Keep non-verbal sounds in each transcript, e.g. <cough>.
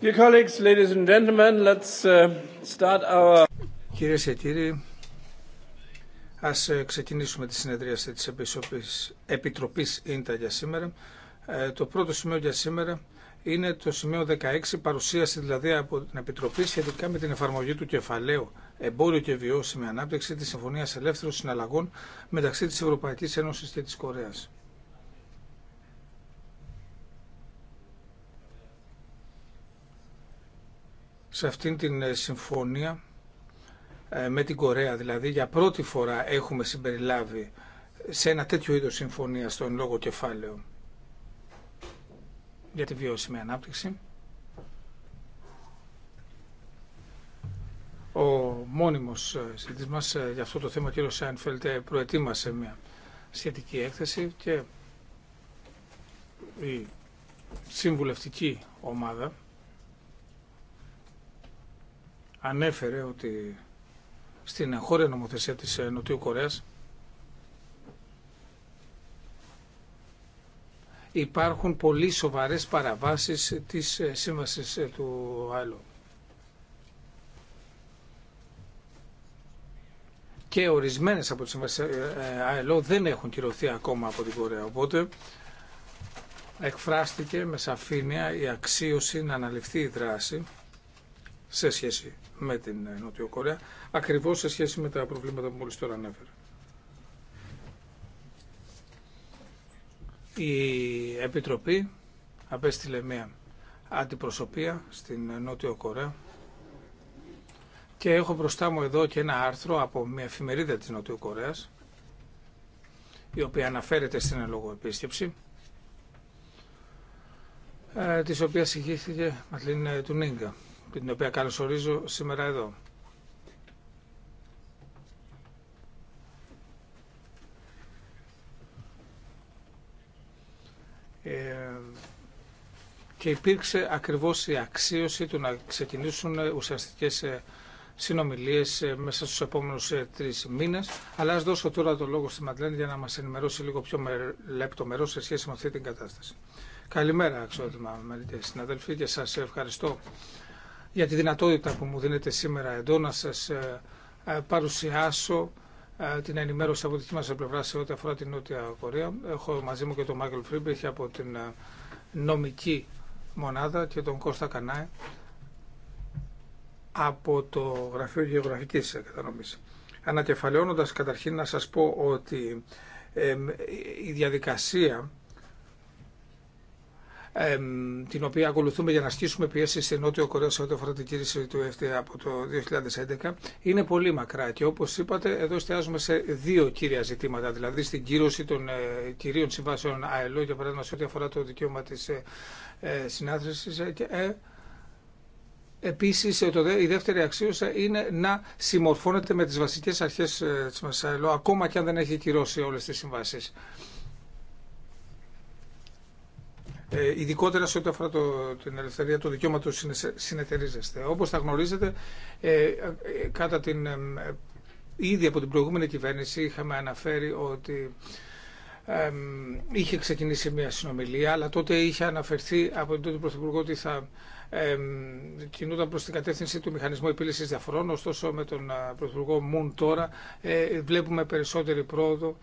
Dear uh, Κυρίες και κύριοι, ας ε, ξεκινήσουμε τη συνεδρίαση της Επιτροπής ΙΝΤΑ για σήμερα. Ε, το πρώτο σημείο για σήμερα είναι το σημείο 16, παρουσίαση δηλαδή από την Επιτροπή σχετικά με την εφαρμογή του κεφαλαίου εμπόριο και βιώσιμη ανάπτυξη της Συμφωνίας Ελεύθερων Συναλλαγών μεταξύ της Ευρωπαϊκής Ένωσης και της Κορέας. σε αυτήν την ε, συμφωνία ε, με την Κορέα. Δηλαδή για πρώτη φορά έχουμε συμπεριλάβει σε ένα τέτοιο είδος συμφωνία στον λόγο κεφάλαιο για τη βιώσιμη ανάπτυξη. Ο μόνιμος ε, συντής μας για αυτό το θέμα, κύριο Σάινφελτ, προετοίμασε μια σχετική έκθεση και η συμβουλευτική ομάδα ανέφερε ότι στην χώρια νομοθεσία της ε, Νοτιού Κορέας υπάρχουν πολύ σοβαρές παραβάσεις της ε, σύμβασης ε, του ΆΕΛΟ. Και ορισμένες από τις σύμβασεις ΆΕΛΟ δεν έχουν κυρωθεί ακόμα από την Κορέα. Οπότε εκφράστηκε με σαφήνεια η αξίωση να αναλυφθεί η δράση σε σχέση με την ε, Νότιο Κορέα, ακριβώς σε σχέση με τα προβλήματα που μόλι τώρα ανέφερα. Η Επιτροπή απέστειλε μια αντιπροσωπεία στην ε, Νότιο Κορέα και έχω μπροστά μου εδώ και ένα άρθρο από μια εφημερίδα της Νότιο Κορέας η οποία αναφέρεται στην λόγω επίσκεψη ε, της οποίας συγχύθηκε Ματλίν Τουνίγκα και την οποία καλωσορίζω σήμερα εδώ. Ε, και υπήρξε ακριβώς η αξίωση του να ξεκινήσουν ουσιαστικές ε, συνομιλίες ε, μέσα στους επόμενους τρεις μήνες. Αλλά ας δώσω τώρα το λόγο στη Ματλέν για να μας ενημερώσει λίγο πιο λεπτομερό σε σχέση με αυτή την κατάσταση. Καλημέρα, αξιότιμα μελητές συναδελφοί και σας ευχαριστώ για τη δυνατότητα που μου δίνετε σήμερα εδώ να σας ε, ε, παρουσιάσω ε, την ενημέρωση από τη μας πλευρά σε ό,τι αφορά την Νότια Κορέα. Έχω μαζί μου και τον Μάγκελ Φρίμπριχ από την νομική μονάδα και τον Κώστα Κανάε από το Γραφείο Γεωγραφικής Κατανομής. Ανακεφαλαιώνοντας καταρχήν να σας πω ότι η διαδικασία την οποία ακολουθούμε για να ασκήσουμε πιέσει στην Νότιο Κορέα σε ό,τι αφορά την κήρυξη του ΕΕ από το 2011, είναι πολύ μακρά. Και όπω είπατε, εδώ εστιάζουμε σε δύο κύρια ζητήματα. Δηλαδή στην κύρωση των ε, κυρίων συμβάσεων ΑΕΛΟ, για παράδειγμα, σε ό,τι αφορά το δικαίωμα τη ε, ε, συνάθρηση. Επίση, η δεύτερη αξίωση είναι να συμμορφώνεται με τι βασικέ αρχέ τη ΑΕΛΟ, ακόμα και αν δεν έχει κυρώσει όλε τι συμβάσει. Ε, ειδικότερα σε ό,τι αφορά το, την ελευθερία του δικαιώματο συνεταιρίζεστε. Όπω θα γνωρίζετε, ε, ε κατά την, ε, ε, ήδη από την προηγούμενη κυβέρνηση είχαμε αναφέρει ότι είχε ξεκινήσει μια συνομιλία, αλλά τότε είχε αναφερθεί από τον τότε Πρωθυπουργό ότι θα ε, κινούνταν προς την κατεύθυνση του μηχανισμού επίλυσης διαφορών, ωστόσο με τον Πρωθυπουργό Μουν τώρα ε, βλέπουμε περισσότερη πρόοδο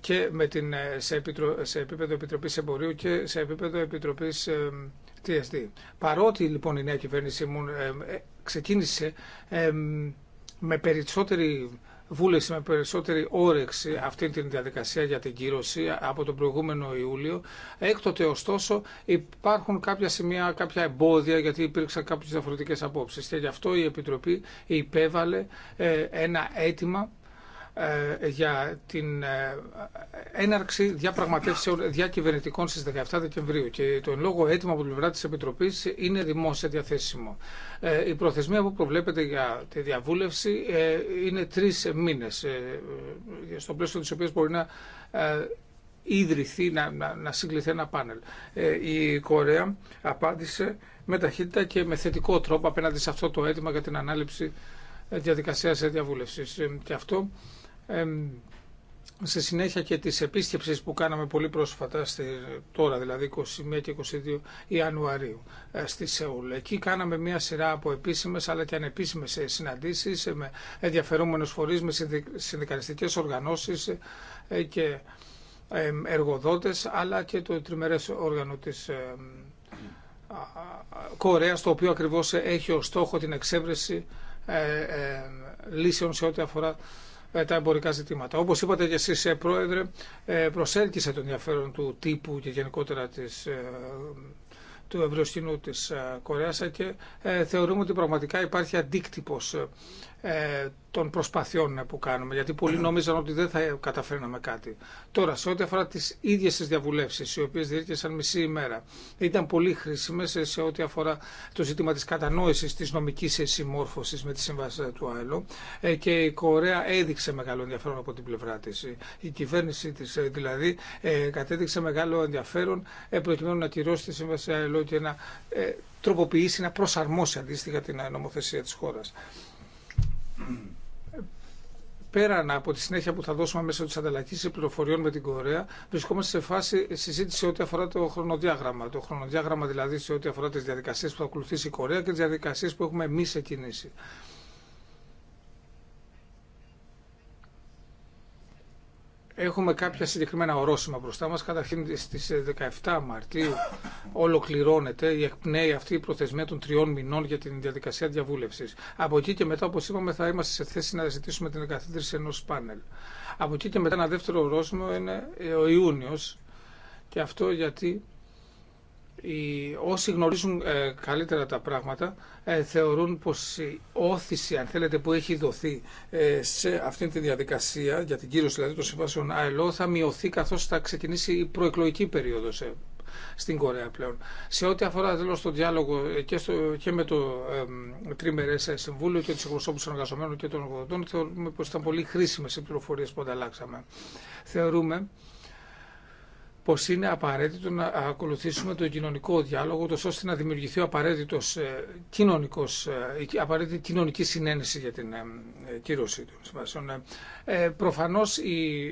και με την, ε, σε, επιτρο, σε επίπεδο Επιτροπή Εμπορίου και σε επίπεδο Επιτροπής TSD. Παρότι λοιπόν η νέα κυβέρνηση μου ε, ξεκίνησε με περισσότερη βούληση, με περισσότερη όρεξη αυτή την διαδικασία για την κύρωση από τον προηγούμενο Ιούλιο. Έκτοτε, ωστόσο, υπάρχουν κάποια σημεία, κάποια εμπόδια, γιατί υπήρξαν κάποιες διαφορετικέ απόψει. Και γι' αυτό η Επιτροπή υπέβαλε ε, ένα αίτημα ε, για την ε, έναρξη διαπραγματεύσεων διακυβερνητικών στις 17 Δεκεμβρίου και το εν λόγω αίτημα από την πλευρά της Επιτροπής είναι δημόσια διαθέσιμο. Ε, η προθεσμία που προβλέπεται για τη διαβούλευση είναι τρεις μήνες, στο πλαίσιο της οποίας μπορεί να ίδρυθεί, να, να, να συγκληθεί ένα πάνελ. η Κορέα απάντησε με ταχύτητα και με θετικό τρόπο απέναντι σε αυτό το αίτημα για την ανάληψη διαδικασίας διαβούλευσης. Και αυτό σε συνέχεια και της επίσκεψη που κάναμε πολύ πρόσφατα, τώρα δηλαδή 21 και 22 Ιανουαρίου ε, στη Σεούλ. Εκεί κάναμε μια σειρά από επίσημες αλλά και ανεπίσημες ε, συναντήσεις ε, με ενδιαφερόμενους φορείς, με συνδικαλιστικές οργανώσεις και εργοδότες αλλά και το τριμερές όργανο της Κορέας το οποίο ακριβώς έχει ως στόχο την εξέβρεση λύσεων σε ό,τι αφορά τα εμπορικά ζητήματα. Όπως είπατε και εσείς, ε, Πρόεδρε, ε, προσέλκυσε τον ενδιαφέρον του τύπου και γενικότερα της ε, του ευρωστινού της Κορέας και θεωρούμε ότι πραγματικά υπάρχει αντίκτυπος ε, των προσπαθειών που κάνουμε, γιατί πολλοί νόμιζαν ότι δεν θα καταφέρναμε κάτι. Τώρα, σε ό,τι αφορά τι ίδιε τι διαβουλεύσει, οι οποίε διήρκεσαν μισή ημέρα, ήταν πολύ χρήσιμε σε ό,τι αφορά το ζήτημα τη κατανόηση τη νομική συμμόρφωση με τη σύμβαση του ΑΕΛΟ ε, και η Κορέα έδειξε μεγάλο ενδιαφέρον από την πλευρά τη. Η κυβέρνησή της ε, δηλαδή κατέδειξε μεγάλο ενδιαφέρον προκειμένου να κυρώσει τη σύμβαση ΑΕΛΟ και να τροποποιήσει, να προσαρμόσει αντίστοιχα την νομοθεσία της χώρας πέραν από τη συνέχεια που θα δώσουμε μέσω τη ανταλλαγή πληροφοριών με την Κορέα, βρισκόμαστε σε φάση συζήτηση ό,τι αφορά το χρονοδιάγραμμα. Το χρονοδιάγραμμα δηλαδή σε ό,τι αφορά τι διαδικασίε που θα ακολουθήσει η Κορέα και τι διαδικασίε που έχουμε εμεί ξεκινήσει. έχουμε κάποια συγκεκριμένα ορόσημα μπροστά μας. Καταρχήν στις 17 ε, Μαρτίου ολοκληρώνεται η εκπνέη ναι, αυτή η προθεσμία των τριών μηνών για την διαδικασία διαβούλευσης. Από εκεί και μετά, όπως είπαμε, θα είμαστε σε θέση να ζητήσουμε την εγκαθίδρυση ενός πάνελ. Από εκεί και μετά ένα δεύτερο ορόσημο είναι ο Ιούνιος και αυτό γιατί οι, όσοι γνωρίζουν ε, καλύτερα τα πράγματα ε, θεωρούν πως η όθηση αν θέλετε που έχει δοθεί ε, σε αυτή τη διαδικασία για την κύρωση δηλαδή των συμβάσεων ΑΕΛΟ θα μειωθεί καθώς θα ξεκινήσει η προεκλογική περίοδος στην Κορέα πλέον. Σε ό,τι αφορά τέλος τον διάλογο και, στο, και με το ε, τρίμερε συμβούλιο και του εκπροσώπου των εργαζομένων και των εργοδοτών, θεωρούμε πως ήταν πολύ χρήσιμες οι πληροφορίε που ανταλλάξαμε. Θεωρούμε πως είναι απαραίτητο να ακολουθήσουμε τον κοινωνικό διάλογο, ώστε να δημιουργηθεί ο απαραίτητος ε, κοινωνικός, ε, η απαραίτητη κοινωνική συνένεση για την ε, κύρωση των ναι. προφανώς οι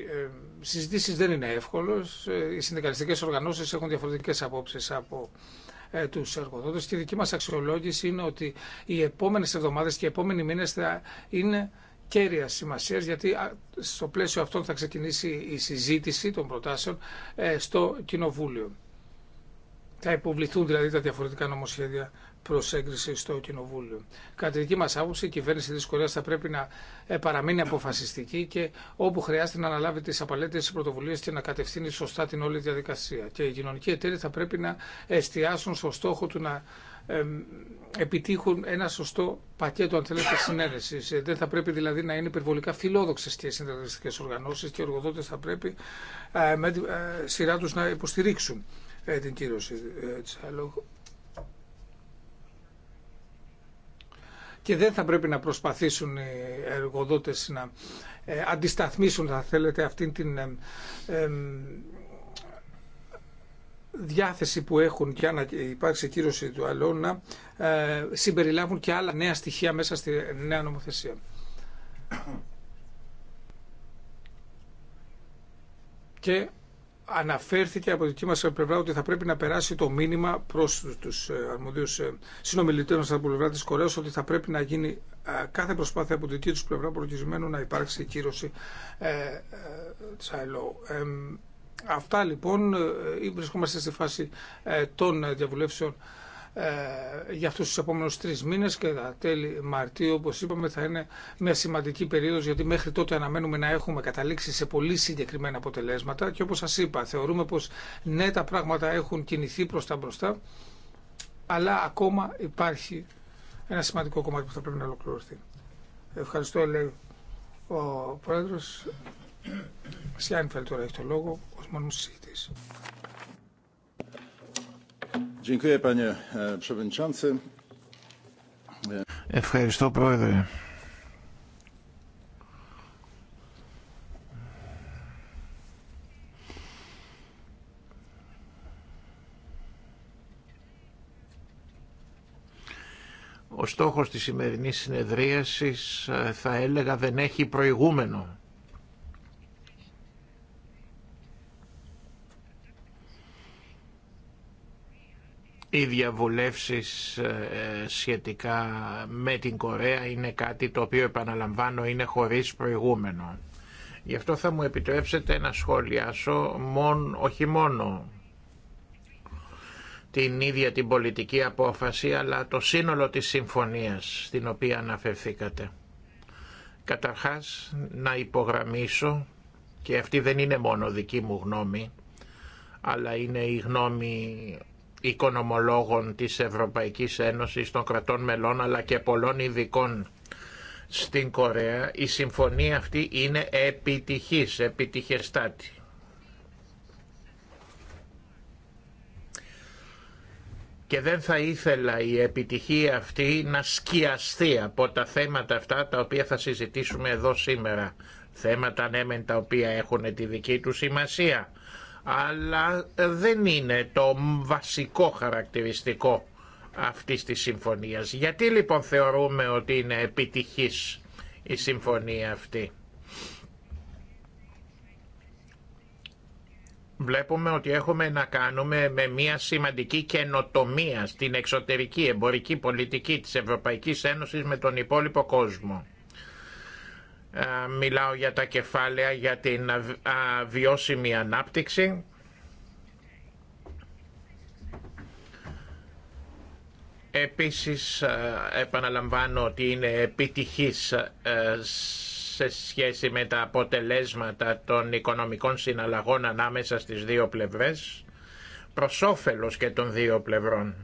συζητήσεις δεν είναι εύκολες. Οι συνδικαλιστικές οργανώσεις έχουν διαφορετικές απόψεις από του εργοδότε. Και η δική μα αξιολόγηση είναι ότι οι επόμενε εβδομάδε και οι επόμενοι μήνε θα είναι κέρια σημασία γιατί στο πλαίσιο αυτό θα ξεκινήσει η συζήτηση των προτάσεων ε, στο Κοινοβούλιο. Θα υποβληθούν δηλαδή τα διαφορετικά νομοσχέδια προ έγκριση στο Κοινοβούλιο. Κατά τη δική μα άποψη, η κυβέρνηση τη Κορέα θα πρέπει να ε, παραμείνει αποφασιστική και όπου χρειάζεται να αναλάβει τι απαλέτε πρωτοβουλίε και να κατευθύνει σωστά την όλη διαδικασία. Και οι κοινωνικοί εταίροι θα πρέπει να εστιάσουν στο στόχο του να επιτύχουν ένα σωστό πακέτο αν θέλετε συνένεση. Ε, δεν θα πρέπει δηλαδή να είναι υπερβολικά φιλόδοξε και οι οργανώσεις οργανώσει και οι εργοδότε θα πρέπει ε, με ε, σειρά του να υποστηρίξουν την κύρωση τη αλόγου. Και δεν θα πρέπει να προσπαθήσουν οι εργοδότες να αντισταθμίσουν, θα θέλετε, αυτήν την διάθεση που έχουν για να υπάρξει κύρωση του αλλού ε, συμπεριλάβουν και άλλα νέα στοιχεία μέσα στη νέα νομοθεσία. Και αναφέρθηκε από δική μας πλευρά ότι θα πρέπει να περάσει το μήνυμα προς τους ε, αρμοδίους ε, συνομιλητές μας από πλευρά της Κορέας ότι θα πρέπει να γίνει κάθε προσπάθεια από δική τους πλευρά προκειμένου να υπάρξει η κύρωση ε, ε, της ΑΕΛΟ. αυτά λοιπόν, βρισκόμαστε στη φάση των διαβουλεύσεων ε, για αυτούς τους επόμενους τρεις μήνες και τα τέλη Μαρτίου όπως είπαμε θα είναι μια σημαντική περίοδος γιατί μέχρι τότε αναμένουμε να έχουμε καταλήξει σε πολύ συγκεκριμένα αποτελέσματα και όπως σας είπα θεωρούμε πως ναι τα πράγματα έχουν κινηθεί προς τα μπροστά αλλά ακόμα υπάρχει ένα σημαντικό κομμάτι που θα πρέπει να ολοκληρωθεί. Ευχαριστώ λέει ο Πρόεδρος Σιάνφελ τώρα έχει το λόγο ως μόνος συζητής. E, Ευχαριστώ πρόεδρε. Ο στόχος της σημερινής συνεδρίασης ε, θα έλεγα δεν έχει προηγούμενο. οι διαβουλεύσεις ε, σχετικά με την Κορέα είναι κάτι το οποίο επαναλαμβάνω είναι χωρίς προηγούμενο. Γι' αυτό θα μου επιτρέψετε να σχολιάσω μόνο, όχι μόνο την ίδια την πολιτική απόφαση αλλά το σύνολο της συμφωνίας στην οποία αναφερθήκατε. Καταρχάς να υπογραμμίσω και αυτή δεν είναι μόνο δική μου γνώμη αλλά είναι η γνώμη οικονομολόγων της Ευρωπαϊκής Ένωσης των κρατών μελών αλλά και πολλών ειδικών στην Κορέα η συμφωνία αυτή είναι επιτυχής, επιτυχεστάτη. Και δεν θα ήθελα η επιτυχία αυτή να σκιαστεί από τα θέματα αυτά τα οποία θα συζητήσουμε εδώ σήμερα. Θέματα ναι τα οποία έχουν τη δική του σημασία αλλά ε, δεν είναι το βασικό χαρακτηριστικό αυτής της συμφωνίας. Γιατί λοιπόν θεωρούμε ότι είναι επιτυχής η συμφωνία αυτή. Βλέπουμε ότι έχουμε να κάνουμε με μια σημαντική καινοτομία στην εξωτερική εμπορική πολιτική της Ευρωπαϊκής Ένωσης με τον υπόλοιπο κόσμο. Ε, μιλάω για τα κεφάλαια για την ε, βιώσιμη ανάπτυξη. Επίσης ε, επαναλαμβάνω ότι είναι επιτυχής σε σχέση με τα αποτελέσματα των οικονομικών συναλλαγών ανάμεσα στις δύο πλευρές, προς όφελος και των δύο πλευρών.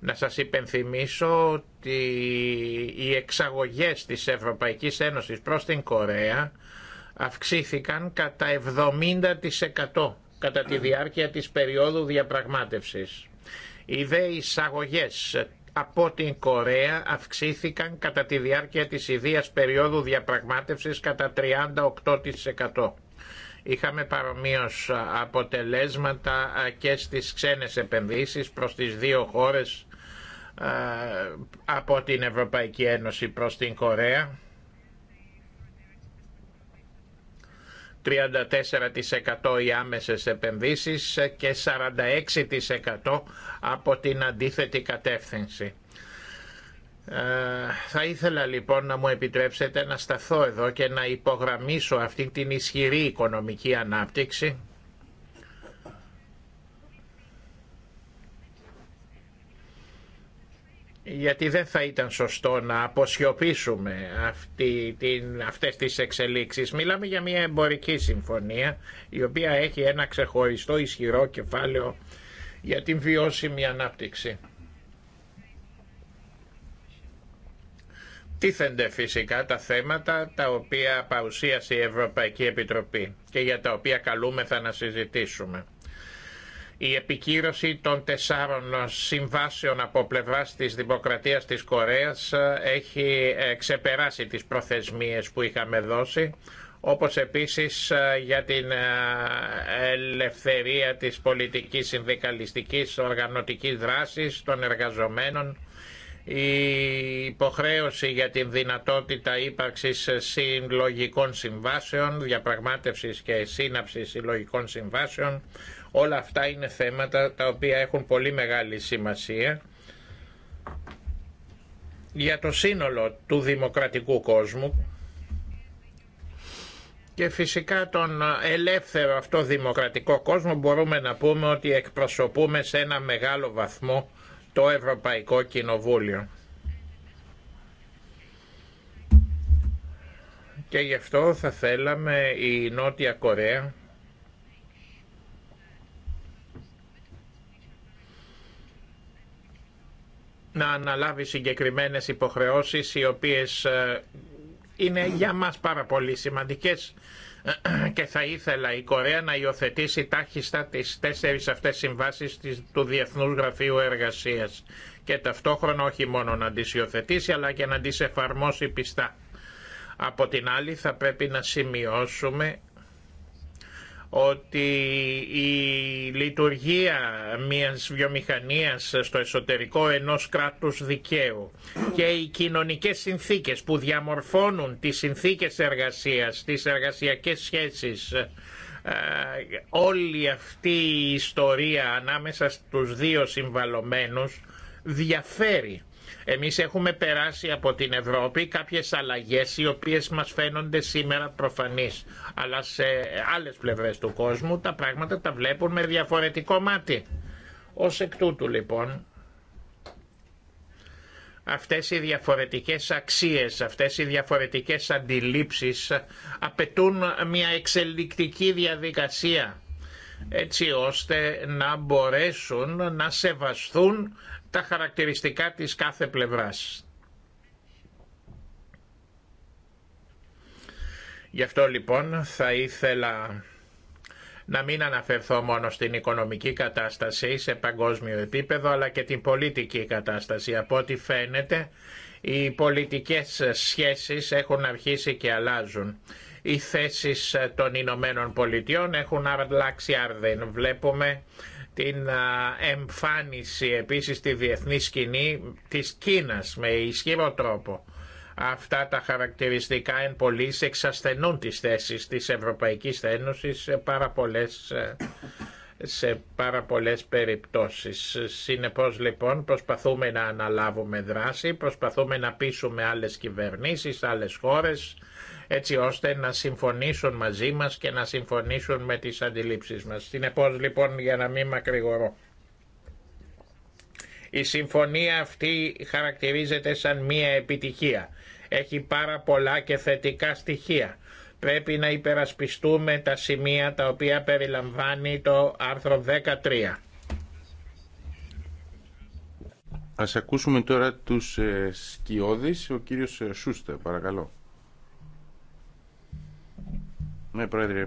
Να σας υπενθυμίσω ότι οι εξαγωγές της Ευρωπαϊκής Ένωσης προς την Κορέα αυξήθηκαν κατά 70% κατά τη διάρκεια της περίοδου διαπραγμάτευσης. Οι δε εισαγωγές από την Κορέα αυξήθηκαν κατά τη διάρκεια της ιδίας περίοδου διαπραγμάτευσης κατά 38%. Είχαμε παρομοίως αποτελέσματα και στις ξένες επενδύσεις προς τις δύο χώρες από την Ευρωπαϊκή Ένωση προς την Κορέα. 34% οι άμεσες επενδύσεις και 46% από την αντίθετη κατεύθυνση. Ε, θα ήθελα λοιπόν να μου επιτρέψετε να σταθώ εδώ και να υπογραμμίσω αυτή την ισχυρή οικονομική ανάπτυξη γιατί δεν θα ήταν σωστό να αποσιωπήσουμε αυτή, την, αυτές τις εξελίξεις. Μιλάμε για μια εμπορική συμφωνία η οποία έχει ένα ξεχωριστό ισχυρό κεφάλαιο για την βιώσιμη ανάπτυξη. Τίθενται φυσικά τα θέματα τα οποία παρουσίασε η Ευρωπαϊκή Επιτροπή και για τα οποία καλούμεθα να συζητήσουμε. Η επικύρωση των τεσσάρων συμβάσεων από πλευρά της Δημοκρατίας της Κορέας ε, έχει ε, ξεπεράσει τις προθεσμίες που είχαμε δώσει, όπως επίσης ε, για την ελευθερία της πολιτικής συνδικαλιστικής οργανωτικής δράσης των εργαζομένων η υποχρέωση για την δυνατότητα ύπαρξης συλλογικών συμβάσεων, διαπραγμάτευσης και σύναψης συλλογικών συμβάσεων, όλα αυτά είναι θέματα τα οποία έχουν πολύ μεγάλη σημασία για το σύνολο του δημοκρατικού κόσμου και φυσικά τον ελεύθερο αυτό δημοκρατικό κόσμο μπορούμε να πούμε ότι εκπροσωπούμε σε ένα μεγάλο βαθμό το Ευρωπαϊκό Κοινοβούλιο. Και γι' αυτό θα θέλαμε η Νότια Κορέα να αναλάβει συγκεκριμένες υποχρεώσεις οι οποίες ε, είναι για μας πάρα πολύ σημαντικές και θα ήθελα η Κορέα να υιοθετήσει τάχιστα τις τέσσερις αυτές συμβάσεις του Διεθνούς Γραφείου Εργασίας και ταυτόχρονα όχι μόνο να τις υιοθετήσει αλλά και να τις εφαρμόσει πιστά. Από την άλλη θα πρέπει να σημειώσουμε ότι η λειτουργία μιας βιομηχανίας στο εσωτερικό ενός κράτους δικαίου και οι κοινωνικές συνθήκες που διαμορφώνουν τις συνθήκες εργασίας, τις εργασιακές σχέσεις, ε, όλη αυτή η ιστορία ανάμεσα στους δύο συμβαλωμένους διαφέρει εμείς έχουμε περάσει από την Ευρώπη κάποιες αλλαγές οι οποίες μας φαίνονται σήμερα προφανείς. Αλλά σε άλλες πλευρές του κόσμου τα πράγματα τα βλέπουν με διαφορετικό μάτι. Ως εκ τούτου λοιπόν αυτές οι διαφορετικές αξίες, αυτές οι διαφορετικές αντιλήψεις απαιτούν μια εξελικτική διαδικασία έτσι ώστε να μπορέσουν να σεβαστούν τα χαρακτηριστικά της κάθε πλευράς. Γι' αυτό λοιπόν θα ήθελα να μην αναφερθώ μόνο στην οικονομική κατάσταση σε παγκόσμιο επίπεδο αλλά και την πολιτική κατάσταση. Από ό,τι φαίνεται οι πολιτικές σχέσεις έχουν αρχίσει και αλλάζουν. Οι θέσεις των Ηνωμένων Πολιτειών έχουν αλλάξει άρδεν. Βλέπουμε την εμφάνιση επίσης στη διεθνή σκηνή της Κίνας με ισχυρό τρόπο. Αυτά τα χαρακτηριστικά εν πολλής εξασθενούν τις θέσεις της Ευρωπαϊκής Ένωσης σε πάρα πολλές, ε, σε πάρα πολλές περιπτώσεις. Συνεπώς λοιπόν προσπαθούμε να αναλάβουμε δράση, προσπαθούμε να πείσουμε άλλες κυβερνήσεις, άλλες χώρες, έτσι ώστε να συμφωνήσουν μαζί μας και να συμφωνήσουν με τις αντιλήψεις μας. επόμενη λοιπόν για να μην μακρηγορώ. Η συμφωνία αυτή χαρακτηρίζεται σαν μία επιτυχία. Έχει πάρα πολλά και θετικά στοιχεία. Πρέπει να υπερασπιστούμε τα σημεία τα οποία περιλαμβάνει το άρθρο 13. Ας ακούσουμε τώρα τους ε, σκιώδεις, ο κύριος ε, Σούστε. παρακαλώ. Ναι, Πρόεδρε.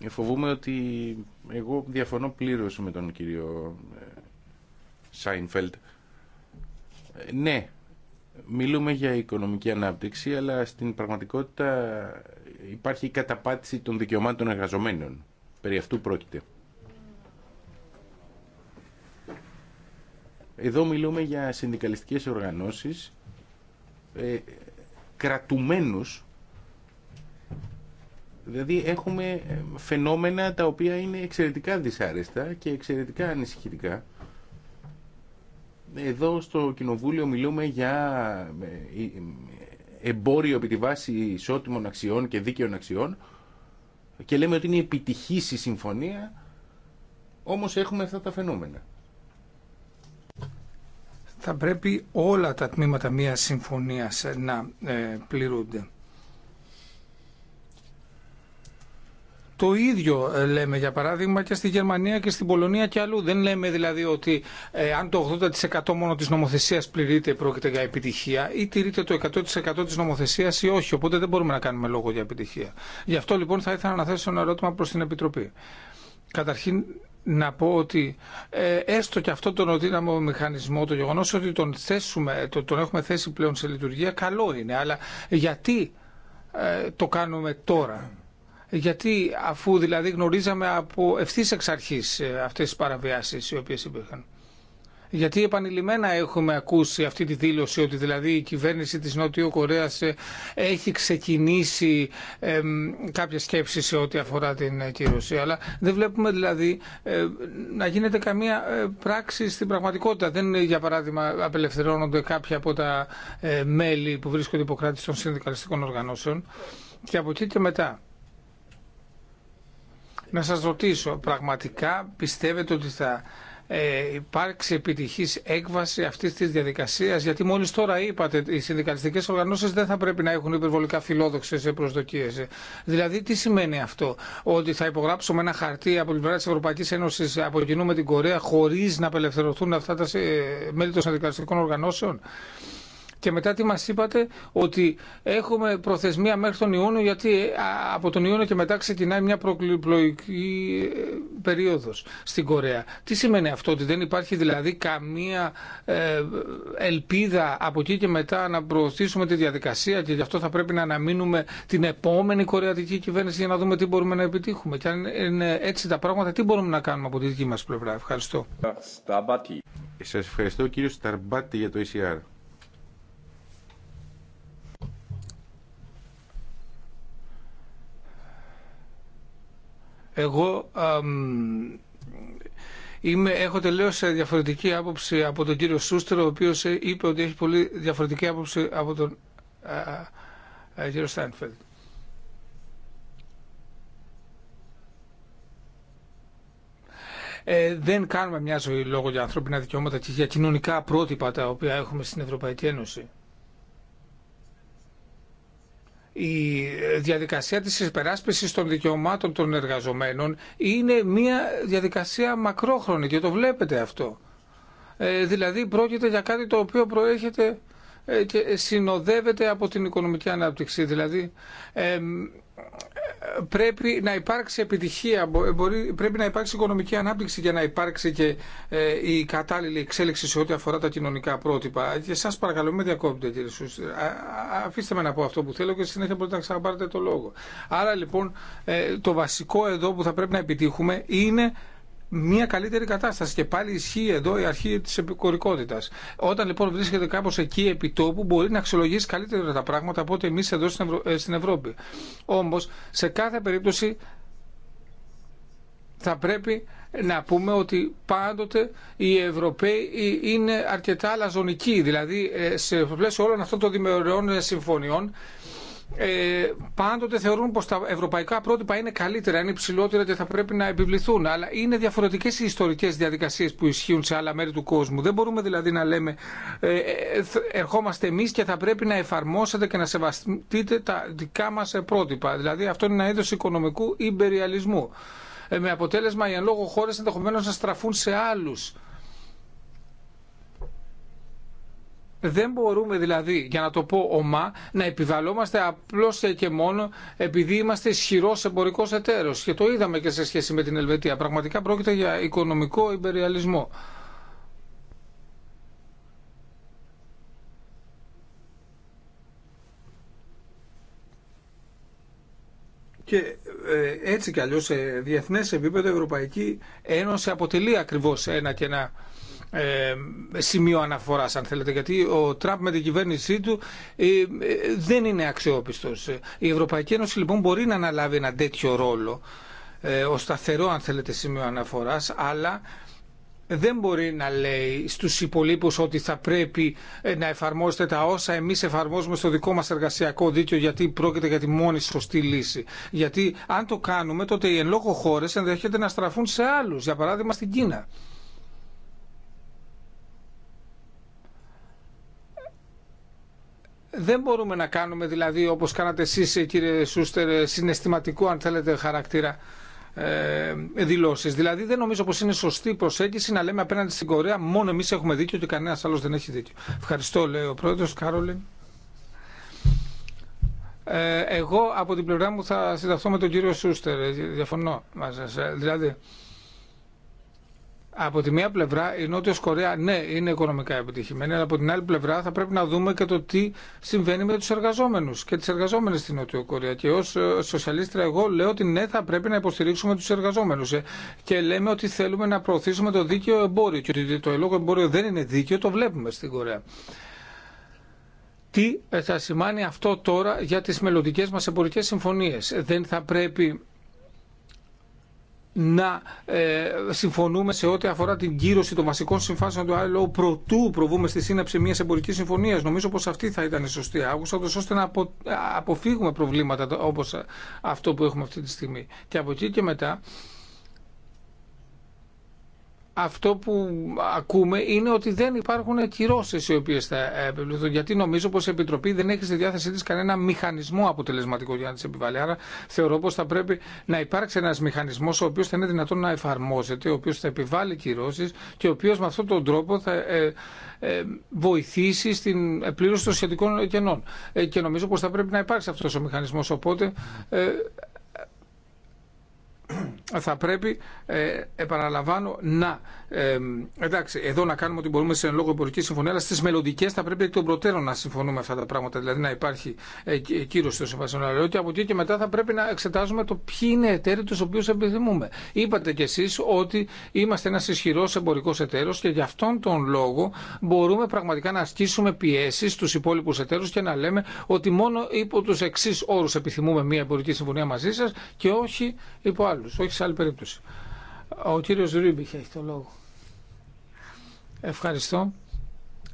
Ε, φοβούμαι ότι εγώ διαφωνώ πλήρως με τον κύριο ε, Σάινφελτ. Ε, ναι, μιλούμε για οικονομική ανάπτυξη, αλλά στην πραγματικότητα υπάρχει η καταπάτηση των δικαιωμάτων των εργαζομένων. Περί αυτού πρόκειται. Εδώ μιλούμε για συνδικαλιστικές οργανώσεις, ε, κρατουμένους Δηλαδή έχουμε ε, φαινόμενα τα οποία είναι εξαιρετικά δυσάρεστα και εξαιρετικά ανησυχητικά. Εδώ στο Κοινοβούλιο μιλούμε για ε, ε, εμπόριο επί τη βάση ισότιμων αξιών και δίκαιων αξιών και λέμε ότι είναι επιτυχής η συμφωνία, όμως έχουμε αυτά τα φαινόμενα. Θα πρέπει όλα τα τμήματα μιας συμφωνίας να πληρούνται. Το ίδιο ε, λέμε για παράδειγμα και στη Γερμανία και στην Πολωνία και αλλού. Δεν λέμε δηλαδή ότι ε, αν το 80% μόνο της νομοθεσίας πληρείται πρόκειται για επιτυχία ή τηρείται το 100% της νομοθεσίας ή όχι. Οπότε δεν μπορούμε να κάνουμε λόγο για επιτυχία. Γι' αυτό λοιπόν θα ήθελα να θέσω ένα ερώτημα προς την Επιτροπή. Καταρχήν να πω ότι ε, έστω και αυτό τον οδύναμο μηχανισμό, το γεγονός ότι τον, θέσουμε, τον έχουμε θέσει πλέον σε λειτουργία, καλό είναι. Αλλά γιατί το κάνουμε τώρα γιατί αφού δηλαδή γνωρίζαμε από ευθύ εξ αρχή ε, αυτέ τι παραβιάσει οι οποίε υπήρχαν. Γιατί επανειλημμένα έχουμε ακούσει αυτή τη δήλωση ότι δηλαδή η κυβέρνηση της Νότιο Κορέας ε, έχει ξεκινήσει ε, κάποια σκέψη σε ό,τι αφορά την ε, κύρωση. Αλλά δεν βλέπουμε δηλαδή να γίνεται καμία πράξη στην πραγματικότητα. Δεν για παράδειγμα απελευθερώνονται κάποια από τα μέλη που βρίσκονται υποκράτηση των συνδικαλιστικών οργανώσεων. Και από εκεί και μετά να σας ρωτήσω, πραγματικά πιστεύετε ότι θα ε, υπάρξει επιτυχής έκβαση αυτής της διαδικασίας, γιατί μόλις τώρα είπατε οι συνδικαλιστικές οργανώσεις δεν θα πρέπει να έχουν υπερβολικά φιλόδοξες προσδοκίες. Δηλαδή τι σημαίνει αυτό, ότι θα υπογράψουμε ένα χαρτί από την πλευρά της Ευρωπαϊκής από κοινού με την Κορέα χωρίς να απελευθερωθούν αυτά τα ε, μέλη των συνδικαλιστικών οργανώσεων. Και μετά τι μας είπατε, ότι έχουμε προθεσμία μέχρι τον Ιούνιο, γιατί από τον Ιούνιο και μετά ξεκινάει μια προκληπλοϊκή ε, περίοδος στην Κορέα. Τι σημαίνει αυτό, ότι δεν υπάρχει δηλαδή καμία ε, ελπίδα από εκεί και μετά να προωθήσουμε τη διαδικασία και γι' αυτό θα πρέπει να αναμείνουμε την επόμενη κορεατική κυβέρνηση για να δούμε τι μπορούμε να επιτύχουμε. Και αν είναι έτσι τα πράγματα, τι μπορούμε να κάνουμε από τη δική μας πλευρά. Ευχαριστώ. Σα ευχαριστώ κύριο Σταρμπάτη για το ECR. Εγώ Είμαι, έχω τελείω διαφορετική άποψη από τον κύριο Σούστερ, ο οποίος ε, είπε ότι έχει πολύ διαφορετική άποψη από τον α, α, κύριο Στάινφελτ. Ε, δεν κάνουμε μια ζωή λόγω για ανθρώπινα δικαιώματα και για κοινωνικά πρότυπα τα οποία έχουμε στην Ευρωπαϊκή Ένωση η διαδικασία της υπεράσπισης των δικαιωμάτων των εργαζομένων είναι μια διαδικασία μακρόχρονη και το βλέπετε αυτό. Ε, δηλαδή πρόκειται για κάτι το οποίο προέρχεται ε, και συνοδεύεται από την οικονομική ανάπτυξη. Δηλαδή ε, πρέπει να υπάρξει επιτυχία, μπορεί, πρέπει να υπάρξει οικονομική ανάπτυξη για να υπάρξει και ε, η κατάλληλη εξέλιξη σε ό,τι αφορά τα κοινωνικά πρότυπα. Και σας παρακαλώ, με διακόπτετε κύριε Αφήστε με να πω αυτό που θέλω και συνέχεια μπορείτε να ξαναπάρετε το λόγο. Άρα λοιπόν ε, το βασικό εδώ που θα πρέπει να επιτύχουμε είναι μια καλύτερη κατάσταση. Και πάλι ισχύει εδώ η αρχή τη επικορικότητα. Όταν λοιπόν βρίσκεται κάπω εκεί επί τόπου, μπορεί να αξιολογήσει καλύτερα τα πράγματα από ό,τι εμεί εδώ στην ε, Ευρώπη. Όμω, σε κάθε περίπτωση θα πρέπει να πούμε ότι πάντοτε οι Ευρωπαίοι ε, είναι αρκετά αλαζονικοί Δηλαδή, ε, σε πλαίσιο όλων αυτών των δημιουργών συμφωνιών, ε, πάντοτε θεωρούν πως τα ευρωπαϊκά πρότυπα είναι καλύτερα, είναι υψηλότερα και θα πρέπει να επιβληθούν. Αλλά είναι διαφορετικές οι ιστορικές διαδικασίες που ισχύουν σε άλλα μέρη του κόσμου. Δεν μπορούμε δηλαδή να λέμε ε, ε, ερχόμαστε εμείς και θα πρέπει να εφαρμόσετε και να σεβαστείτε τα δικά μας ε, πρότυπα. Δηλαδή αυτό είναι ένα είδος οικονομικού υπεριαλισμού. με αποτέλεσμα οι εν λόγω χώρες ενδεχομένως να στραφούν σε άλλους Δεν μπορούμε δηλαδή, για να το πω ομά, να επιβαλόμαστε απλώ και μόνο επειδή είμαστε ισχυρό εμπορικό εταίρο. Και το είδαμε και σε σχέση με την Ελβετία. Πραγματικά πρόκειται για οικονομικό υπεριαλισμό. Και ε, έτσι κι αλλιώς σε διεθνές επίπεδο η Ευρωπαϊκή Ένωση αποτελεί ακριβώς ένα και ένα ε, σημείο αναφορά αν θέλετε γιατί ο Τραμπ με την κυβέρνησή του ε, ε, δεν είναι αξιόπιστος. Η Ευρωπαϊκή Ένωση λοιπόν μπορεί να αναλάβει ένα τέτοιο ρόλο ο σταθερό αν θέλετε σημείο αναφορά, αλλά δεν μπορεί να λέει στους υπολείπους ότι θα πρέπει να εφαρμόσετε τα όσα εμείς εφαρμόζουμε στο δικό μας εργασιακό δίκαιο γιατί πρόκειται για τη μόνη σωστή λύση. Γιατί αν το κάνουμε τότε οι εν λόγω χώρες ενδέχεται να στραφούν σε άλλους, για παράδειγμα στην Κίνα. Δεν μπορούμε να κάνουμε δηλαδή όπως κάνατε εσείς κύριε Σούστερ συναισθηματικό αν θέλετε χαρακτήρα ε, δηλώσεις. Δηλαδή δεν νομίζω πως είναι σωστή προσέγγιση να λέμε απέναντι στην Κορέα μόνο εμείς έχουμε δίκιο και κανένας άλλος δεν έχει δίκιο. Ευχαριστώ λέει ο πρόεδρος Κάρολιν. Ε, εγώ από την πλευρά μου θα συνταχθώ με τον κύριο Σούστερ. Ε, διαφωνώ μαζί σας. Ε, δηλαδή από τη μία πλευρά η Νότιος Κορέα ναι είναι οικονομικά επιτυχημένη αλλά από την άλλη πλευρά θα πρέπει να δούμε και το τι συμβαίνει με τους εργαζόμενους και τις εργαζόμενες στην Νότιο Κορέα και ως ε, σοσιαλίστρα εγώ λέω ότι ναι θα πρέπει να υποστηρίξουμε τους εργαζόμενους ε. και λέμε ότι θέλουμε να προωθήσουμε το δίκαιο εμπόριο και ότι το ελόγω εμπόριο δεν είναι δίκαιο το βλέπουμε στην Κορέα. Τι ε, θα σημάνει αυτό τώρα για τις μελλοντικέ μας εμπορικές συμφωνίες. Δεν θα πρέπει να ε, συμφωνούμε σε ό,τι αφορά την κύρωση των βασικών συμφάσεων του ILO πρωτού προβούμε στη σύναψη μια εμπορική συμφωνία. Νομίζω πω αυτή θα ήταν η σωστή άγουσα, ώστε να αποφύγουμε προβλήματα όπω αυτό που έχουμε αυτή τη στιγμή. Και από εκεί και μετά αυτό που ακούμε είναι ότι δεν υπάρχουν κυρώσει οι οποίε θα επιβληθούν. Γιατί νομίζω πω η Επιτροπή δεν έχει στη διάθεσή τη κανένα μηχανισμό αποτελεσματικό για να τι επιβάλλει. Άρα θεωρώ πω θα πρέπει να υπάρξει ένα μηχανισμό ο οποίο θα είναι δυνατόν να εφαρμόζεται, ο οποίο θα επιβάλλει κυρώσει και ο οποίο με αυτόν τον τρόπο θα ε, ε, βοηθήσει στην πλήρωση των σχετικών κενών. Ε, και νομίζω πω θα πρέπει να υπάρξει αυτό ο μηχανισμό. Οπότε θα πρέπει, ε, επαναλαμβάνω, να. Ε, εντάξει, εδώ να κάνουμε ό,τι μπορούμε σε λόγο εμπορική συμφωνία, αλλά στι μελλοντικέ θα πρέπει εκ των προτέρων να συμφωνούμε αυτά τα πράγματα. Δηλαδή να υπάρχει ε, ε κύρωση των συμβασιών. Αλλά και από εκεί και μετά θα πρέπει να εξετάζουμε το ποιοι είναι εταίροι του οποίου επιθυμούμε. Είπατε κι εσεί ότι είμαστε ένα ισχυρό εμπορικό εταίρο και γι' αυτόν τον λόγο μπορούμε πραγματικά να ασκήσουμε πιέσει στου υπόλοιπου εταίρου και να λέμε ότι μόνο υπό του εξή όρου επιθυμούμε μια εμπορική συμφωνία μαζί σα και όχι υπό άλλου όχι σε άλλη περίπτωση. Ο κύριο Ρίμπιχ έχει το λόγο. Ευχαριστώ.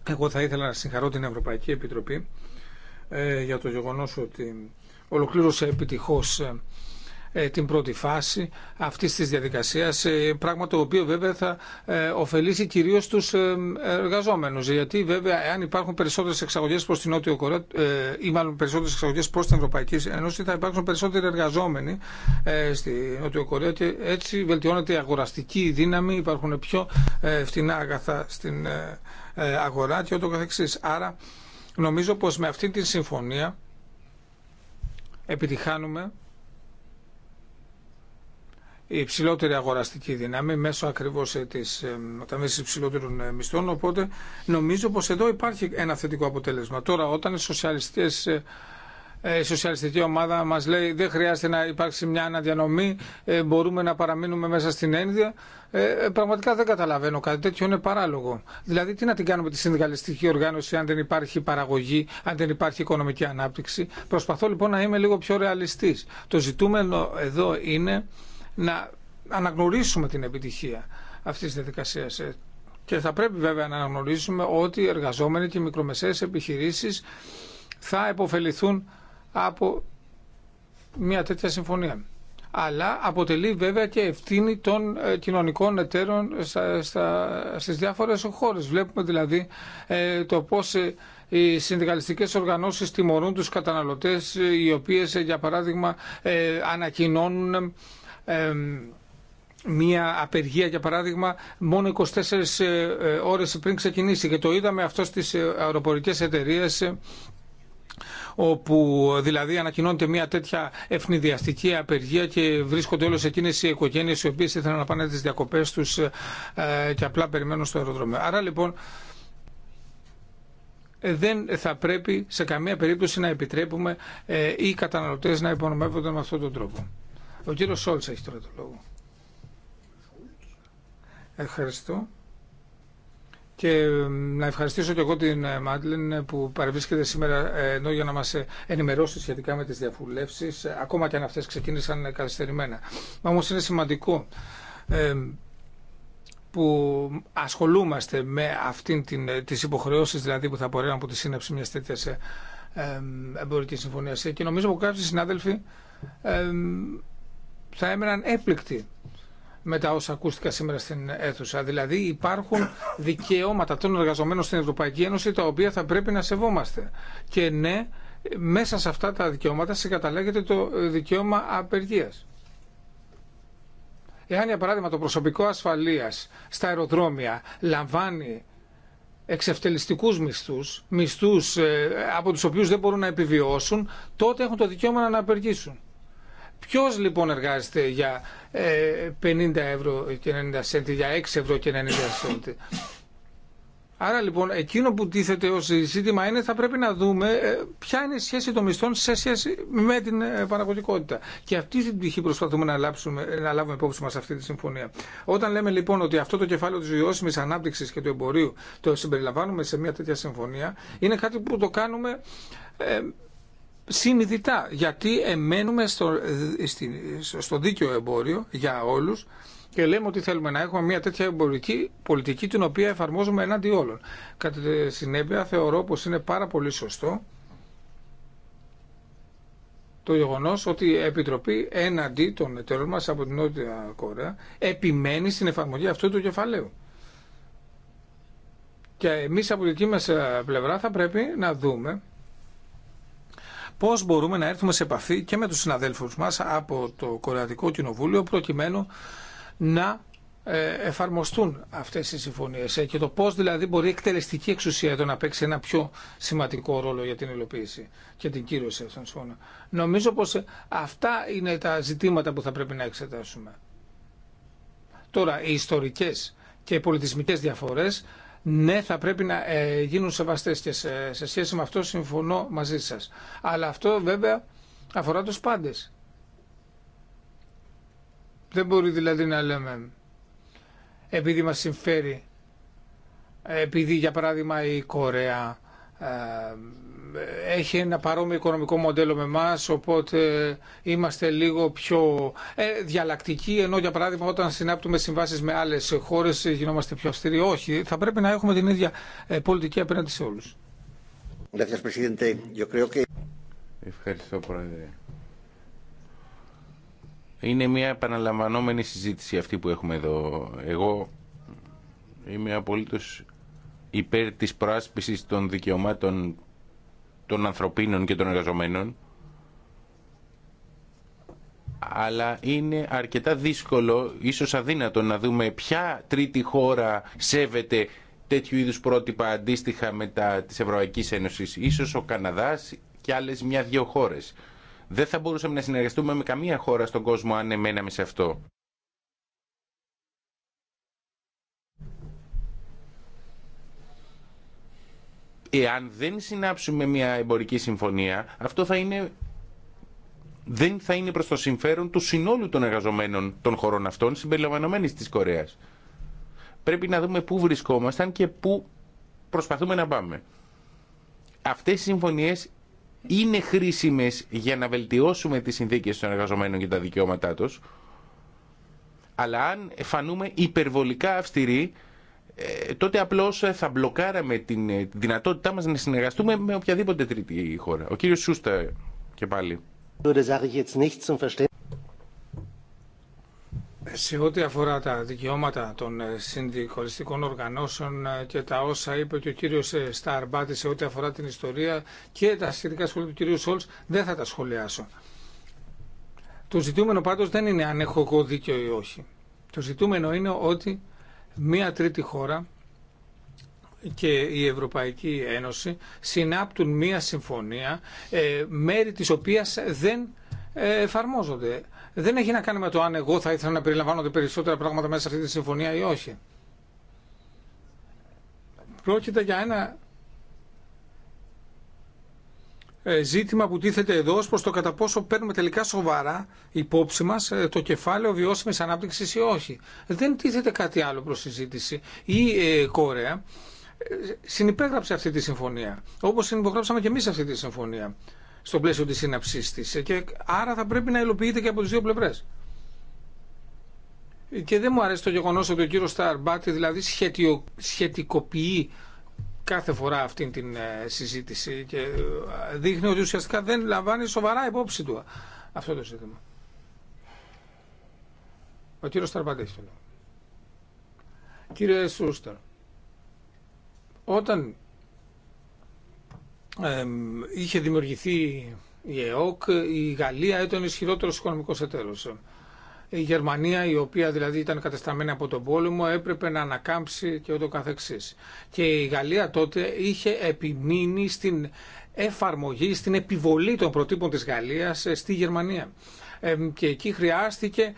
Εγώ θα ήθελα να συγχαρώ την Ευρωπαϊκή Επιτροπή ε, για το γεγονός ότι ολοκλήρωσε επιτυχώς ε, ε, την πρώτη φάση αυτή τη διαδικασία, ε, πράγμα το οποίο βέβαια θα ε, ωφελήσει κυρίως τους εργαζόμενου. Γιατί βέβαια αν υπάρχουν περισσότερε εξαγωγέ προ την Νότιο Κορέα ή μάλλον περισσότερες εξαγωγές προς την Ευρωπαϊκή Ένωση θα υπάρχουν περισσότεροι εργαζόμενοι στη Νότιο Κορέα και έτσι βελτιώνεται η αγοραστική δύναμη, υπάρχουν πιο φτηνά αγαθά στην αγορά και ούτω καθεξής. Άρα νομίζω πως με αυτή τη συμφωνία επιτυχάνουμε η υψηλότερη αγοραστική δύναμη μέσω ακριβώ ε, τη μεταμέση υψηλότερων ε, μισθών. Οπότε νομίζω πω εδώ υπάρχει ένα θετικό αποτέλεσμα. Τώρα, όταν οι σοσιαλιστέ. Ε, η σοσιαλιστική ομάδα μα λέει δεν χρειάζεται να υπάρξει μια αναδιανομή, μπορούμε να παραμείνουμε μέσα στην ένδια. Πραγματικά δεν καταλαβαίνω κάτι τέτοιο, είναι παράλογο. Δηλαδή, τι να την κάνουμε τη συνδικαλιστική οργάνωση αν δεν υπάρχει παραγωγή, αν δεν υπάρχει οικονομική ανάπτυξη. Προσπαθώ λοιπόν να είμαι λίγο πιο ρεαλιστή. Το ζητούμενο εδώ είναι να αναγνωρίσουμε την επιτυχία αυτής της διαδικασίας. Ε, και θα πρέπει βέβαια να αναγνωρίσουμε ότι οι εργαζόμενοι και οι μικρομεσαίες επιχειρήσεις θα επωφεληθούν από μια τέτοια συμφωνία. Αλλά αποτελεί βέβαια και ευθύνη των ε, κοινωνικών εταίρων στα, διάφορε στις διάφορες χώρες. Βλέπουμε δηλαδή ε, το πώς οι συνδικαλιστικές οργανώσεις τιμωρούν τους καταναλωτές οι οποίες για παράδειγμα ανακοινώνουν μία απεργία για παράδειγμα μόνο 24 ε, ε, ώρες πριν ξεκινήσει και το είδαμε αυτό στις ε, αεροπορικές εταιρείες όπου δηλαδή ανακοινώνεται μια τέτοια ευνηδιαστική απεργία και βρίσκονται όλες εκείνες οι οικογένειες οι οποίες ήθελαν να πάνε τις διακοπές τους και απλά περιμένουν στο αεροδρόμιο. Άρα λοιπόν δεν θα πρέπει σε καμία περίπτωση να επιτρέπουμε οι καταναλωτές να υπονομεύονται με αυτόν τον τρόπο. Ο κύριο Σόλτ έχει τώρα το λόγο. Ευχαριστώ. Και να ευχαριστήσω και εγώ την ε, Μάντλεν ε, που παρευρίσκεται σήμερα ενώ για να μας ε, ενημερώσει σχετικά με τις διαφουλεύσεις, ακόμα και αν αυτές ξεκίνησαν καθυστερημένα. Μα όμως είναι σημαντικό που ασχολούμαστε με αυτήν την, τις υποχρεώσεις δηλαδή που θα απορρέουν από τη σύναψη μιας τέτοιας εμπορικής συμφωνίας. Και νομίζω που κάποιοι συνάδελφοι θα έμεναν έπληκτοι με τα όσα ακούστηκα σήμερα στην αίθουσα. Δηλαδή υπάρχουν δικαιώματα των εργαζομένων στην Ευρωπαϊκή Ένωση τα οποία θα πρέπει να σεβόμαστε. Και ναι, μέσα σε αυτά τα δικαιώματα συγκαταλέγεται το δικαίωμα απεργίας. Εάν για παράδειγμα το προσωπικό ασφαλείας στα αεροδρόμια λαμβάνει εξευτελιστικούς μισθούς, μισθούς ε, από τους οποίους δεν μπορούν να επιβιώσουν, τότε έχουν το δικαίωμα να απεργήσουν. Ποιο λοιπόν εργάζεται για 50 ε, ευρώ και 90 σέντι, για 6 ευρώ και 90 σέντι. Άρα λοιπόν εκείνο που τίθεται ως ζήτημα είναι θα πρέπει να δούμε ε, ποια είναι η σχέση των μισθών σε σχέση με την ε, παραγωγικότητα. Και αυτή την πτυχή προσπαθούμε να, να λάβουμε υπόψη μας αυτή τη συμφωνία. Όταν λέμε λοιπόν ότι αυτό το κεφάλαιο της βιώσιμης ανάπτυξης και του εμπορίου το συμπεριλαμβάνουμε σε μια τέτοια συμφωνία είναι κάτι που το κάνουμε συνειδητά, γιατί εμένουμε στο, ε, στο δίκαιο εμπόριο για όλους και λέμε ότι θέλουμε να έχουμε μια τέτοια εμπορική πολιτική την οποία εφαρμόζουμε εναντί όλων. Κατά τη συνέπεια θεωρώ πως είναι πάρα πολύ σωστό το γεγονό ότι η Επιτροπή έναντι των εταίρων μα από την Νότια Κορέα επιμένει στην εφαρμογή αυτού του κεφαλαίου. Και εμείς από δική μας ε, πλευρά θα πρέπει να δούμε πώς μπορούμε να έρθουμε σε επαφή και με τους συναδέλφους μας από το Κορεατικό Κοινοβούλιο προκειμένου να ε, εφαρμοστούν αυτές οι συμφωνίες ε, και το πώς δηλαδή μπορεί η εκτελεστική εξουσία εδώ να παίξει ένα πιο σημαντικό ρόλο για την υλοποίηση και την κύρωση αυτών των συμφωνίων. Νομίζω πως ε, αυτά είναι τα ζητήματα που θα πρέπει να εξετάσουμε. Τώρα, οι ιστορικές και οι πολιτισμικές διαφορές ναι, θα πρέπει να ε, γίνουν σεβαστές και σε, σχέση με αυτό συμφωνώ μαζί σας. Αλλά αυτό βέβαια αφορά του πάντε. Δεν μπορεί δηλαδή να λέμε επειδή μας συμφέρει, ε, επειδή για παράδειγμα η Κορέα ε, έχει ένα παρόμοιο οικονομικό μοντέλο με εμά, οπότε είμαστε λίγο πιο ε, διαλλακτικοί. Ενώ για παράδειγμα, όταν συνάπτουμε συμβάσει με άλλε χώρε, γινόμαστε πιο αυστηροί. Όχι, θα πρέπει να έχουμε την ίδια ε, πολιτική απέναντι σε όλου. Ευχαριστώ, Πρόεδρε. Είναι μια επαναλαμβανόμενη συζήτηση αυτή που έχουμε εδώ. Εγώ είμαι απολύτω υπέρ της προάσπισης των δικαιωμάτων των ανθρωπίνων και των εργαζομένων αλλά είναι αρκετά δύσκολο, ίσως αδύνατο να δούμε ποια τρίτη χώρα σέβεται τέτοιου είδους πρότυπα αντίστοιχα με τα της Ευρωπαϊκής Ένωσης. Ίσως ο Καναδάς και άλλες μια-δυο χώρες. Δεν θα μπορούσαμε να συνεργαστούμε με καμία χώρα στον κόσμο αν εμέναμε σε αυτό. εάν δεν συνάψουμε μια εμπορική συμφωνία, αυτό θα είναι δεν θα είναι προς το συμφέρον του συνόλου των εργαζομένων των χωρών αυτών συμπεριλαμβανομένης της Κορέας. Πρέπει να δούμε πού βρισκόμασταν και πού προσπαθούμε να πάμε. Αυτές οι συμφωνίες είναι χρήσιμες για να βελτιώσουμε τις συνθήκες των εργαζομένων και τα δικαιώματά τους, αλλά αν φανούμε υπερβολικά αυστηροί ε, τότε απλώ ε, θα μπλοκάραμε ε, τη δυνατότητά μα να συνεργαστούμε με οποιαδήποτε τρίτη χώρα. Ο κύριο Σούστα και πάλι. Σε ό,τι αφορά τα δικαιώματα των συνδικαλιστικών οργανώσεων και τα όσα είπε και ο κύριο Σταρμπάτη σε ό,τι αφορά την ιστορία και τα σχετικά σχόλια του κυρίου Σόλτς, δεν θα τα σχολιάσω. Το ζητούμενο πάντως δεν είναι αν έχω εγώ δίκιο ή όχι. Το ζητούμενο είναι ότι μία τρίτη χώρα και η Ευρωπαϊκή Ένωση συνάπτουν μία συμφωνία ε, μέρη της οποίας δεν ε, εφαρμόζονται. Δεν έχει να κάνει με το αν εγώ θα ήθελα να περιλαμβάνονται περισσότερα πράγματα μέσα σε αυτή τη συμφωνία ή όχι. Πρόκειται για ένα ε, ζήτημα που τίθεται εδώ ω προ το κατά πόσο παίρνουμε τελικά σοβαρά υπόψη μα ε, το κεφάλαιο βιώσιμης ανάπτυξης ή όχι. Δεν τίθεται κάτι άλλο προς συζήτηση. Η Κόρεα αλλο προ συζητηση η αυτή τη συμφωνία, όπως συνυπογράψαμε και εμείς αυτή τη συμφωνία στο πλαίσιο της σύναψή τη. Ε, και άρα θα πρέπει να υλοποιείται και από τι δύο πλευρέ. Και δεν μου αρέσει το γεγονό ότι ο κύριο Σταρμπάτη δηλαδή σχετιο, σχετικοποιεί κάθε φορά αυτήν την ε, συζήτηση και ε, δείχνει ότι ουσιαστικά δεν λαμβάνει σοβαρά υπόψη του αυτό το ζήτημα. Ο κύριο Σταρπαντή. Κύριε Σούστερ, όταν είχε δημιουργηθεί η ΕΟΚ, η Γαλλία ήταν ο ισχυρότερο οικονομικό εταίρο η Γερμανία η οποία δηλαδή ήταν κατεσταμένη από τον πόλεμο έπρεπε να ανακάμψει και ούτω καθεξής. Και η Γαλλία τότε είχε επιμείνει στην εφαρμογή, στην επιβολή των προτύπων της Γαλλίας ε, στη Γερμανία. Και εκεί χρειάστηκε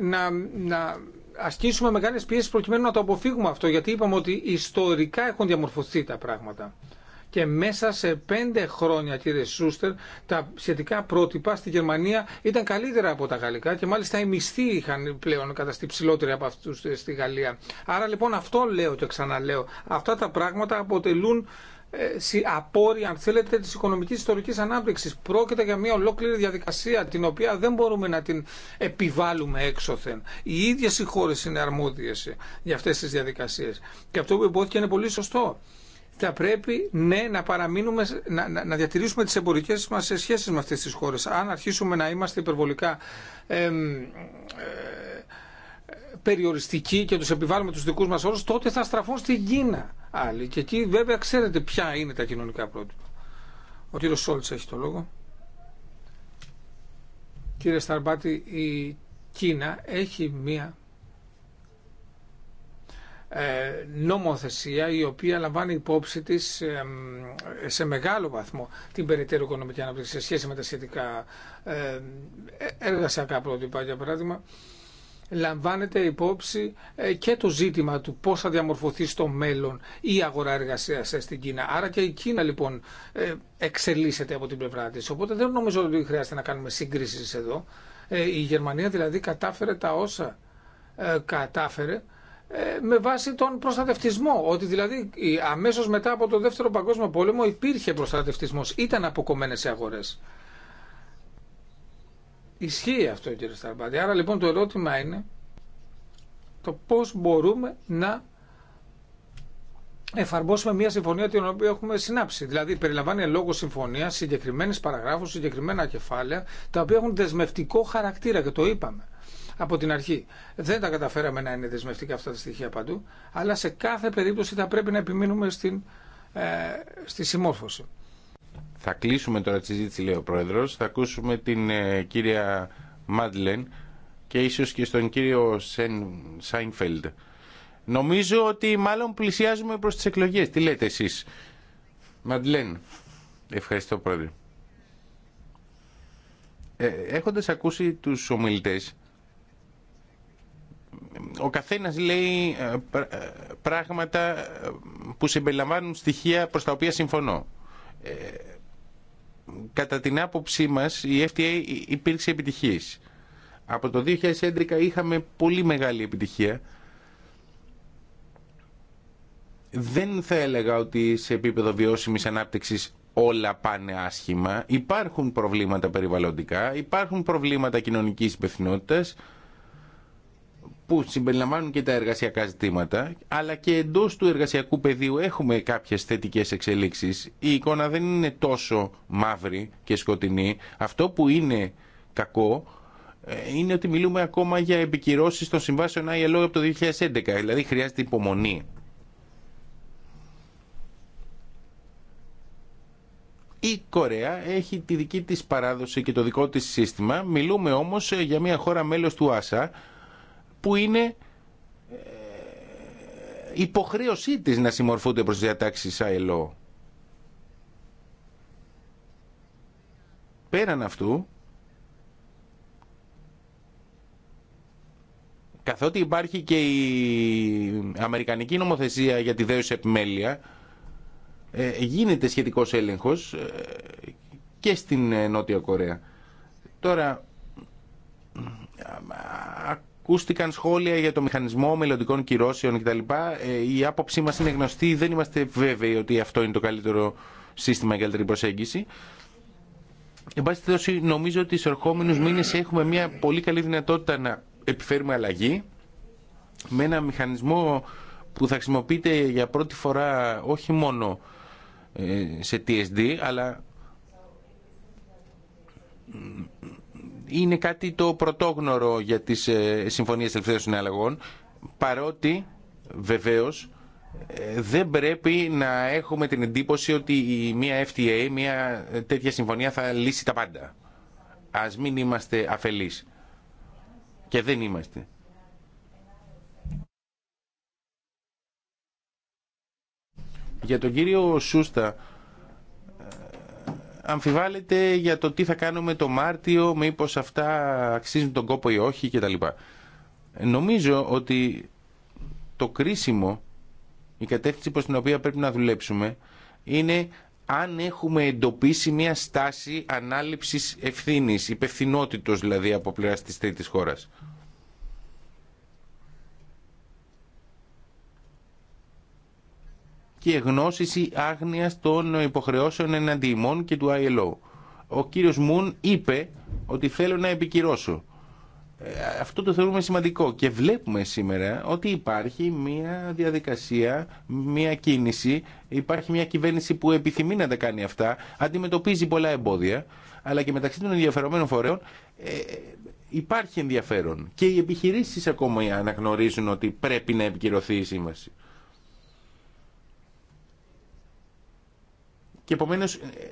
να, να ασκήσουμε μεγάλες πιέσεις προκειμένου να το αποφύγουμε αυτό γιατί είπαμε ότι ιστορικά έχουν διαμορφωθεί τα πράγματα και μέσα σε πέντε χρόνια, κύριε Σούστερ, τα σχετικά πρότυπα στη Γερμανία ήταν καλύτερα από τα γαλλικά και μάλιστα οι μισθοί είχαν πλέον καταστεί ψηλότεροι από αυτού στη Γαλλία. Άρα λοιπόν αυτό λέω και ξαναλέω. Αυτά τα πράγματα αποτελούν ε, απόρρια, αν θέλετε, τη οικονομική ιστορική ανάπτυξη. Πρόκειται για μια ολόκληρη διαδικασία την οποία δεν μπορούμε να την επιβάλλουμε έξωθεν. Οι ίδιε οι χώρε είναι αρμόδιε για αυτέ τι διαδικασίε. Και αυτό που υπόθηκε είναι πολύ σωστό θα πρέπει ναι να παραμείνουμε, να, να, να διατηρήσουμε τις εμπορικές μας σχέσεις με αυτές τις χώρες. Αν αρχίσουμε να είμαστε υπερβολικά ε, περιοριστικοί και τους επιβάλλουμε τους δικούς μας όρους, τότε θα στραφούν στην Κίνα άλλοι. Και εκεί βέβαια ξέρετε ποια είναι τα κοινωνικά πρότυπα. Ο κύριο Σόλτς έχει το λόγο. Κύριε Σταρμπάτη, η Κίνα έχει μία ε, νομοθεσία η οποία λαμβάνει υπόψη της σε μεγάλο βαθμό την περαιτέρω οικονομική ανάπτυξη σε σχέση με τα σχετικά ε, εργασιακά πρότυπα για παράδειγμα λαμβάνεται υπόψη ε, και το ζήτημα του πώς θα διαμορφωθεί στο μέλλον η αγορά εργασία στην Κίνα. Άρα και η Κίνα λοιπόν εξελίσσεται από την πλευρά τη Οπότε δεν νομίζω ότι χρειάζεται να κάνουμε σύγκρισεις εδώ. Η Γερμανία δηλαδή κατάφερε τα όσα κατάφερε ε, με βάση τον προστατευτισμό. Ότι δηλαδή αμέσως μετά από το Δεύτερο Παγκόσμιο Πόλεμο υπήρχε προστατευτισμός, ήταν αποκομμένες οι αγορές. Ισχύει αυτό κύριε Σταρμπάτη. Άρα λοιπόν το ερώτημα είναι το πώς μπορούμε να εφαρμόσουμε μια συμφωνία την οποία έχουμε συνάψει. Δηλαδή, περιλαμβάνει λόγω συμφωνία συγκεκριμένε παραγράφου, συγκεκριμένα κεφάλαια, τα οποία έχουν δεσμευτικό χαρακτήρα και το είπαμε από την αρχή. Δεν τα καταφέραμε να είναι δεσμευτικά αυτά τα στοιχεία παντού, αλλά σε κάθε περίπτωση θα πρέπει να επιμείνουμε στην, ε, στη συμμόρφωση. Θα κλείσουμε τώρα τη συζήτηση, λέει ο Πρόεδρο. Θα ακούσουμε την ε, κυρία Μάντλεν και ίσω και στον κύριο Σεν, Σάινφελντ. Νομίζω ότι μάλλον πλησιάζουμε προ τι εκλογέ Τι λέτε εσείς. Μαντλέν, ευχαριστώ Πρόεδρε. Ε, έχοντας ακούσει τους ομιλητές, ο καθένας λέει ε, ε, πράγματα ε, που συμπεριλαμβάνουν στοιχεία προς τα οποία συμφωνώ. Κατά την άποψή μας η FTA υπήρξε επιτυχής. Από το 2011 είχαμε πολύ μεγάλη επιτυχία. Δεν θα έλεγα ότι σε επίπεδο βιώσιμης ανάπτυξης όλα πάνε άσχημα. Υπάρχουν προβλήματα περιβαλλοντικά, υπάρχουν προβλήματα κοινωνικής υπευθυνότητας, που συμπεριλαμβάνουν και τα εργασιακά ζητήματα, αλλά και εντός του εργασιακού πεδίου έχουμε κάποιες θετικέ εξελίξεις. Η εικόνα δεν είναι τόσο μαύρη και σκοτεινή. Αυτό που είναι κακό ε, είναι ότι μιλούμε ακόμα για επικυρώσει των συμβάσεων ILO από το 2011, δηλαδή χρειάζεται υπομονή. Η Κορέα έχει τη δική της παράδοση και το δικό της σύστημα. Μιλούμε όμως για μια χώρα μέλος του Άσα που είναι ε, υποχρέωσή της να συμμορφούνται προς τις διατάξεις ΑΕΛΟ. Πέραν αυτού, καθότι υπάρχει και η Αμερικανική νομοθεσία για τη δέωση επιμέλεια, ε, γίνεται σχετικός έλεγχος ε, και στην Νότια Κορέα. Τώρα, ακούστηκαν σχόλια για το μηχανισμό μελλοντικών κυρώσεων κτλ. Ε, η άποψή μας είναι γνωστή, δεν είμαστε βέβαιοι ότι αυτό είναι το καλύτερο σύστημα για καλύτερη προσέγγιση. Εν πάση νομίζω ότι στου ερχόμενου μήνες έχουμε μια πολύ καλή δυνατότητα να επιφέρουμε αλλαγή με ένα μηχανισμό που θα χρησιμοποιείται για πρώτη φορά όχι μόνο ε, σε TSD αλλά είναι κάτι το πρωτόγνωρο για τις ε, συμφωνίες των συναλλαγών, παρότι βεβαίως ε, δεν πρέπει να έχουμε την εντύπωση ότι μια FTA, μια ε, τέτοια συμφωνία θα λύσει τα πάντα. Ας μην είμαστε αφελείς. Και δεν είμαστε. Για τον κύριο Σούστα αμφιβάλλεται για το τι θα κάνουμε το Μάρτιο, μήπω αυτά αξίζουν τον κόπο ή όχι κτλ. Νομίζω ότι το κρίσιμο, η κατεύθυνση προς την οποία πρέπει να δουλέψουμε, είναι αν έχουμε εντοπίσει μια στάση ανάληψης ευθύνης, υπευθυνότητος δηλαδή από πλευράς της τρίτης χώρας. και γνώση άγνοια των υποχρεώσεων εναντιμών και του ILO. Ο κύριος Μουν είπε ότι θέλω να επικυρώσω. Ε, αυτό το θεωρούμε σημαντικό και βλέπουμε σήμερα ότι υπάρχει μια διαδικασία, μια κίνηση, υπάρχει μια κυβέρνηση που επιθυμεί να τα κάνει αυτά, αντιμετωπίζει πολλά εμπόδια, αλλά και μεταξύ των ενδιαφερομένων φορέων ε, υπάρχει ενδιαφέρον. Και οι επιχειρήσεις ακόμα αναγνωρίζουν ότι πρέπει να επικυρωθεί η σύμβαση. Και επομένω,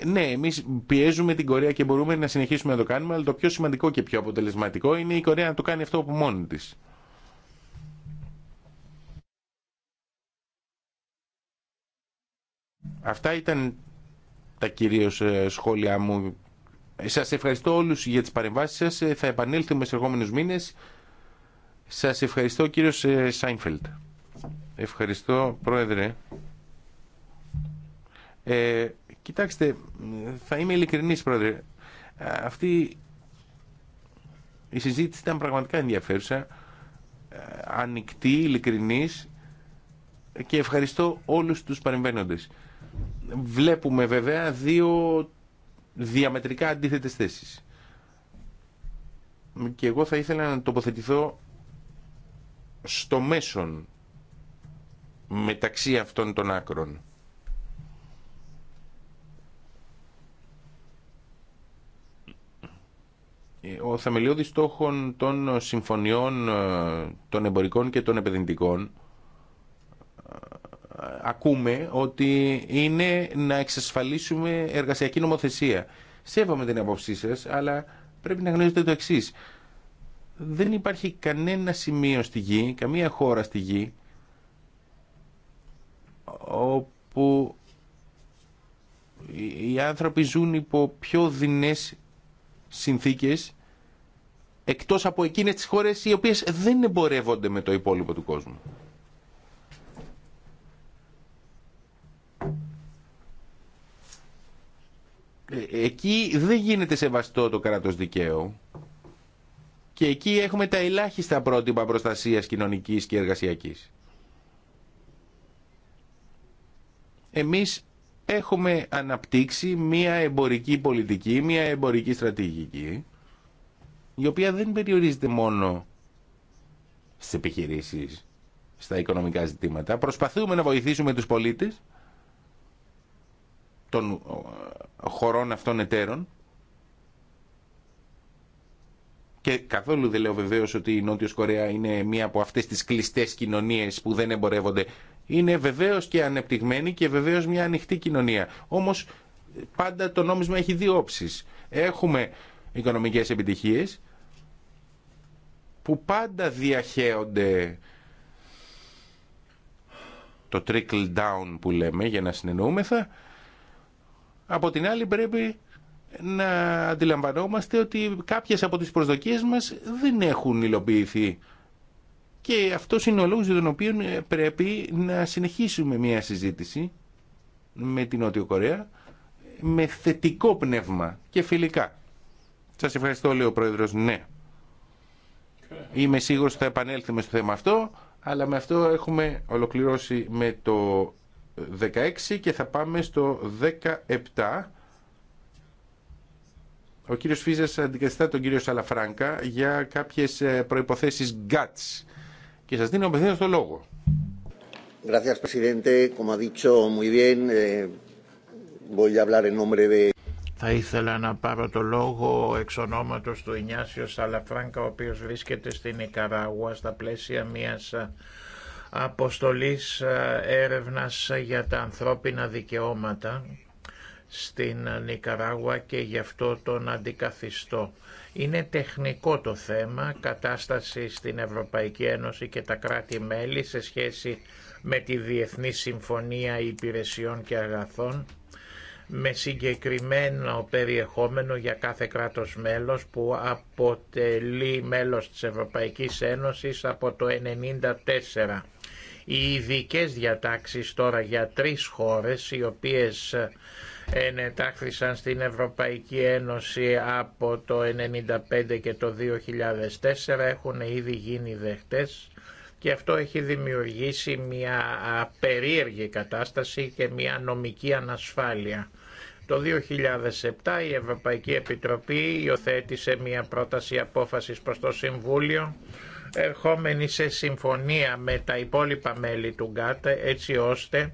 ναι, εμεί πιέζουμε την Κορέα και μπορούμε να συνεχίσουμε να το κάνουμε, αλλά το πιο σημαντικό και πιο αποτελεσματικό είναι η Κορέα να το κάνει αυτό από μόνη τη. Αυτά ήταν τα κυρίως ε, σχόλια μου. Σας ευχαριστώ όλους για τις παρεμβάσεις σας. Ε, θα επανέλθουμε σε ερχόμενους μήνες. Σας ευχαριστώ κύριος ε, Σάινφελτ. Ευχαριστώ πρόεδρε. Ε, Κοιτάξτε, θα είμαι ειλικρινής πρόεδρε. Αυτή η συζήτηση ήταν πραγματικά ενδιαφέρουσα, ανοιχτή, ειλικρινής και ευχαριστώ όλους τους παρεμβαίνοντες. Βλέπουμε βέβαια δύο διαμετρικά αντίθετες θέσεις. Και εγώ θα ήθελα να τοποθετηθώ στο μέσον μεταξύ αυτών των άκρων. Ε, ο θεμελιώδη στόχων των συμφωνιών ε, των εμπορικών και των επενδυτικών ε, ακούμε ότι είναι να εξασφαλίσουμε εργασιακή νομοθεσία. Σέβομαι την απόψή σα, αλλά πρέπει να γνωρίζετε το εξή. Δεν υπάρχει κανένα σημείο στη γη, καμία χώρα στη γη, όπου οι άνθρωποι ζουν υπό πιο δεινές συνθήκες εκτός από εκείνες τις χώρες οι οποίες δεν εμπορεύονται με το υπόλοιπο του κόσμου. Ε, εκεί δεν γίνεται σεβαστό το κράτος δικαίου και εκεί έχουμε τα ελάχιστα πρότυπα προστασίας κοινωνικής και εργασιακής. Εμείς έχουμε αναπτύξει μία εμπορική πολιτική, μία εμπορική στρατηγική, η οποία δεν περιορίζεται μόνο στις επιχειρήσεις, στα οικονομικά ζητήματα. Προσπαθούμε να βοηθήσουμε τους πολίτες των ε, χωρών αυτών εταίρων και καθόλου δεν λέω βεβαίω ότι η Νότιος Κορέα είναι μία από αυτές τις κλειστές κοινωνίες που δεν εμπορεύονται είναι βεβαίως και ανεπτυγμένη και βεβαίως μια ανοιχτή κοινωνία. Όμως πάντα το νόμισμα έχει δύο όψεις. Έχουμε οικονομικές επιτυχίες που πάντα διαχέονται το trickle down που λέμε για να συνεννοούμεθα. Από την άλλη πρέπει να αντιλαμβανόμαστε ότι κάποιες από τις προσδοκίες μας δεν έχουν υλοποιηθεί και αυτό είναι ο λόγο για τον οποίο ε, πρέπει να συνεχίσουμε μια συζήτηση με την Νότιο Κορέα με θετικό πνεύμα και φιλικά. Σα ευχαριστώ, λέει ο πρόεδρο, Ναι. Είμαι σίγουρο ότι θα επανέλθουμε στο θέμα αυτό, αλλά με αυτό έχουμε ολοκληρώσει με το 16 και θα πάμε στο 17. Ο κύριος Φίζας αντικαθιστά τον κύριο Σαλαφράνκα για κάποιες ε, προϋποθέσεις GATS. Και σας δίνω απευθεία το λόγο. Θα ήθελα να πάρω το λόγο εξ ονόματος του Ινιάσιο Σαλαφράγκα, ο οποίος βρίσκεται στην Νικαράγουα στα πλαίσια μιας ε, αποστολής ε, έρευνας για τα ανθρώπινα δικαιώματα στην ε, Νικαράγουα και γι' αυτό τον αντικαθιστώ. Είναι τεχνικό το θέμα, κατάσταση στην Ευρωπαϊκή Ένωση και τα κράτη-μέλη σε σχέση με τη Διεθνή Συμφωνία Υπηρεσιών και Αγαθών με συγκεκριμένο περιεχόμενο για κάθε κράτος μέλος που αποτελεί μέλος της Ευρωπαϊκής Ένωσης από το 1994. Οι ειδικέ διατάξεις τώρα για τρεις χώρες οι οποίες ενετάχθησαν στην Ευρωπαϊκή Ένωση από το 1995 και το 2004 έχουν ήδη γίνει δεχτές και αυτό έχει δημιουργήσει μια περίεργη κατάσταση και μια νομική ανασφάλεια. Το 2007 η Ευρωπαϊκή Επιτροπή υιοθέτησε μια πρόταση απόφασης προς το Συμβούλιο ερχόμενη σε συμφωνία με τα υπόλοιπα μέλη του ΓΚΑΤ έτσι ώστε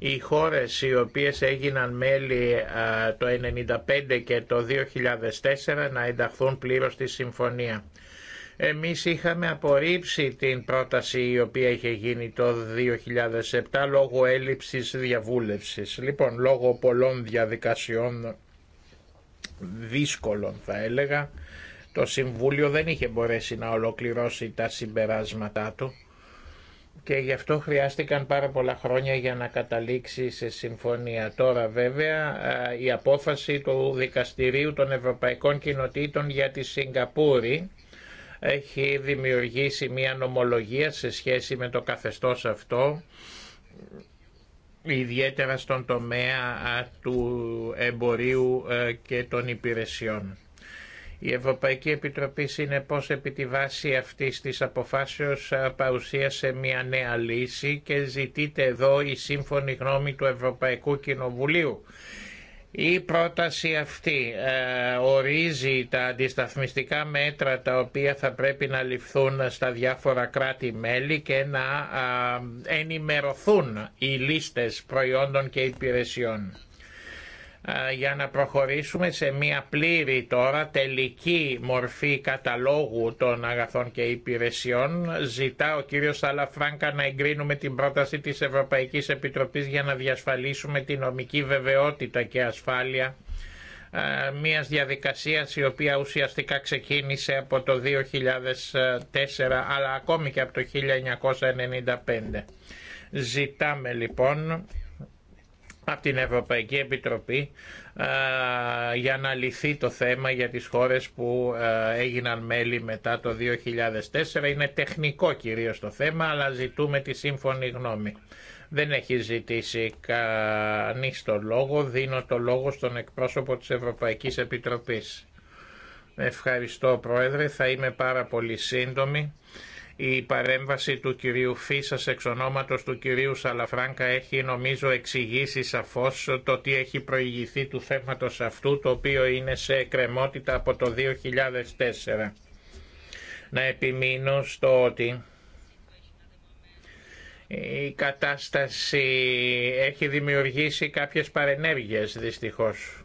οι χώρες οι οποίες έγιναν μέλη το 1995 και το 2004 να ενταχθούν πλήρως στη συμφωνία. Εμείς είχαμε απορρίψει την πρόταση η οποία είχε γίνει το 2007 λόγω έλλειψης διαβούλευσης. Λοιπόν, λόγω πολλών διαδικασιών δύσκολων θα έλεγα, το Συμβούλιο δεν είχε μπορέσει να ολοκληρώσει τα συμπεράσματά του και γι' αυτό χρειάστηκαν πάρα πολλά χρόνια για να καταλήξει σε συμφωνία. Τώρα βέβαια η απόφαση του Δικαστηρίου των Ευρωπαϊκών Κοινοτήτων για τη Σιγκαπούρη έχει δημιουργήσει μια νομολογία σε σχέση με το καθεστώς αυτό ιδιαίτερα στον τομέα του εμπορίου και των υπηρεσιών. Η Ευρωπαϊκή Επιτροπή συνεπώς επί τη βάση αυτής της αποφάσεως παρουσίασε μια νέα λύση και ζητείται εδώ η σύμφωνη γνώμη του Ευρωπαϊκού Κοινοβουλίου. Η πρόταση αυτή ορίζει τα αντισταθμιστικά μέτρα τα οποία θα πρέπει να ληφθούν στα διάφορα κράτη-μέλη και να ενημερωθούν οι λίστες προϊόντων και υπηρεσιών για να προχωρήσουμε σε μια πλήρη τώρα τελική μορφή καταλόγου των αγαθών και υπηρεσιών. Ζητά ο κύριος Αλαφράνκα να εγκρίνουμε την πρόταση της Ευρωπαϊκής Επιτροπής για να διασφαλίσουμε την νομική βεβαιότητα και ασφάλεια μιας διαδικασίας η οποία ουσιαστικά ξεκίνησε από το 2004 αλλά ακόμη και από το 1995. Ζητάμε λοιπόν από την Ευρωπαϊκή Επιτροπή για να λυθεί το θέμα για τις χώρες που έγιναν μέλη μετά το 2004. Είναι τεχνικό κυρίως το θέμα, αλλά ζητούμε τη σύμφωνη γνώμη. Δεν έχει ζητήσει κανεί το λόγο. Δίνω το λόγο στον εκπρόσωπο της Ευρωπαϊκής Επιτροπής. Ευχαριστώ Πρόεδρε, θα είμαι πάρα πολύ σύντομη. Η παρέμβαση του κυρίου Φίσα εξ ονόματος του κυρίου Σαλαφράγκα έχει νομίζω εξηγήσει σαφώς το τι έχει προηγηθεί του θέματος αυτού το οποίο είναι σε εκκρεμότητα από το 2004. Να επιμείνω στο ότι η κατάσταση έχει δημιουργήσει κάποιες παρενέργειες δυστυχώς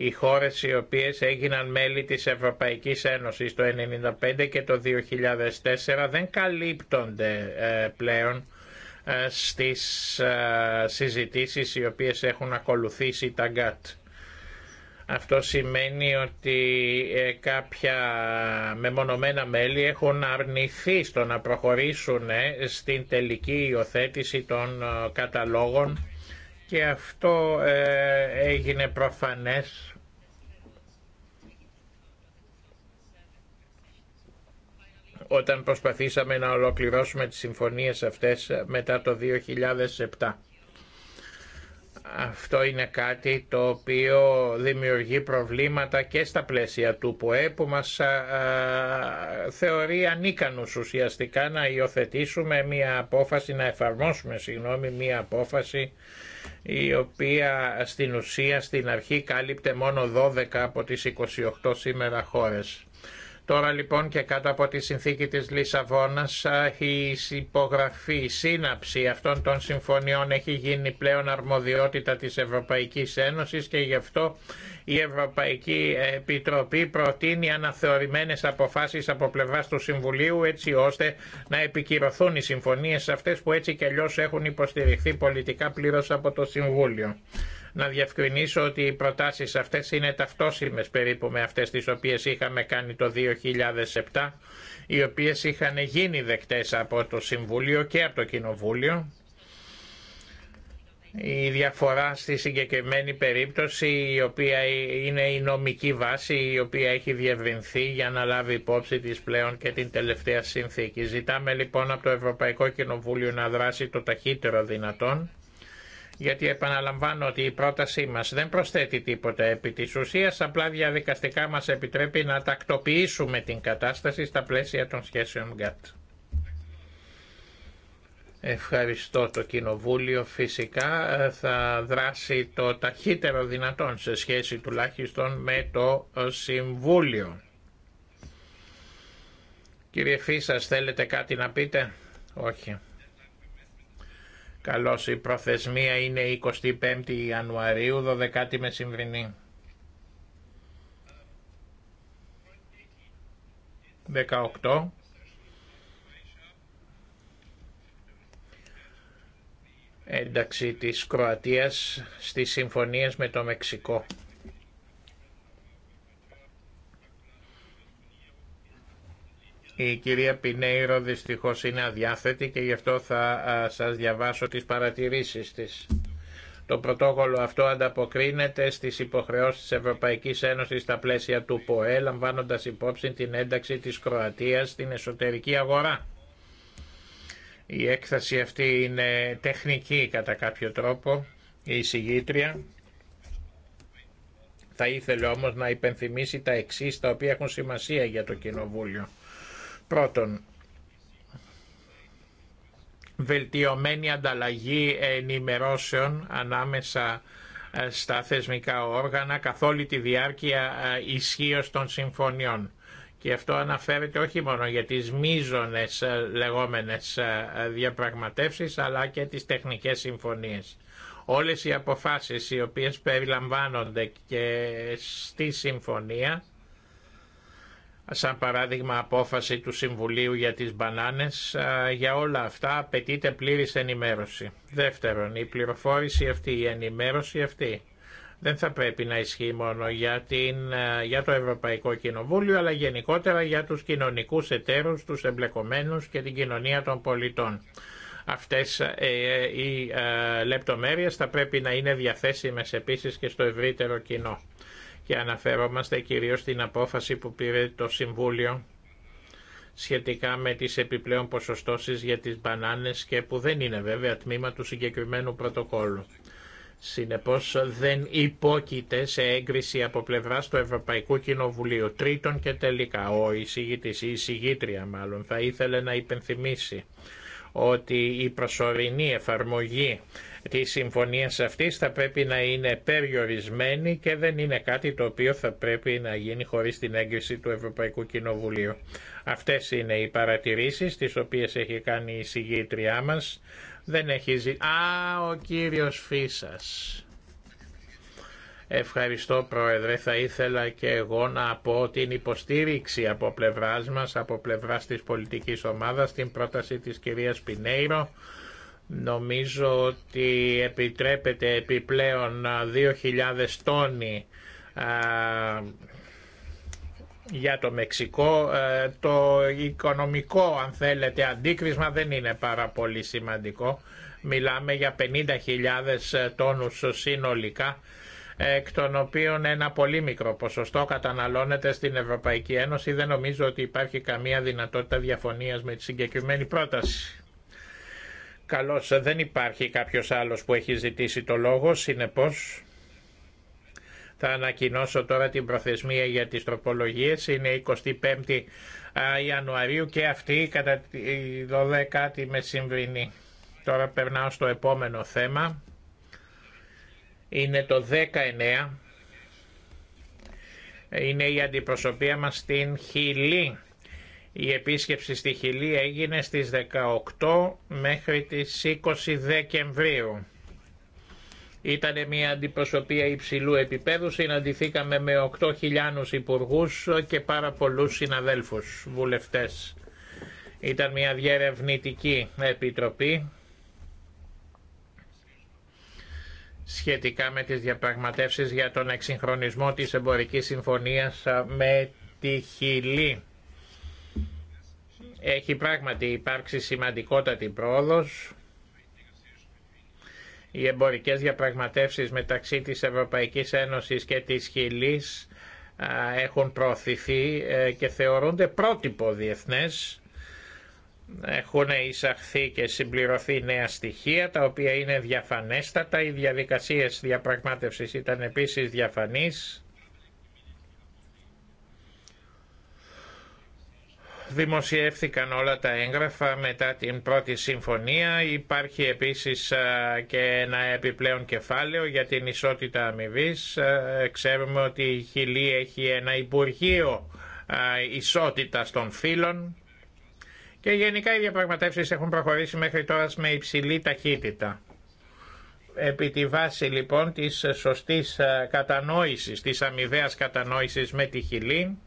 οι χώρες οι οποίες έγιναν μέλη της Ευρωπαϊκής Ένωσης το 1995 και το 2004 δεν καλύπτονται ε, πλέον ε, στις ε, συζητήσεις οι οποίες έχουν ακολουθήσει τα ΓΚΑΤ. Αυτό σημαίνει ότι κάποια μεμονωμένα μέλη έχουν αρνηθεί στο να προχωρήσουν στην τελική υιοθέτηση των καταλόγων και αυτό ε, έγινε προφανές όταν προσπαθήσαμε να ολοκληρώσουμε τις συμφωνίες αυτές ε, μετά το 2007. Αυτό είναι κάτι το οποίο δημιουργεί προβλήματα και στα πλαίσια του ΠΟΕ που μας α, ε, θεωρεί ανίκανους ουσιαστικά να υιοθετήσουμε μια απόφαση, να εφαρμόσουμε συγγνώμη μια απόφαση η οποία στην ουσία στην αρχή κάλυπτε μόνο 12 από τις 28 σήμερα χώρες. Τώρα λοιπόν και κάτω από τη συνθήκη της Λισαβόνας η υπογραφή, η σύναψη αυτών των συμφωνιών έχει γίνει πλέον αρμοδιότητα της Ευρωπαϊκής Ένωσης και γι' αυτό η Ευρωπαϊκή Επιτροπή προτείνει αναθεωρημένες αποφάσεις από πλευράς του Συμβουλίου έτσι ώστε να επικυρωθούν οι συμφωνίες αυτές που έτσι και αλλιώ έχουν υποστηριχθεί πολιτικά πλήρως από το Συμβούλιο. Να διευκρινίσω ότι οι προτάσεις αυτές είναι ταυτόσιμες περίπου με αυτές τις οποίες είχαμε κάνει το 2007, οι οποίες είχαν γίνει δεκτές από το Συμβούλιο και από το Κοινοβούλιο η διαφορά στη συγκεκριμένη περίπτωση η οποία είναι η νομική βάση η οποία έχει διευρυνθεί για να λάβει υπόψη της πλέον και την τελευταία συνθήκη. Ζητάμε λοιπόν από το Ευρωπαϊκό Κοινοβούλιο να δράσει το ταχύτερο δυνατόν γιατί επαναλαμβάνω ότι η πρότασή μας δεν προσθέτει τίποτα επί της ουσίας, απλά διαδικαστικά μας επιτρέπει να τακτοποιήσουμε την κατάσταση στα πλαίσια των σχέσεων ΓΚΑΤ. Ευχαριστώ το Κοινοβούλιο. Φυσικά ε, θα δράσει το ταχύτερο δυνατόν σε σχέση τουλάχιστον με το ε, Συμβούλιο. Κύριε Φίσας, θέλετε κάτι να πείτε? Όχι. Καλώς, η προθεσμία είναι 25 Ιανουαρίου, 12η μεσημβρινή. 18. ένταξη της Κροατίας στις συμφωνίες με το Μεξικό. Η κυρία Πινέιρο δυστυχώς είναι αδιάθετη και γι' αυτό θα σας διαβάσω τις παρατηρήσεις της. Το πρωτόκολλο αυτό ανταποκρίνεται στις υποχρεώσεις της Ευρωπαϊκής Ένωσης στα πλαίσια του ΠΟΕ, λαμβάνοντας υπόψη την ένταξη της Κροατίας στην εσωτερική αγορά η έκθεση αυτή είναι τεχνική κατά κάποιο τρόπο, η εισηγήτρια. Θα ήθελε όμως να υπενθυμίσει τα εξής τα οποία έχουν σημασία για το Κοινοβούλιο. Πρώτον, βελτιωμένη ανταλλαγή ενημερώσεων ανάμεσα ε, στα θεσμικά όργανα καθ' όλη τη διάρκεια ε, ισχύω των συμφωνιών. Και αυτό αναφέρεται όχι μόνο για τις μίζωνες ε, λεγόμενες ε, ε, διαπραγματεύσεις, αλλά και τις τεχνικές συμφωνίες. Όλες οι αποφάσεις οι οποίες περιλαμβάνονται και στη συμφωνία, σαν παράδειγμα απόφαση του Συμβουλίου για τις μπανάνες, για όλα αυτά απαιτείται πλήρης ενημέρωση. Δεύτερον, η πληροφόρηση αυτή, η ενημέρωση αυτή δεν θα πρέπει να ισχύει μόνο για, την, ε, για το Ευρωπαϊκό Κοινοβούλιο, αλλά γενικότερα για τους κοινωνικούς εταίρους, τους εμπλεκομένους και την κοινωνία των πολιτών. Αυτές ε, ε, οι λεπτομέρειες θα πρέπει να είναι διαθέσιμες επίσης και στο ευρύτερο κοινό. Και αναφερόμαστε κυρίως στην απόφαση που πήρε το Συμβούλιο σχετικά με τις επιπλέον ποσοστώσεις για τις μπανάνες και που δεν είναι βέβαια τμήμα του συγκεκριμένου πρωτοκόλου. Συνεπώς δεν υπόκειται σε έγκριση από πλευράς του Ευρωπαϊκού Κοινοβουλίου. Τρίτον και τελικά, ο εισηγητής, η εισηγήτρια μάλλον, θα ήθελε να υπενθυμίσει ότι η προσωρινή εφαρμογή της συμφωνίας αυτής θα πρέπει να είναι περιορισμένη και δεν είναι κάτι το οποίο θα πρέπει να γίνει χωρίς την έγκριση του Ευρωπαϊκού Κοινοβουλίου. Αυτές είναι οι παρατηρήσεις τις οποίες έχει κάνει η συγγήτριά μας. Δεν έχει Α, ο κύριος Φίσας. Ευχαριστώ Πρόεδρε, θα ήθελα και εγώ να πω την υποστήριξη από πλευράς μας, από πλευράς της πολιτικής ομάδας, την πρόταση της κυρίας Πινέιρο. Νομίζω ότι επιτρέπεται επιπλέον 2.000 τόνοι για το Μεξικό ε, το οικονομικό αν θέλετε αντίκρισμα δεν είναι πάρα πολύ σημαντικό μιλάμε για 50.000 ε, τόνους συνολικά ε, εκ των οποίων ένα πολύ μικρό ποσοστό καταναλώνεται στην Ευρωπαϊκή Ένωση δεν νομίζω ότι υπάρχει καμία δυνατότητα διαφωνίας με τη συγκεκριμένη πρόταση Καλώς δεν υπάρχει κάποιος άλλος που έχει ζητήσει το λόγο συνεπώς θα ανακοινώσω τώρα την προθεσμία για τις τροπολογίες. Είναι 25η Ιανουαρίου και αυτή κατά τη 12η μεσημβρινή. Τώρα περνάω στο επόμενο θέμα. Είναι το 19. Είναι η αντιπροσωπεία μας στην Χιλή. Η επίσκεψη στη Χιλή έγινε στις 18 μέχρι τις 20 Δεκεμβρίου. Ήταν μια αντιπροσωπεία υψηλού επίπεδου, συναντηθήκαμε με 8.000 υπουργού και πάρα πολλού συναδέλφου βουλευτές. Ήταν μια διερευνητική επιτροπή σχετικά με τις διαπραγματεύσεις για τον εξυγχρονισμό της εμπορικής συμφωνίας με τη Χιλή. Έχει πράγματι υπάρξει σημαντικότατη πρόοδος οι εμπορικές διαπραγματεύσεις μεταξύ της Ευρωπαϊκής Ένωσης και της Χιλής έχουν προωθηθεί ε, και θεωρούνται πρότυπο διεθνές. Έχουν εισαχθεί και συμπληρωθεί νέα στοιχεία τα οποία είναι διαφανέστατα. Οι διαδικασίες διαπραγμάτευσης ήταν επίσης διαφανείς Δημοσιεύθηκαν όλα τα έγγραφα μετά την πρώτη συμφωνία. Υπάρχει επίσης και ένα επιπλέον κεφάλαιο για την ισότητα αμοιβή. Ξέρουμε ότι η Χιλή έχει ένα Υπουργείο Ισότητας των Φύλων και γενικά οι διαπραγματεύσεις έχουν προχωρήσει μέχρι τώρα με υψηλή ταχύτητα. Επί τη βάση λοιπόν της σωστής κατανόησης, της αμοιβαίας κατανόησης με τη Χιλή,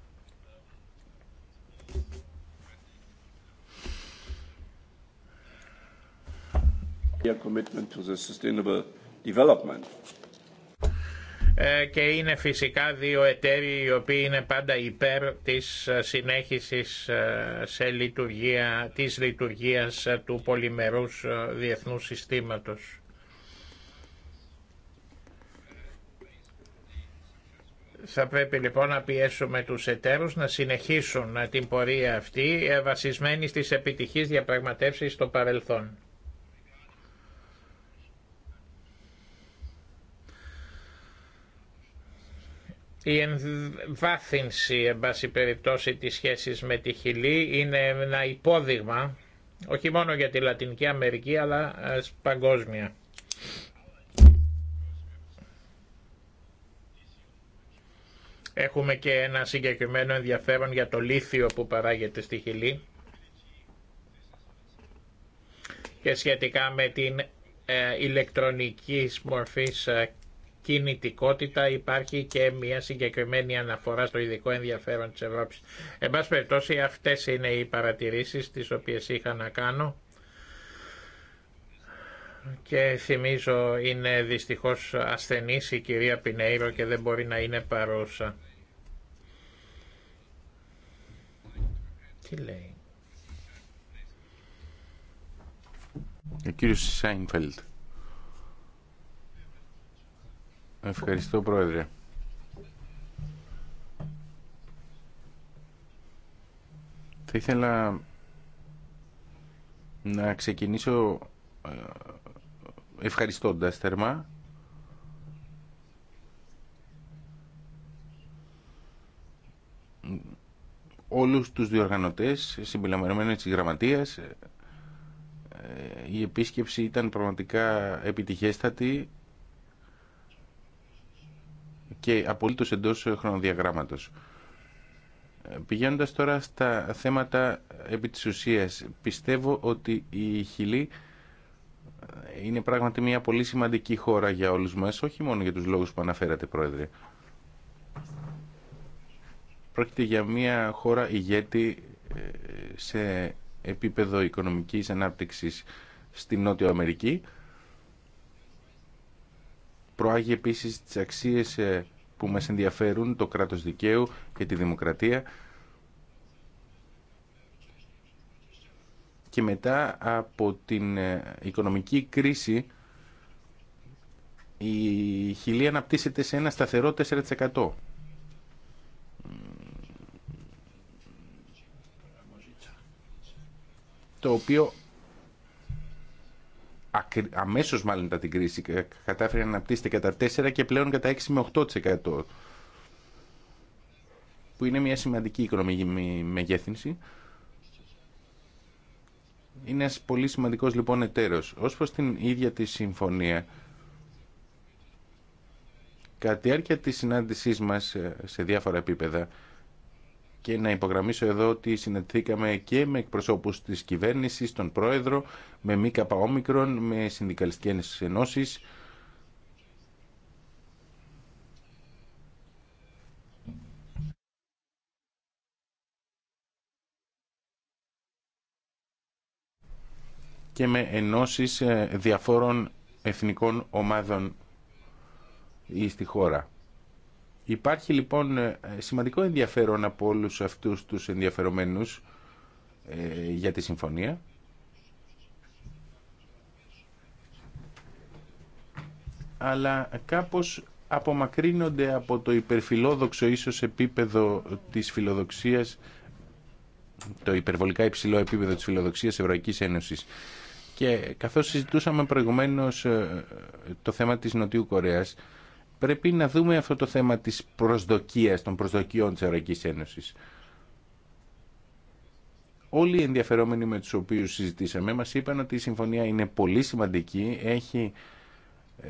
Ε, και είναι φυσικά δύο εταίροι οι οποίοι είναι πάντα υπέρ της ε, συνέχισης ε, σε λειτουργία, της λειτουργίας του πολυμερούς διεθνού συστήματος. Θα πρέπει λοιπόν να πιέσουμε τους εταίρους να συνεχίσουν την πορεία αυτή βασισμένη στις επιτυχείς διαπραγματεύσεις στο παρελθόν. η εμβάθυνση, εν πάση περιπτώσει, της σχέσης με τη Χιλή είναι ένα υπόδειγμα, όχι μόνο για τη Λατινική Αμερική, αλλά ε, παγκόσμια. Έχουμε και ένα συγκεκριμένο ενδιαφέρον για το λίθιο που παράγεται στη Χιλή και σχετικά με την ε, ηλεκτρονική μορφής ε, κινητικότητα υπάρχει και μια συγκεκριμένη αναφορά στο ειδικό ενδιαφέρον της Ευρώπης. Εν πάση περιπτώσει αυτές είναι οι παρατηρήσεις τις οποίες είχα να κάνω και θυμίζω είναι δυστυχώς ασθενής η κυρία Πινέιρο και δεν μπορεί να είναι παρούσα. Τι λέει. Ο κύριος Σάινφελτ. Ευχαριστώ Πρόεδρε. Θα ήθελα να ξεκινήσω ε, ευχαριστώντας θερμά όλους τους διοργανωτές συμπεριλαμβανομένους της γραμματείας ε, ε, η επίσκεψη ήταν πραγματικά επιτυχέστατη και απολύτως εντός χρονοδιαγράμματος. Ε, πηγαίνοντας τώρα στα θέματα επί της πιστεύω ότι η Χιλή ε, είναι πράγματι μια πολύ σημαντική χώρα για όλους μας, όχι μόνο για τους λόγους που αναφέρατε, Πρόεδρε. Πρόκειται για μια χώρα ηγέτη ε, σε επίπεδο οικονομικής ανάπτυξης στη Νότια Αμερική, προάγει επίσης τις αξίες ε, που μας ενδιαφέρουν, το κράτος δικαίου και τη δημοκρατία. Και μετά από την ε, οικονομική κρίση η χιλία αναπτύσσεται σε ένα σταθερό 4%. το οποίο αμέσως μάλλον μετά την κρίση ε, κατάφερε να αναπτύσσεται κατά 4 και πλέον κατά 6 με 8% που είναι μια σημαντική οικονομική μεγέθυνση. Είναι ένα πολύ σημαντικό λοιπόν εταίρο. Ως προς την ίδια τη συμφωνία, κατά τη διάρκεια τη συνάντησή μας ε, σε διάφορα επίπεδα, και να υπογραμμίσω εδώ ότι συναντηθήκαμε και με εκπροσώπους της κυβέρνησης, τον πρόεδρο, με ΜΚΟ, με συνδικαλιστικές ενώσεις, και με ενώσεις ε, διαφόρων εθνικών ομάδων ή στη χώρα. Υπάρχει λοιπόν ε, σημαντικό ενδιαφέρον από όλους αυτούς τους ενδιαφερομένους ε, για τη συμφωνία. αλλά κάπως απομακρύνονται από το υπερφιλόδοξο ίσως επίπεδο της φιλοδοξίας το υπερβολικά υψηλό επίπεδο της φιλοδοξίας Ευρωπαϊκής Ένωσης. Και καθώς συζητούσαμε προηγουμένως ε, το θέμα της Νοτιού Κορέας, πρέπει να δούμε αυτό το θέμα της προσδοκίας, των προσδοκιών της Ευρωπαϊκής Ένωσης. Όλοι οι ενδιαφερόμενοι με τους οποίους συζητήσαμε μας είπαν ότι η συμφωνία είναι πολύ σημαντική, έχει ε,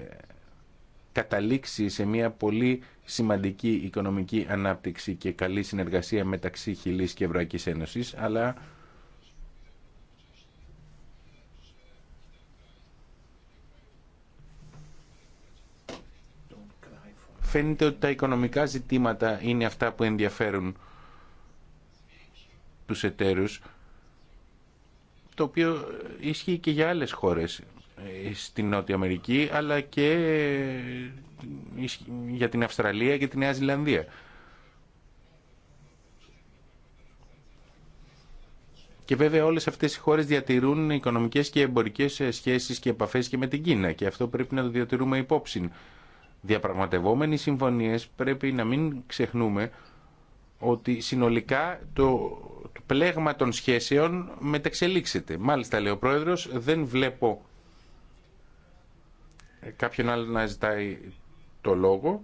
καταλήξει σε μια πολύ σημαντική οικονομική ανάπτυξη και καλή συνεργασία μεταξύ Χιλής και Ευρωπαϊκής Ένωσης, αλλά φαίνεται ότι τα οικονομικά ζητήματα είναι αυτά που ενδιαφέρουν τους εταίρους, το οποίο ισχύει και για άλλες χώρες ε, στην Νότια Αμερική, αλλά και ε, για την Αυστραλία και τη Νέα Ζηλανδία. Και βέβαια όλες αυτές οι χώρες διατηρούν οικονομικές και εμπορικές ε, σχέσεις και επαφές και με την Κίνα και αυτό πρέπει να το διατηρούμε υπόψη διαπραγματευόμενοι συμφωνίες πρέπει να μην ξεχνούμε ότι συνολικά το, το πλέγμα των σχέσεων μεταξελίξεται. Μάλιστα, λέει ο Πρόεδρος, δεν βλέπω ε, κάποιον άλλο να ζητάει το λόγο.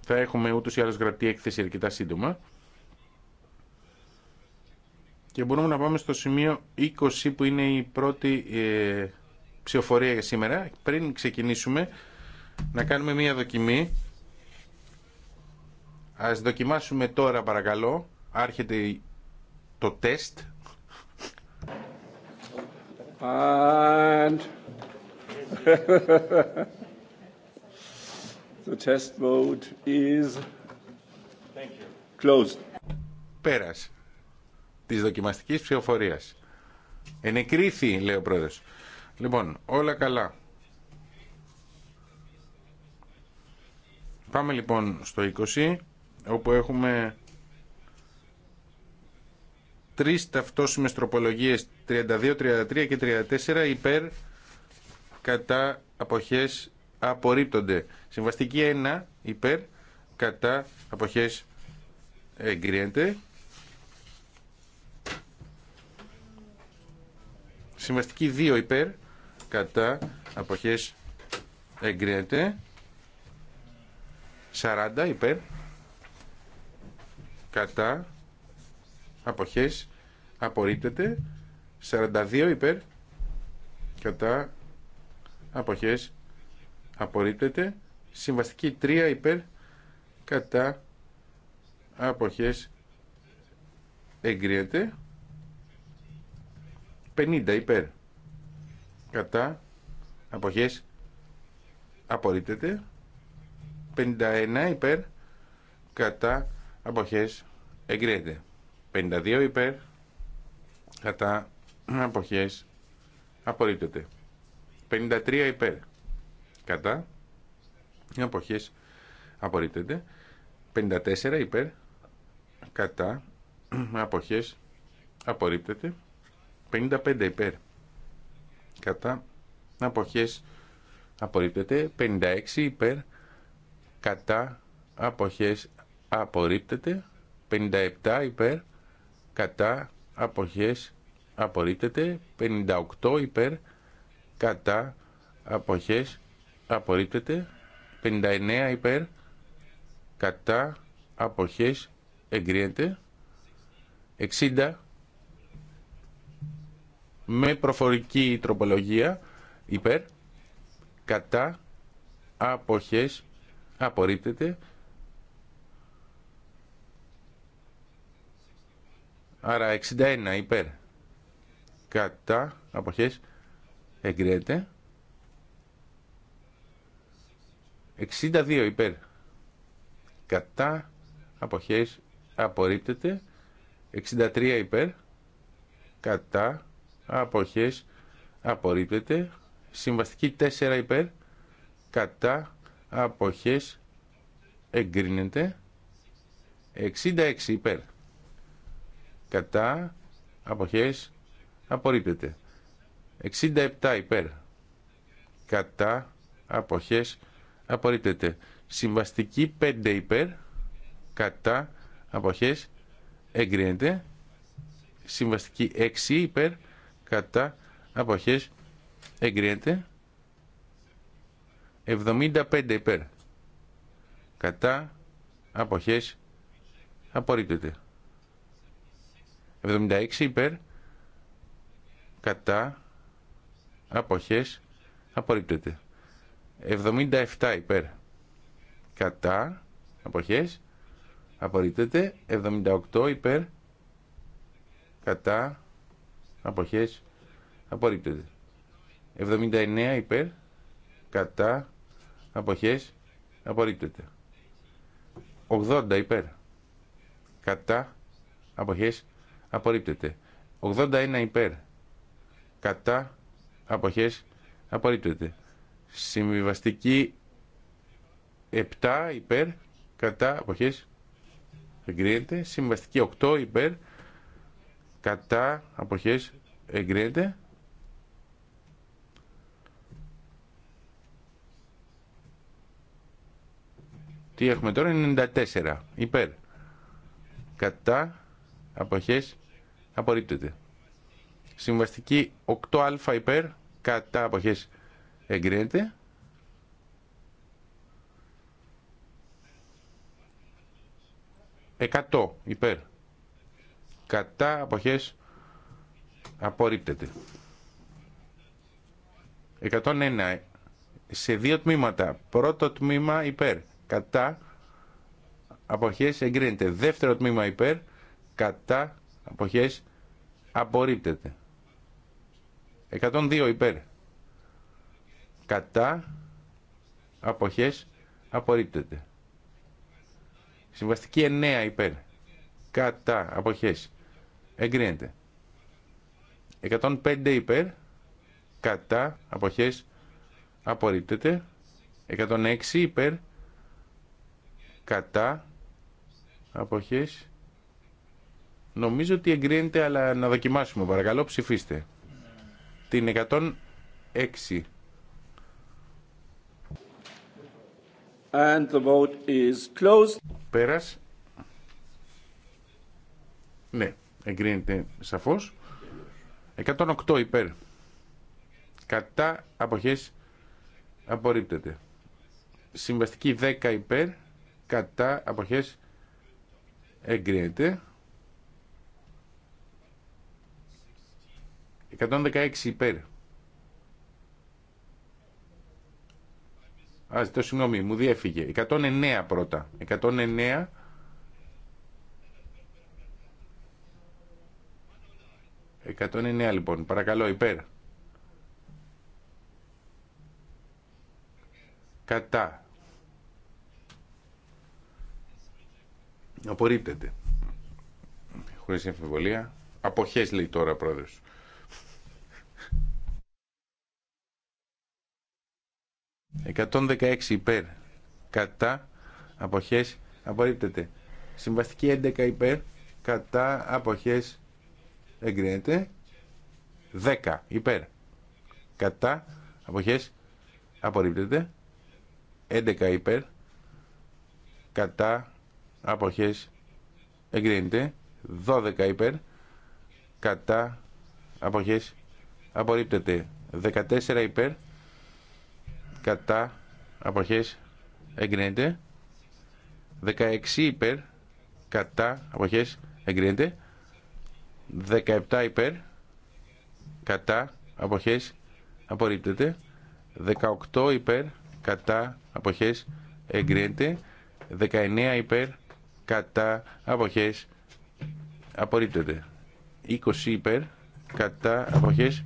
Θα έχουμε ούτως ή άλλως γραπτή έκθεση αρκετά σύντομα. Και μπορούμε να πάμε στο σημείο 20 που είναι η πρώτη ε, ψηφοφορία για σήμερα, πριν ξεκινήσουμε, να κάνουμε μία δοκιμή. Ας δοκιμάσουμε τώρα παρακαλώ. Άρχεται το τεστ. And... <laughs> The test mode is closed. Πέρας της δοκιμαστικής ψηφοφορίας. Ενεκρίθη, λέει ο πρόεδρος. Λοιπόν, όλα καλά. Πάμε λοιπόν στο 20, όπου έχουμε τρεις ταυτόσιμες τροπολογίες 32, 33 και 34 υπέρ κατά αποχές απορρίπτονται. Συμβαστική 1 υπέρ κατά αποχές εγκρίνεται. Συμβαστική 2 υπέρ κατά αποχές εγκρίνεται 40 υπέρ κατά αποχές απορρίπτεται 42 υπέρ κατά αποχές απορρίπτεται συμβαστική 3 υπέρ κατά αποχές εγκρίνεται 50 υπέρ κατά αποχές απορρίπτεται 51 υπέρ κατά αποχές εγκρίνεται 52 υπέρ κατά αποχές απορρίπτεται 53 υπέρ κατά αποχές απορρίπτεται 54 υπέρ κατά αποχές απορρίπτεται 55 υπέρ κατά αποχές απορρίπτεται 56 υπέρ κατά αποχές απορρίπτεται 57 υπέρ κατά αποχές απορρίπτεται 58 υπέρ κατά αποχές απορρίπτεται 59 υπέρ κατά αποχές εγκρίνεται 60 με προφορική τροπολογία υπέρ, κατά, αποχές, απορρίπτεται. Άρα 61 υπέρ, κατά, αποχές, εγκρίνεται. 62 υπέρ, κατά, αποχές, απορρίπτεται. 63 υπέρ, κατά, αποχές απορρίπτεται συμβαστική 4 υπέρ κατά αποχές εγκρίνεται 66 υπέρ κατά αποχές απορρίπτεται 67 υπέρ κατά αποχές απορρίπτεται συμβαστική 5 υπέρ κατά αποχές εγκρίνεται συμβαστική 6 υπέρ κατά αποχές εγκρίνεται 75 υπέρ κατά αποχές απορρίπτεται 76 υπέρ κατά αποχές απορρίπτεται 77 υπέρ κατά αποχές απορρίπτεται 78 υπέρ κατά αποχές απορρίπτεται 79 υπέρ κατά αποχές απορρίπτεται 80 υπέρ κατά αποχές απορρίπτεται 81 υπέρ κατά αποχές απορρίπτεται συμβιβαστική 7 υπέρ κατά αποχές εγκρίνεται συμβαστική 8 υπέρ κατά αποχές εγκρίνεται τι έχουμε τώρα 94 υπέρ κατά αποχές απορρίπτεται συμβαστική 8α υπέρ κατά αποχές εγκρίνεται 100 υπέρ κατά αποχές απορρίπτεται 101 σε δύο τμήματα πρώτο τμήμα υπέρ κατά αποχές εγκρίνεται δεύτερο τμήμα υπέρ κατά αποχές απορρίπτεται 102 υπέρ κατά αποχές απορρίπτεται συμβαστική 9 υπέρ κατά αποχές εγκρίνεται. 105 υπέρ, κατά, αποχές, απορρίπτεται. 106 υπέρ, κατά, αποχές, νομίζω ότι εγκρίνεται, αλλά να δοκιμάσουμε παρακαλώ, ψηφίστε. Την 106. And the vote is closed. Πέρας. Ναι, εγκρίνεται σαφώς 108 υπέρ κατά αποχές απορρίπτεται συμβαστική 10 υπέρ κατά αποχές εγκρίνεται 116 υπέρ Α, το συγγνώμη, μου διέφυγε. 109 πρώτα. 109 109 λοιπόν. Παρακαλώ υπέρ. Κατά. Απορρίπτεται. Χωρίς εμφιβολία. Αποχές λέει τώρα πρόεδρος. «116 υπέρ κατά αποχές απορρίπτεται». Συμβαστική 11 υπέρ κατά αποχές εγκρίνεται 10 υπέρ κατά αποχές απορρίπτεται 11 υπέρ κατά αποχές εγκρίνεται 12 υπέρ κατά αποχές απορρίπτεται 14 υπέρ κατά αποχές εγκρίνεται 16 υπέρ κατά αποχές εγκρίνεται 17 υπέρ κατά αποχές απορρίπτεται 18 υπέρ κατά αποχές εγκρίνεται 19 υπέρ κατά αποχές απορρίπτεται 20 υπέρ κατά αποχές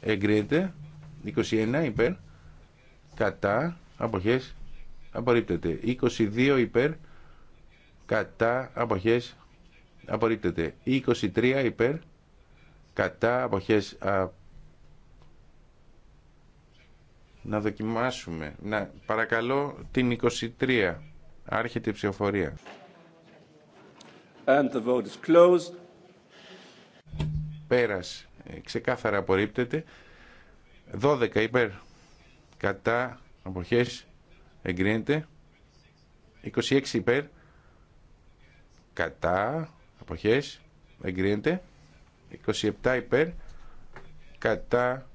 εγκρίνεται 21 υπέρ κατά αποχές απορρίπτεται 22 υπέρ κατά αποχές απορρίπτεται. 23 υπέρ κατά αποχές να δοκιμάσουμε να παρακαλώ την 23 άρχεται η ψηφοφορία And the vote is closed. πέρας ε, ξεκάθαρα απορρίπτεται 12 υπέρ κατά αποχές εγκρίνεται 26 υπέρ κατά αποχές εγκρίνεται 27 υπέρ κατά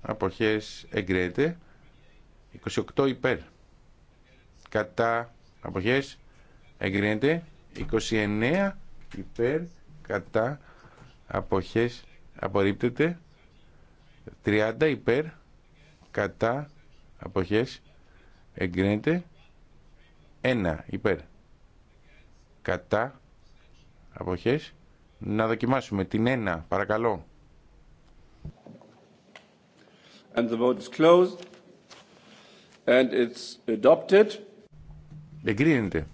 αποχές εγκρίνεται 28 υπέρ κατά αποχές εγκρίνεται 29 υπέρ κατά αποχές απορρίπτεται 30 υπέρ κατά αποχές εγκρίνεται 1 υπέρ κατά αποχές. Να δοκιμάσουμε την 1, παρακαλώ. And the vote is closed. And it's adopted. Εγκρίνεται.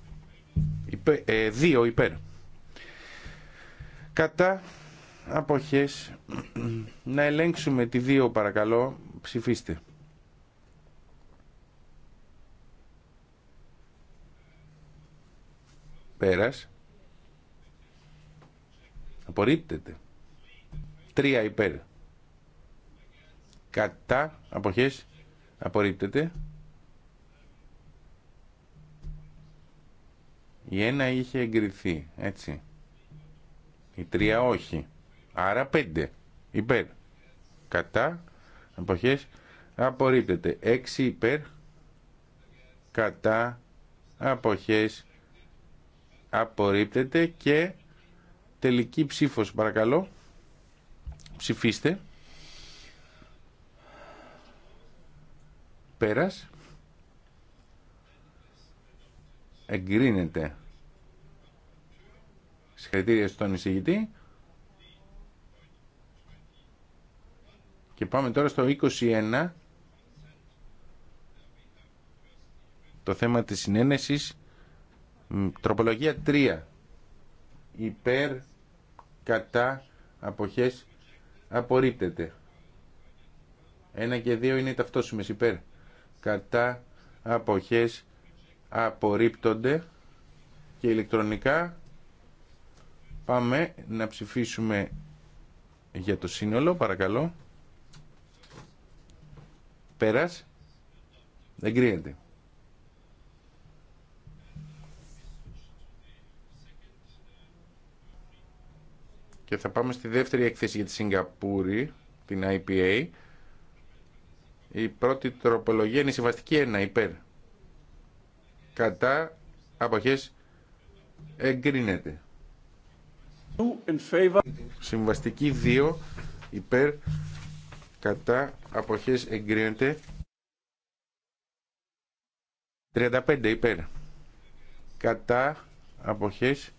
ε, δύο υπέρ. Κατά αποχές να ελέγξουμε τη 2 παρακαλώ ψηφίστε. Πέρας. Απορρίπτεται. 3 υπέρ. Κατά αποχές απορρίπτεται. Η ένα είχε εγκριθεί, έτσι. Η τρία όχι. Άρα πέντε. Υπέρ. Κατά. αποχές Απορρίπτεται. Έξι υπέρ. Κατά. Αποχές. Απορρίπτεται και Τελική ψήφος παρακαλώ. Ψηφίστε. Πέρας. Εγκρίνεται. Συγχαρητήρια στον εισηγητή. Και πάμε τώρα στο 21. Το θέμα της συνένεσης. Τροπολογία 3 υπέρ κατά αποχές απορρίπτεται. Ένα και δύο είναι ταυτόσιμες υπέρ. Κατά αποχές απορρίπτονται και ηλεκτρονικά πάμε να ψηφίσουμε για το σύνολο παρακαλώ. Πέρας. Εγκρίνεται. και θα πάμε στη δεύτερη έκθεση για τη Σιγκαπούρη, την IPA. Η πρώτη τροπολογία είναι η συμβαστική 1, υπέρ. Κατά αποχές εγκρίνεται. Συμβαστική 2, υπέρ. Κατά αποχές εγκρίνεται. 35 υπέρ. Κατά αποχές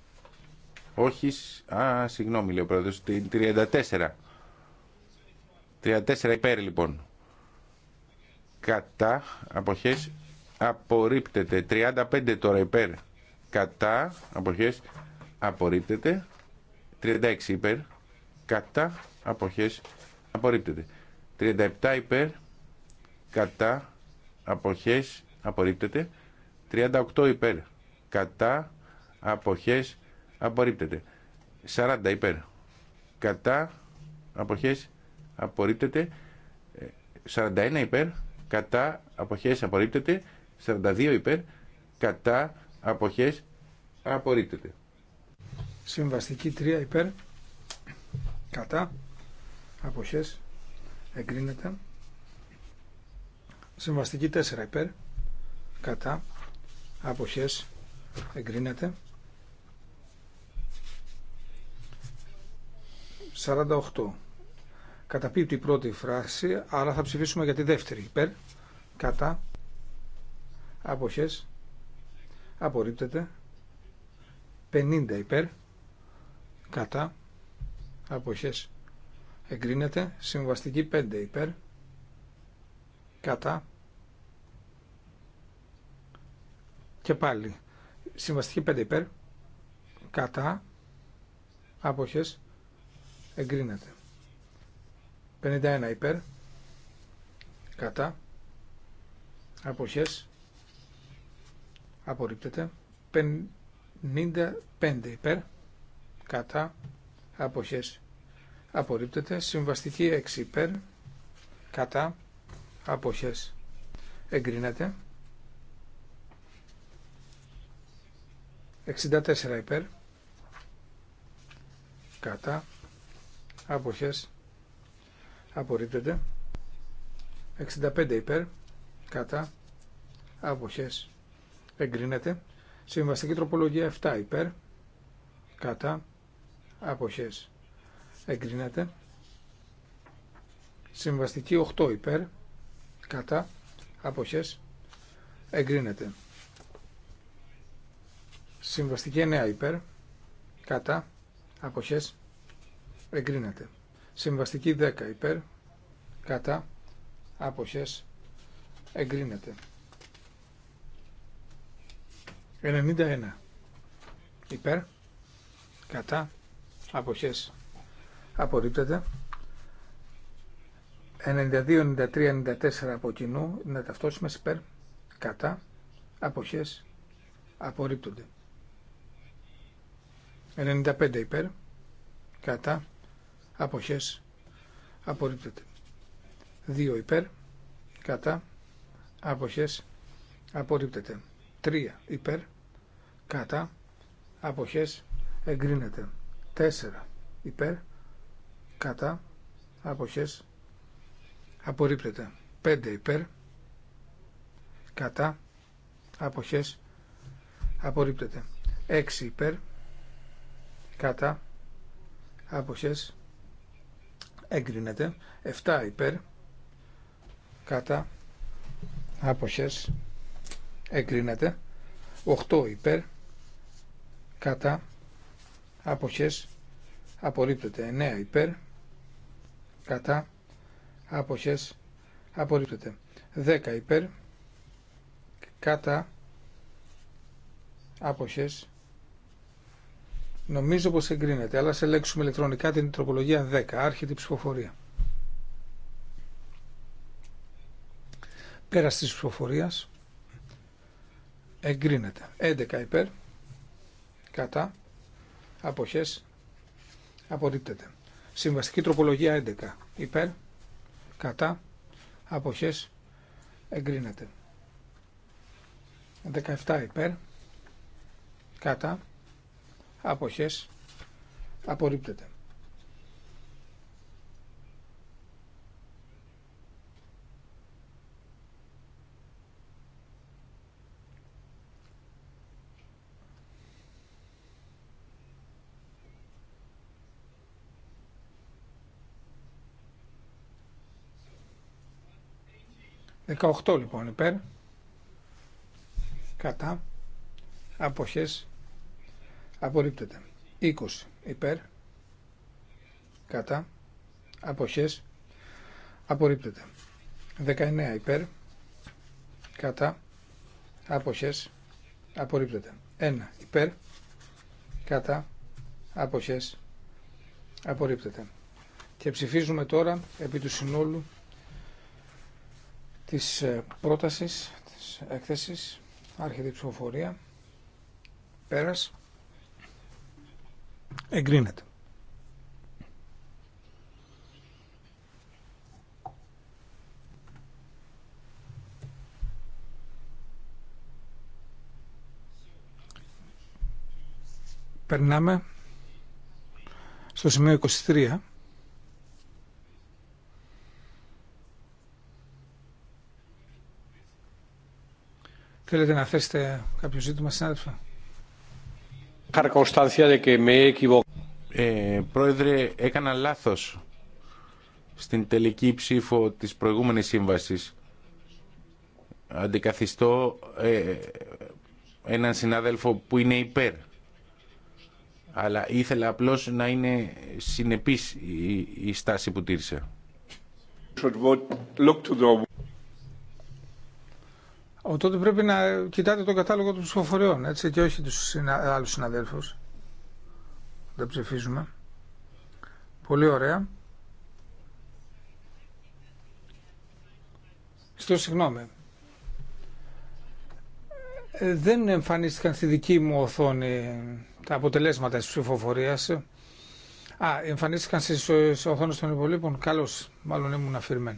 όχι, α, συγγνώμη λέει ο 34. 34 υπέρ λοιπόν. Κατά, αποχές, απορρίπτεται. 35 τώρα υπέρ. Κατά, αποχές, απορρίπτεται. 36 υπέρ. Κατά, αποχές, απορρίπτεται. 37 υπέρ. Κατά, αποχές, απορρίπτεται. 38 υπέρ. Κατά, αποχές, απορρίπτεται. 40 υπέρ κατά αποχές απορρίπτεται. 41 ε, υπέρ κατά αποχές απορρίπτεται. 42 υπέρ κατά αποχές απορρίπτεται. Συμβαστική 3 υπέρ κατά αποχές εγκρίνεται. Συμβαστική 4 υπέρ κατά αποχές εγκρίνεται. 48. Καταπίπτει η πρώτη φράση, αλλά θα ψηφίσουμε για τη δεύτερη. Υπέρ, κατά, αποχές, απορρίπτεται. 50 υπέρ, κατά, αποχές, εγκρίνεται. Συμβαστική 5 υπέρ, κατά, και πάλι. Συμβαστική 5 υπέρ, κατά, αποχές, εγκρίνεται. 51 υπέρ, κατά, αποχές, απορρίπτεται. 55 υπέρ, κατά, αποχές, απορρίπτεται. Συμβαστική 6 υπέρ, κατά, αποχές, εγκρίνεται. 64 υπέρ, κατά, αποχές απορρίπτεται 65 υπέρ κατά αποχές εγκρίνεται συμβαστική τροπολογία 7 υπέρ κατά αποχές εγκρίνεται συμβαστική 8 υπέρ κατά αποχές εγκρίνεται συμβαστική 9 υπέρ κατά αποχές εγκρίνεται. Συμβαστική 10 υπέρ, κατά, άποχες, εγκρίνεται. 91 υπέρ, κατά, άποχες, απορρίπτεται. 92, 93, 94 από κοινού είναι ταυτόσιμες υπέρ, κατά, αποχές, απορρίπτονται. 95 υπέρ, κατά, αποχές απορρίπτεται. Δύο υπέρ κατά αποχές απορρίπτεται. Τρία υπέρ κατά αποχές εγκρίνεται. Τέσσερα υπέρ κατά αποχές απορρίπτεται. Πέντε υπέρ κατά αποχές απορρίπτεται. Έξι υπέρ κατά αποχές εγκρίνεται 7 υπέρ κατά άποχες εγκρίνεται 8 υπέρ κατά άποχες απορρίπτεται 9 υπέρ κατά άποχες απορρίπτεται 10 υπέρ κατά άποχες Νομίζω πως εγκρίνεται, αλλά σε ελέγξουμε ηλεκτρονικά την τροπολογία 10, άρχιτη ψηφοφορία. Πέρα της ψηφοφορίας εγκρίνεται. 11 υπέρ, κατά, αποχές, απορρίπτεται. Συμβαστική τροπολογία 11 υπέρ, κατά, αποχές, εγκρίνεται. 17 υπέρ, κατά, αποχές απορρίπτεται. Δεκαοχτώ λοιπόν υπέρ κατά αποχές Απορρίπτεται. 20 υπέρ. Κατά. Αποχές. Απορρίπτεται. 19 υπέρ. Κατά. Αποχές. Απορρίπτεται. 1 υπέρ. Κατά. Αποχές. Απορρίπτεται. Και ψηφίζουμε τώρα επί του συνόλου της ε, πρότασης, της έκθεσης, άρχεται η ψηφοφορία, πέρας. Εγκρίνεται. Περνάμε στο σημείο 23. Θέλετε να θέσετε κάποιο ζήτημα, συνάδελφα. Ε, πρόεδρε, έκανα λάθος στην τελική ψήφο της προηγούμενης σύμβασης. Αντικαθιστώ ε, έναν συνάδελφο που είναι υπέρ. Αλλά ήθελα απλώς να είναι συνεπής η, στάση που τήρησε. Ο, πρέπει να κοιτάτε τον κατάλογο των ψηφοφοριών, έτσι, και όχι τους συνα... άλλους συναδέλφους. Δεν ψηφίζουμε. Πολύ ωραία. Στο συγγνώμη. Ε, δεν εμφανίστηκαν στη δική μου οθόνη τα αποτελέσματα της ψηφοφορίας. Α, εμφανίστηκαν στις οθόνες των υπολείπων. Καλώς, μάλλον ήμουν αφηρημένο.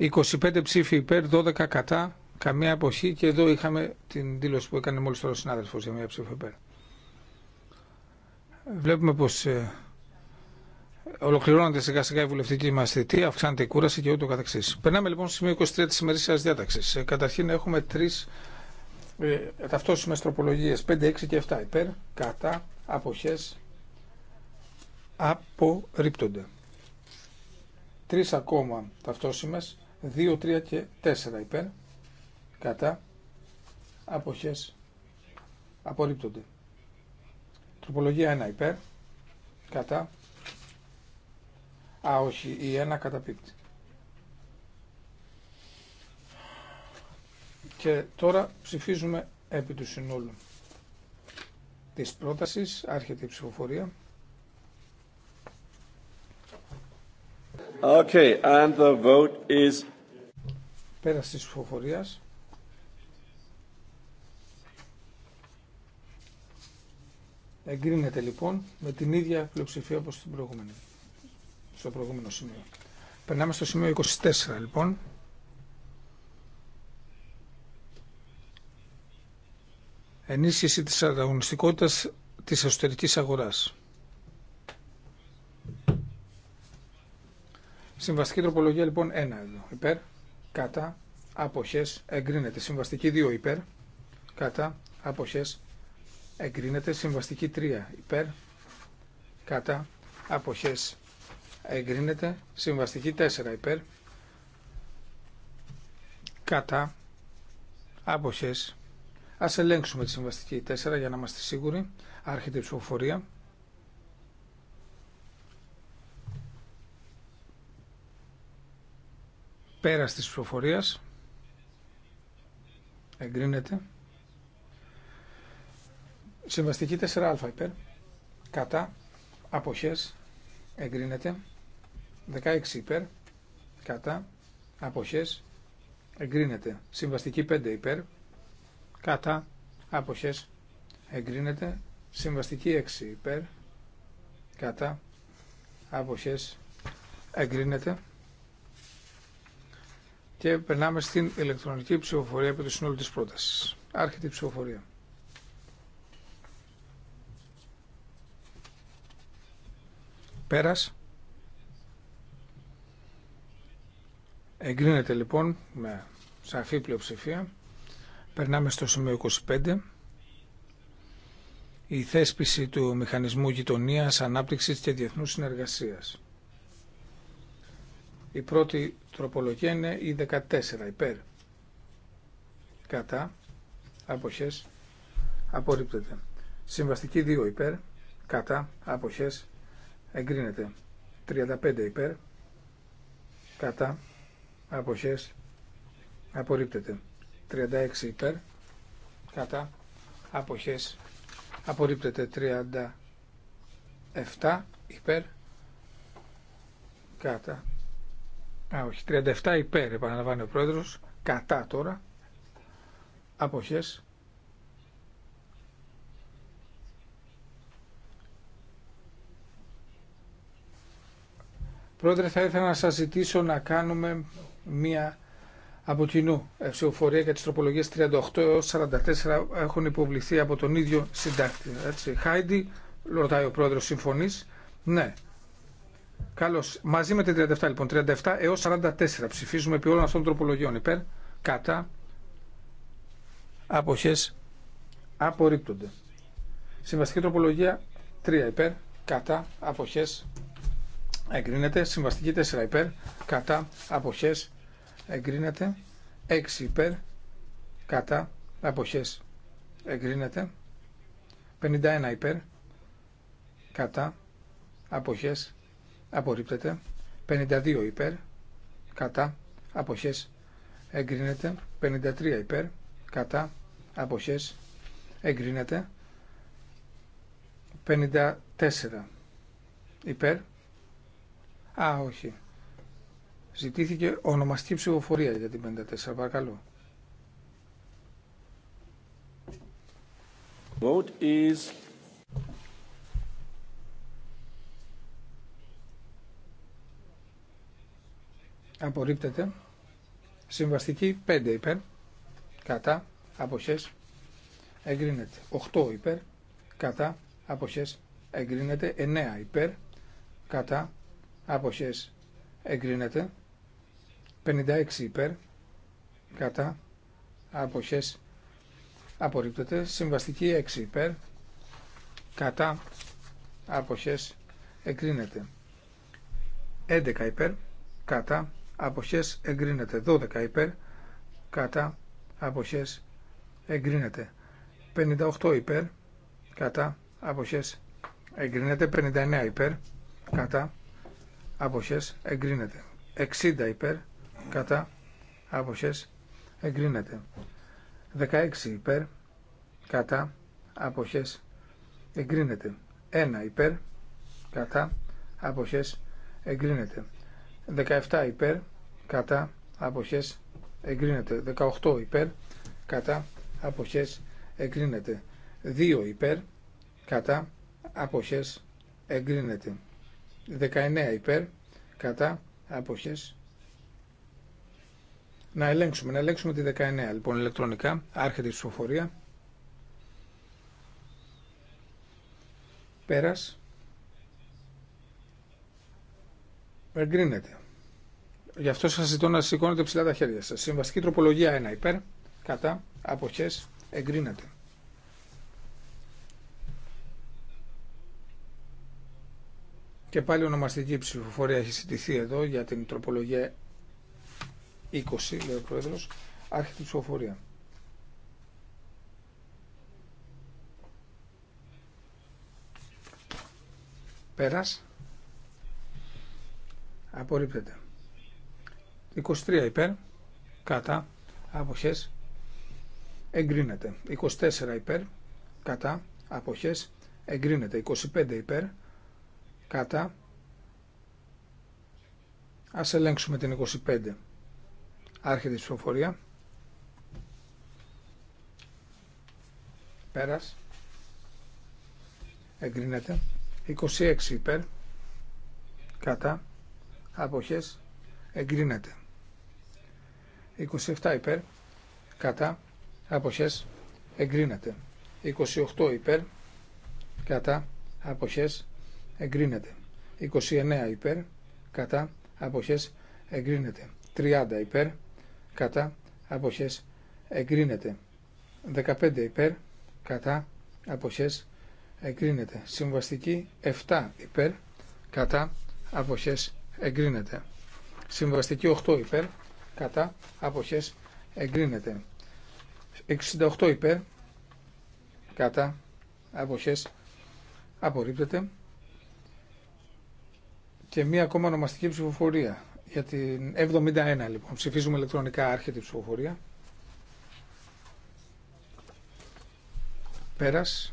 25 ψήφοι υπέρ, 12 κατά, καμία εποχή και εδώ είχαμε την δήλωση που έκανε μόλις τώρα ο συνάδελφος για μία ψήφο υπέρ. Βλέπουμε πως ε, ολοκληρώνεται σιγά σιγά η βουλευτική μα θητεία, αυξάνεται η κούραση και ούτω καθεξής. Περνάμε λοιπόν στο σημείο 23 τη ημερήσια διάταξη. Ε, καταρχήν έχουμε τρεις ε, ταυτόσιμε τροπολογίε, 5, 6 και 7. Υπέρ, κατά, αποχές, απορρίπτονται. Τρει ακόμα ταυτόσιμες. 2, 3 και 4 υπέρ, κατά, αποχές, απορρίπτονται. Τροπολογία 1 υπέρ, κατά, α όχι, η 1 καταπίπτει. Και τώρα ψηφίζουμε επί του συνόλου της πρότασης, άρχεται η ψηφοφορία. Okay, and the vote is... Εγκρίνεται λοιπόν με την ίδια πλειοψηφία όπως στην προηγούμενη, στο προηγούμενο σημείο. Περνάμε στο σημείο 24 λοιπόν. Ενίσχυση της ανταγωνιστικότητας της εσωτερικής αγοράς. Συμβαστική τροπολογία λοιπόν 1 εδώ. Υπέρ, κατά, αποχές, εγκρίνεται. Συμβαστική 2 υπέρ, κατά, αποχές, εγκρίνεται. Συμβαστική 3 υπέρ, κατά, αποχές, εγκρίνεται. Συμβαστική 4 υπέρ, κατά, αποχές. Ας ελέγξουμε τη συμβαστική 4 για να είμαστε σίγουροι. Άρχεται η ψηφοφορία. ΕΡΑ της ψηφοφορίας. Εγκρίνεται. Συμβαστική 4α υπέρ. Κατά. Αποχές. Εγκρίνεται. 16 υπέρ. Κατά. Αποχές. Εγκρίνεται. Συμβαστική 5 υπέρ. Κατά. Αποχές. Εγκρίνεται. Συμβαστική 6 υπέρ. Κατά. Αποχές. Εγκρίνεται. Και περνάμε στην ηλεκτρονική ψηφοφορία επί του συνόλου της πρότασης. Άρχεται η ψηφοφορία. Πέρας. Εγκρίνεται λοιπόν με σαφή πλειοψηφία. Περνάμε στο σημείο 25. Η θέσπιση του Μηχανισμού Γειτονίας, Ανάπτυξης και Διεθνούς Συνεργασίας. Η πρώτη τροπολογία είναι η 14 υπέρ. Κατά. Αποχές. Απορρίπτεται. Συμβαστική 2 υπέρ. Κατά. Αποχές. Εγκρίνεται. 35 υπέρ. Κατά. Αποχές. Απορρίπτεται. 36 υπέρ. Κατά. Αποχές. Απορρίπτεται. 37 υπέρ. Κατά Α, όχι, 37 υπέρ, επαναλαμβάνει ο πρόεδρος, κατά τώρα, Αποχέ. Πρόεδρε, θα ήθελα να σας ζητήσω να κάνουμε μία από κοινού ευσοφορία για τις τροπολογίες 38 έως 44 έχουν υποβληθεί από τον ίδιο συντάκτη. Έτσι. Χάιντι, ρωτάει ο πρόεδρος, συμφωνείς. Ναι, Καλώ. Μαζί με την 37 λοιπόν. 37 έω 44 ψηφίζουμε επί όλων αυτών των τροπολογιών. Υπέρ. Κατά. Αποχέ. Απορρίπτονται. Συμβαστική τροπολογία 3 υπέρ. Κατά. Αποχέ. Εγκρίνεται. Συμβαστική 4 υπέρ. Κατά. Αποχέ. Εγκρίνεται. 6 υπέρ. Κατά. Αποχέ. Εγκρίνεται. 51 υπέρ. Κατά. Αποχές απορρίπτεται. 52 υπέρ κατά αποχές εγκρίνεται. 53 υπέρ κατά αποχές εγκρίνεται. 54 υπέρ. Α, όχι. Ζητήθηκε ονομαστική ψηφοφορία για την 54. Παρακαλώ. Vote is απορρίπτεται. Συμβαστική 5 υπέρ, κατά, αποχές, εγκρίνεται. 8 υπέρ, κατά, αποχές, εγκρίνεται. 9 υπέρ, κατά, αποχές, εγκρίνεται. 56 υπέρ, κατά, αποχές, απορρίπτεται. Συμβαστική 6 υπέρ, κατά, αποχές, εγκρίνεται. 11 υπέρ, κατά, αποχές εγκρίνεται. 12 υπέρ κατά αποχές εγκρίνεται. 58 υπέρ κατά αποχές εγκρίνεται. 59 υπέρ κατά αποχές εγκρίνεται. 60 υπέρ κατά αποχές εγκρίνεται. 16 υπέρ κατά αποχές εγκρίνεται. 1 υπέρ κατά αποχές εγκρίνεται. 17 υπέρ κατά αποχές εγκρίνεται 18 υπέρ κατά αποχές εγκρίνεται 2 υπέρ κατά αποχές εγκρίνεται 19 υπέρ κατά αποχές να ελέγξουμε, να ελέγξουμε τη 19 λοιπόν ηλεκτρονικά άρχεται η ψηφοφορία πέρας Εγκρίνεται. Γι' αυτό σας ζητώ να σηκώνετε ψηλά τα χέρια σας. Συμβαστική τροπολογία 1 υπέρ, κατά, αποχές, εγκρίνεται. Και πάλι ονομαστική ψηφοφορία έχει συντηθεί εδώ για την τροπολογία 20, λέει ο Πρόεδρος, άρχιτη ψηφοφορία. Πέρας απορρίπτεται. 23 υπέρ, κατά, αποχές, εγκρίνεται. 24 υπέρ, κατά, αποχές, εγκρίνεται. 25 υπέρ, κατά, ας ελέγξουμε την 25. Άρχεται η ψηφοφορία. Πέρας. Εγκρίνεται. 26 υπέρ, κατά, αποχές εγκρίνεται. 27 υπέρ κατά αποχές εγκρίνεται. 28 υπέρ κατά αποχές εγκρίνεται. 29 υπέρ κατά αποχές εγκρίνεται. 30 υπέρ κατά αποχές εγκρίνεται. 15 υπέρ κατά αποχές εγκρίνεται. Συμβαστική 7 υπέρ κατά αποχές εγκρίνεται. Συμβαστική 8 υπέρ, κατά, αποχές, εγκρίνεται. 68 υπέρ, κατά, αποχές, απορρίπτεται. Και μία ακόμα ονομαστική ψηφοφορία. Για την 71 λοιπόν. Ψηφίζουμε ηλεκτρονικά άρχεται ψηφοφορία. Πέρας.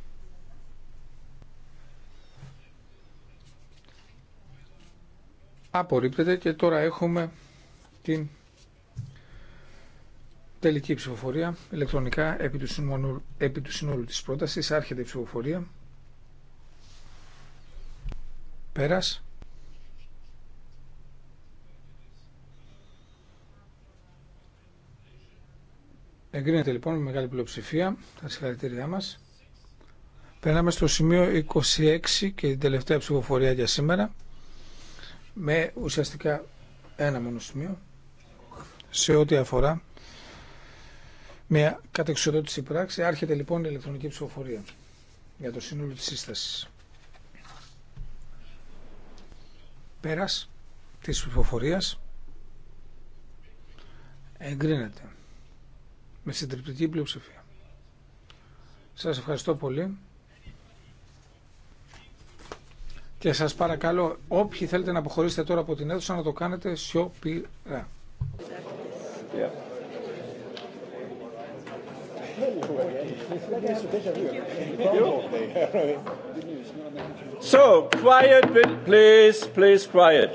απορρίπτεται και τώρα έχουμε την τελική ψηφοφορία ηλεκτρονικά επί του συνόλου, επί του συνόλου της πρότασης άρχεται η ψηφοφορία πέρας Εγκρίνεται λοιπόν με μεγάλη πλειοψηφία τα συγχαρητήριά μας. Περνάμε στο σημείο 26 και την τελευταία ψηφοφορία για σήμερα με ουσιαστικά ένα μόνο σημείο σε ό,τι αφορά μια κατεξοδότηση πράξη. Άρχεται λοιπόν η ηλεκτρονική ψηφοφορία για το σύνολο της σύστασης. Πέρας της ψηφοφορίας εγκρίνεται με συντριπτική πλειοψηφία. Σας ευχαριστώ πολύ. Και σας παρακαλώ, όποιοι θέλετε να αποχωρήσετε τώρα από την αίθουσα, να το κάνετε σιωπηρά. So, quiet, please, please, quiet.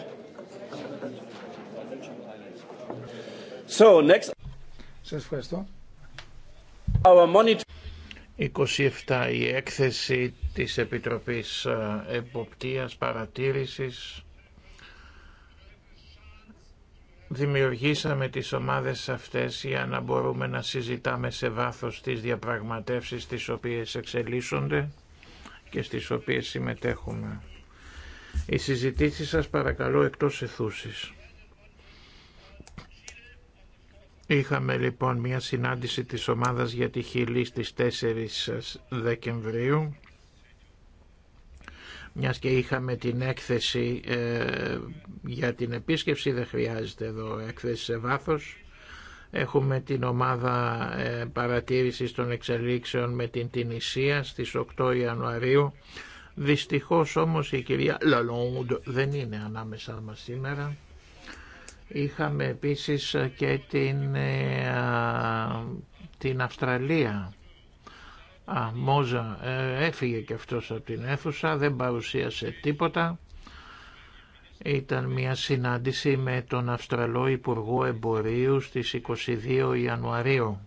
So, next. Σας ευχαριστώ. Our monitor. 27 η έκθεση της Επιτροπής ε, Εποπτείας Παρατήρησης. Δημιουργήσαμε τις ομάδες αυτές για να μπορούμε να συζητάμε σε βάθος τις διαπραγματεύσεις τις οποίες εξελίσσονται και στις οποίες συμμετέχουμε. Οι συζητήσεις σας παρακαλώ εκτός εθούσης. Είχαμε λοιπόν μια συνάντηση της ομάδας για τη Χιλή στις 4 Δεκεμβρίου μιας και είχαμε την έκθεση ε, για την επίσκεψη, δεν χρειάζεται εδώ έκθεση σε βάθος. Έχουμε την ομάδα ε, παρατήρησης των εξελίξεων με την Τινησία στις 8 Ιανουαρίου. Δυστυχώς όμως η κυρία Λαλόντ δεν είναι ανάμεσά μας σήμερα. Είχαμε επίσης και την, ε, την Αυστραλία. Α, Μόζα ε, έφυγε και αυτός από την αίθουσα, δεν παρουσίασε τίποτα. Ήταν μια συνάντηση με τον Αυστραλό Υπουργό Εμπορίου στις 22 Ιανουαρίου.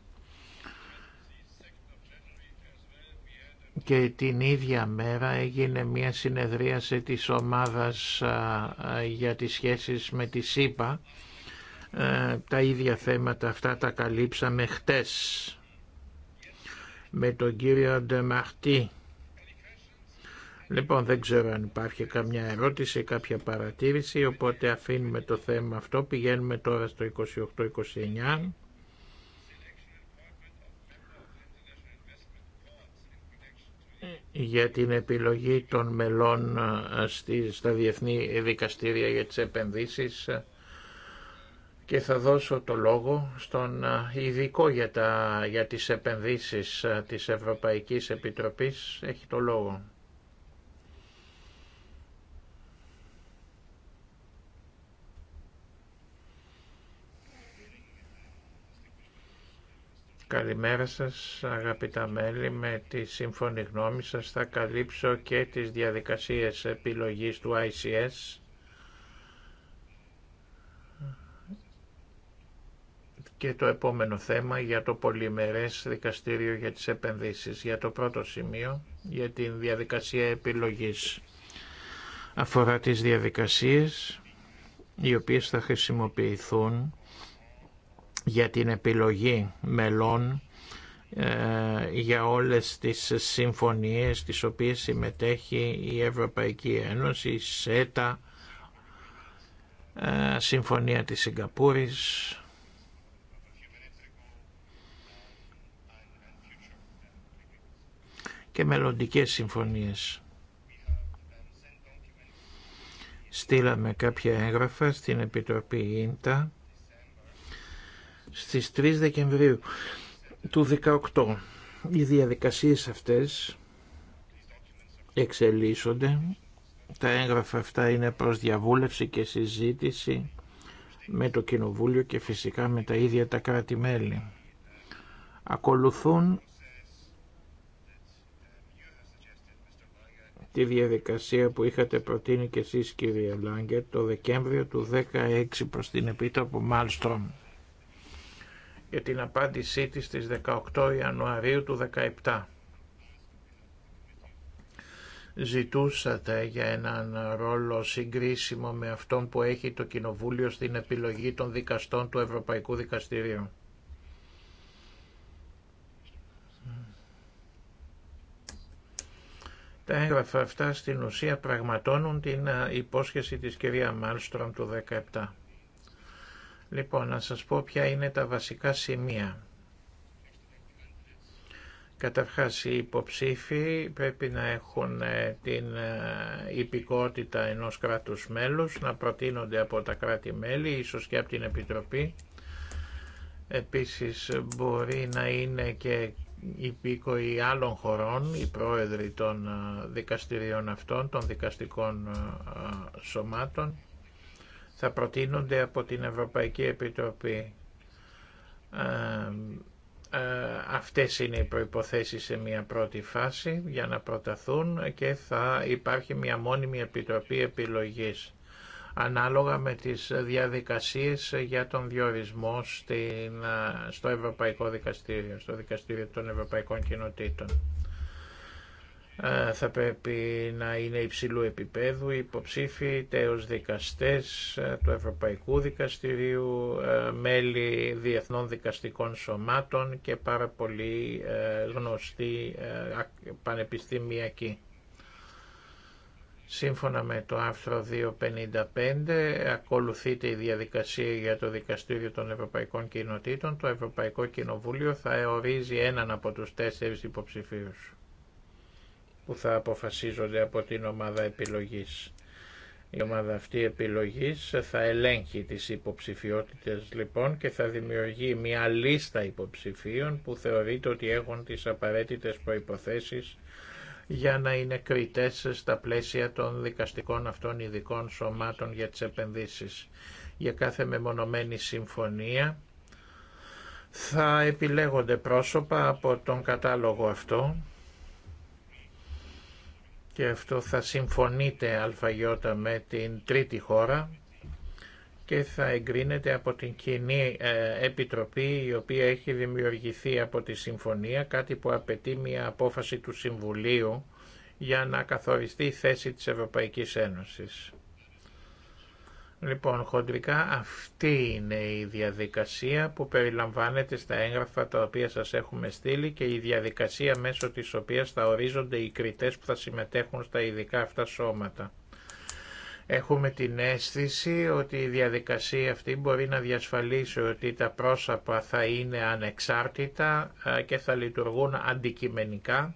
και την ίδια μέρα έγινε μια συνεδρίαση της ομάδας για τις σχέσεις με τη ΣΥΠΑ. Ε, τα ίδια θέματα αυτά τα καλύψαμε χτες με τον κύριο Ντεμαρτή. Λοιπόν, δεν ξέρω αν υπάρχει καμιά ερώτηση ή κάποια παρατήρηση, οπότε αφήνουμε το θέμα αυτό. Πηγαίνουμε τώρα στο 28-29. για την επιλογή των μελών ε, στα Διεθνή Δικαστήρια για τις Επενδύσεις και θα δώσω το λόγο στον ε, ειδικό για, τα, για τις επενδύσεις ε, της Ευρωπαϊκής Επιτροπής. Έχει το λόγο. Καλημέρα σας αγαπητά μέλη, με τη σύμφωνη γνώμη σας θα καλύψω και τις διαδικασίες επιλογής του ICS και το επόμενο θέμα για το πολυμερές δικαστήριο για τις επενδύσεις. Για το πρώτο σημείο, για την διαδικασία επιλογής. Αφορά τις διαδικασίες οι οποίες θα χρησιμοποιηθούν για την επιλογή μελών ε, για όλες τις συμφωνίες τις οποίες συμμετέχει η Ευρωπαϊκή Ένωση, η ΣΕΤΑ, ε, Συμφωνία της Σιγκαπούρης. και μελλοντικές συμφωνίες. Στείλαμε κάποια έγγραφα στην Επιτροπή Ίντα στις 3 Δεκεμβρίου του 2018. Οι διαδικασίες αυτές εξελίσσονται. Τα έγγραφα αυτά είναι προς διαβούλευση και συζήτηση με το Κοινοβούλιο και φυσικά με τα ίδια τα κράτη-μέλη. Ακολουθούν τη διαδικασία που είχατε προτείνει και εσείς κύριε Λάγκερ το Δεκέμβριο του 16 προς την Επίτροπο Μάλστρομ και την απάντησή της στις 18 Ιανουαρίου του 2017. Ζητούσατε για έναν ρόλο συγκρίσιμο με αυτόν που έχει το Κοινοβούλιο στην επιλογή των δικαστών του Ευρωπαϊκού Δικαστηρίου. Τα έγγραφα αυτά στην ουσία πραγματώνουν την υπόσχεση της κυρία Μάλστρομ του 17. Λοιπόν, να σας πω ποια είναι τα βασικά σημεία. Καταρχάς, οι υποψήφοι πρέπει να έχουν ε, την ε, υπηκότητα ενός κράτους μέλους, να προτείνονται από τα κράτη-μέλη, ίσως και από την Επιτροπή. Επίσης, μπορεί να είναι και υπήκοοι άλλων χωρών, οι πρόεδροι των ε, δικαστηριών αυτών, των δικαστικών σωμάτων θα προτείνονται από την Ευρωπαϊκή Επιτροπή. Ε, ε, αυτές είναι οι προϋποθέσεις σε μια πρώτη φάση για να προταθούν και θα υπάρχει μια μόνιμη επιτροπή επιλογής ανάλογα με τις διαδικασίες για τον διορισμό στην, ε, στο Ευρωπαϊκό Δικαστήριο, στο Δικαστήριο των Ευρωπαϊκών Κοινοτήτων. Ε, θα πρέπει να είναι υψηλού επίπεδου υποψήφοι, ως δικαστές ε, του Ευρωπαϊκού Δικαστηρίου, ε, μέλη διεθνών δικαστικών σωμάτων και πάρα πολύ γνωστοί πανεπιστημιακοί. Σύμφωνα με το άρθρο 255 ακολουθείται η διαδικασία για το Δικαστήριο των Ευρωπαϊκών Κοινοτήτων. Το Ευρωπαϊκό Κοινοβούλιο θα ορίζει έναν από τους τέσσερις υποψηφίους που θα αποφασίζονται από την ομάδα επιλογής. Η ομάδα αυτή επιλογής θα ελέγχει τις υποψηφιότητες λοιπόν και θα δημιουργεί μια λίστα υποψηφίων που θεωρείται ότι έχουν τις απαραίτητες προϋποθέσεις για να είναι κριτές στα πλαίσια των δικαστικών αυτών ειδικών σωμάτων για τις επενδύσεις. Για κάθε μεμονωμένη συμφωνία θα επιλέγονται πρόσωπα από τον κατάλογο αυτό και αυτό θα συμφωνείτε αλφαγιώτα με την τρίτη χώρα και θα εγκρίνεται από την κοινή ε, επιτροπή η οποία έχει δημιουργηθεί από τη συμφωνία, κάτι που απαιτεί μια απόφαση του Συμβουλίου για να καθοριστεί η θέση της Ευρωπαϊκής Ένωσης. Λοιπόν, χοντρικά αυτή είναι η διαδικασία που περιλαμβάνεται στα έγγραφα τα οποία σας έχουμε στείλει και η διαδικασία μέσω της οποίας θα ορίζονται οι κριτές που θα συμμετέχουν στα ειδικά αυτά σώματα. Έχουμε την αίσθηση ότι η διαδικασία αυτή μπορεί να διασφαλίσει ότι τα πρόσωπα θα είναι ανεξάρτητα και θα λειτουργούν αντικειμενικά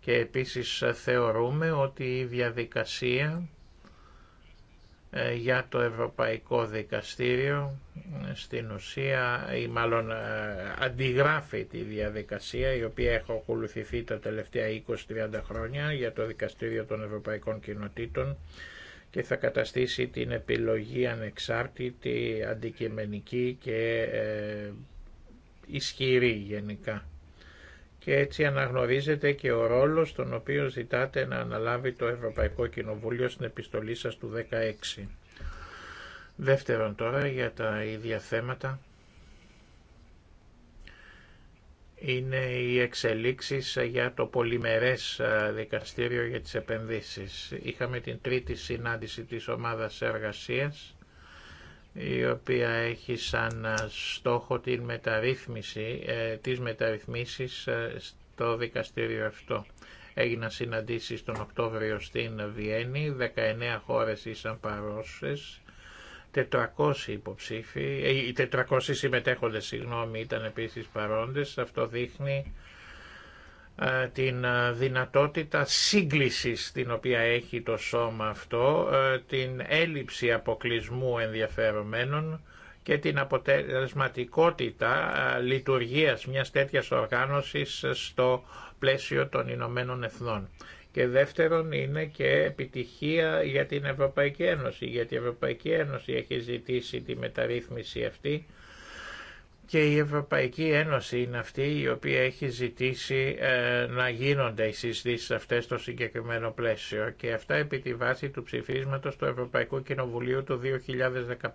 και επίσης θεωρούμε ότι η διαδικασία ε, για το Ευρωπαϊκό Δικαστήριο ε, στην ουσία ή μάλλον ε, αντιγράφει τη διαδικασία η οποία έχει ακολουθηθεί τα τελευταία 20-30 χρόνια για το Δικαστήριο των Ευρωπαϊκών Κοινοτήτων και θα καταστήσει την επιλογή ανεξάρτητη, αντικειμενική και ισχυρή γενικά και έτσι αναγνωρίζεται και ο ρόλος τον οποίο ζητάτε να αναλάβει το Ευρωπαϊκό Κοινοβούλιο στην επιστολή σας του 16. Δεύτερον τώρα για τα ίδια θέματα είναι οι εξελίξεις για το πολυμερές δικαστήριο για τις επενδύσεις. Είχαμε την τρίτη συνάντηση της ομάδας εργασίας η οποία έχει σαν ε, στόχο την μεταρρύθμιση, ε, τις μεταρρυθμίσεις ε, στο δικαστήριο αυτό. Έγιναν συναντήσεις τον Οκτώβριο στην Βιέννη, 19 χώρες ήσαν παρόσες, 400 υποψήφοι, 400 συμμετέχοντες συγγνώμη ήταν επίσης παρόντες, αυτό δείχνει ε, την ε, δυνατότητα σύγκλησης την οποία έχει το σώμα αυτό, ε, την έλλειψη αποκλεισμού ενδιαφερομένων και την αποτελεσματικότητα λειτουργίας μιας τέτοιας οργάνωσης στο πλαίσιο των Ηνωμένων Εθνών. Και δεύτερον είναι και επιτυχία για την Ευρωπαϊκή Ένωση, γιατί η Ευρωπαϊκή Ένωση έχει ζητήσει τη μεταρρύθμιση αυτή και η Ευρωπαϊκή Ένωση είναι αυτή η οποία έχει ζητήσει ε, να γίνονται οι συζητήσει αυτές στο συγκεκριμένο πλαίσιο και αυτά επί τη βάση του ψηφίσματο του Ευρωπαϊκού Κοινοβουλίου του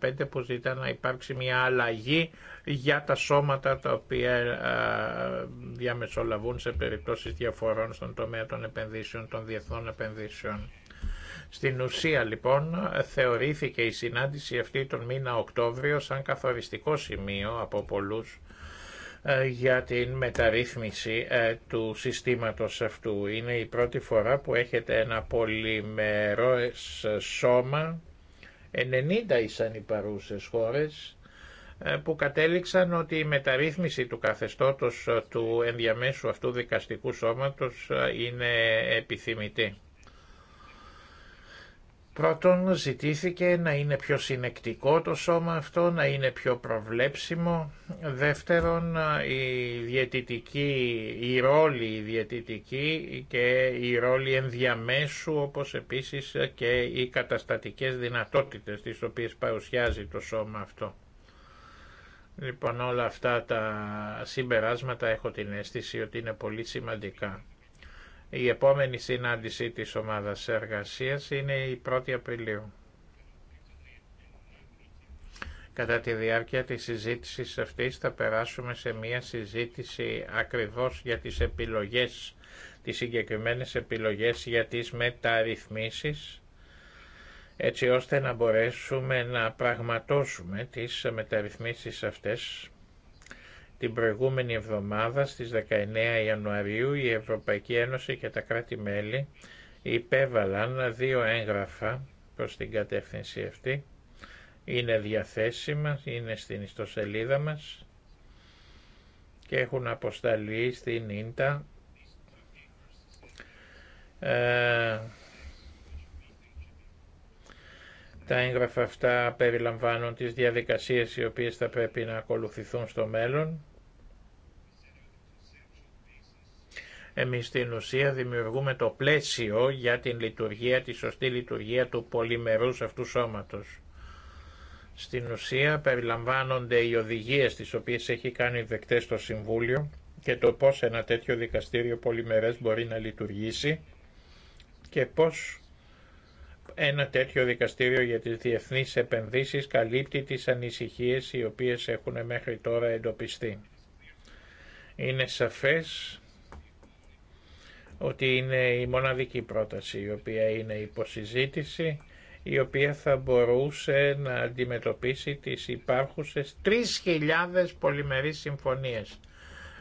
2015 που ζητά να υπάρξει μια αλλαγή για τα σώματα τα οποία ε, διαμεσολαβούν σε περιπτώσει διαφορών στον τομέα των επενδύσεων, των διεθνών επενδύσεων. Στην ουσία λοιπόν θεωρήθηκε η συνάντηση αυτή τον μήνα Οκτώβριο σαν καθοριστικό σημείο από πολλούς ε, για την μεταρρύθμιση ε, του συστήματος αυτού. Είναι η πρώτη φορά που έχετε ένα πολυμερό σώμα 90 ήσαν οι παρούσες χώρες ε, που κατέληξαν ότι η μεταρρύθμιση του καθεστώτος του ενδιαμέσου αυτού δικαστικού σώματος είναι επιθυμητή. Πρώτον, ζητήθηκε να είναι πιο συνεκτικό το σώμα αυτό, να είναι πιο προβλέψιμο. Δεύτερον, η διαιτητική, η ρόλη η διαιτητική και η ρόλη ενδιαμέσου, όπως επίσης και οι καταστατικές δυνατότητες τις οποίες παρουσιάζει το σώμα αυτό. Λοιπόν, όλα αυτά τα συμπεράσματα έχω την αίσθηση ότι είναι πολύ σημαντικά. Η επόμενη συνάντηση της ομάδας εργασίας είναι η 1η Απριλίου. Κατά τη διάρκεια της συζήτησης αυτής θα περάσουμε σε μία συζήτηση ακριβώς για τις επιλογές, τις συγκεκριμένες επιλογές για τις μεταρρυθμίσεις, έτσι ώστε να μπορέσουμε να πραγματώσουμε τις μεταρρυθμίσεις αυτές την προηγούμενη εβδομάδα στις 19 Ιανουαρίου η Ευρωπαϊκή Ένωση και τα κράτη-μέλη υπέβαλαν δύο έγγραφα προς την κατεύθυνση αυτή. Είναι διαθέσιμα, είναι στην ιστοσελίδα μας και έχουν αποσταλεί στην Ίντα ε, τα έγγραφα αυτά περιλαμβάνουν τις διαδικασίες οι οποίες θα πρέπει να ακολουθηθούν στο μέλλον Εμείς στην ουσία δημιουργούμε το πλαίσιο για την λειτουργία, τη σωστή λειτουργία του πολυμερούς αυτού σώματος. Στην ουσία περιλαμβάνονται οι οδηγίες τις οποίες έχει κάνει δεκτές το Συμβούλιο και το πώς ένα τέτοιο δικαστήριο πολυμερές μπορεί να λειτουργήσει και πώς ένα τέτοιο δικαστήριο για τις διεθνείς επενδύσεις καλύπτει τις ανησυχίες οι οποίες έχουν μέχρι τώρα εντοπιστεί. Είναι σαφές ότι είναι η μοναδική πρόταση η οποία είναι υποσυζήτηση, η οποία θα μπορούσε να αντιμετωπίσει τις υπάρχουσες 3.000 πολυμερείς συμφωνίες.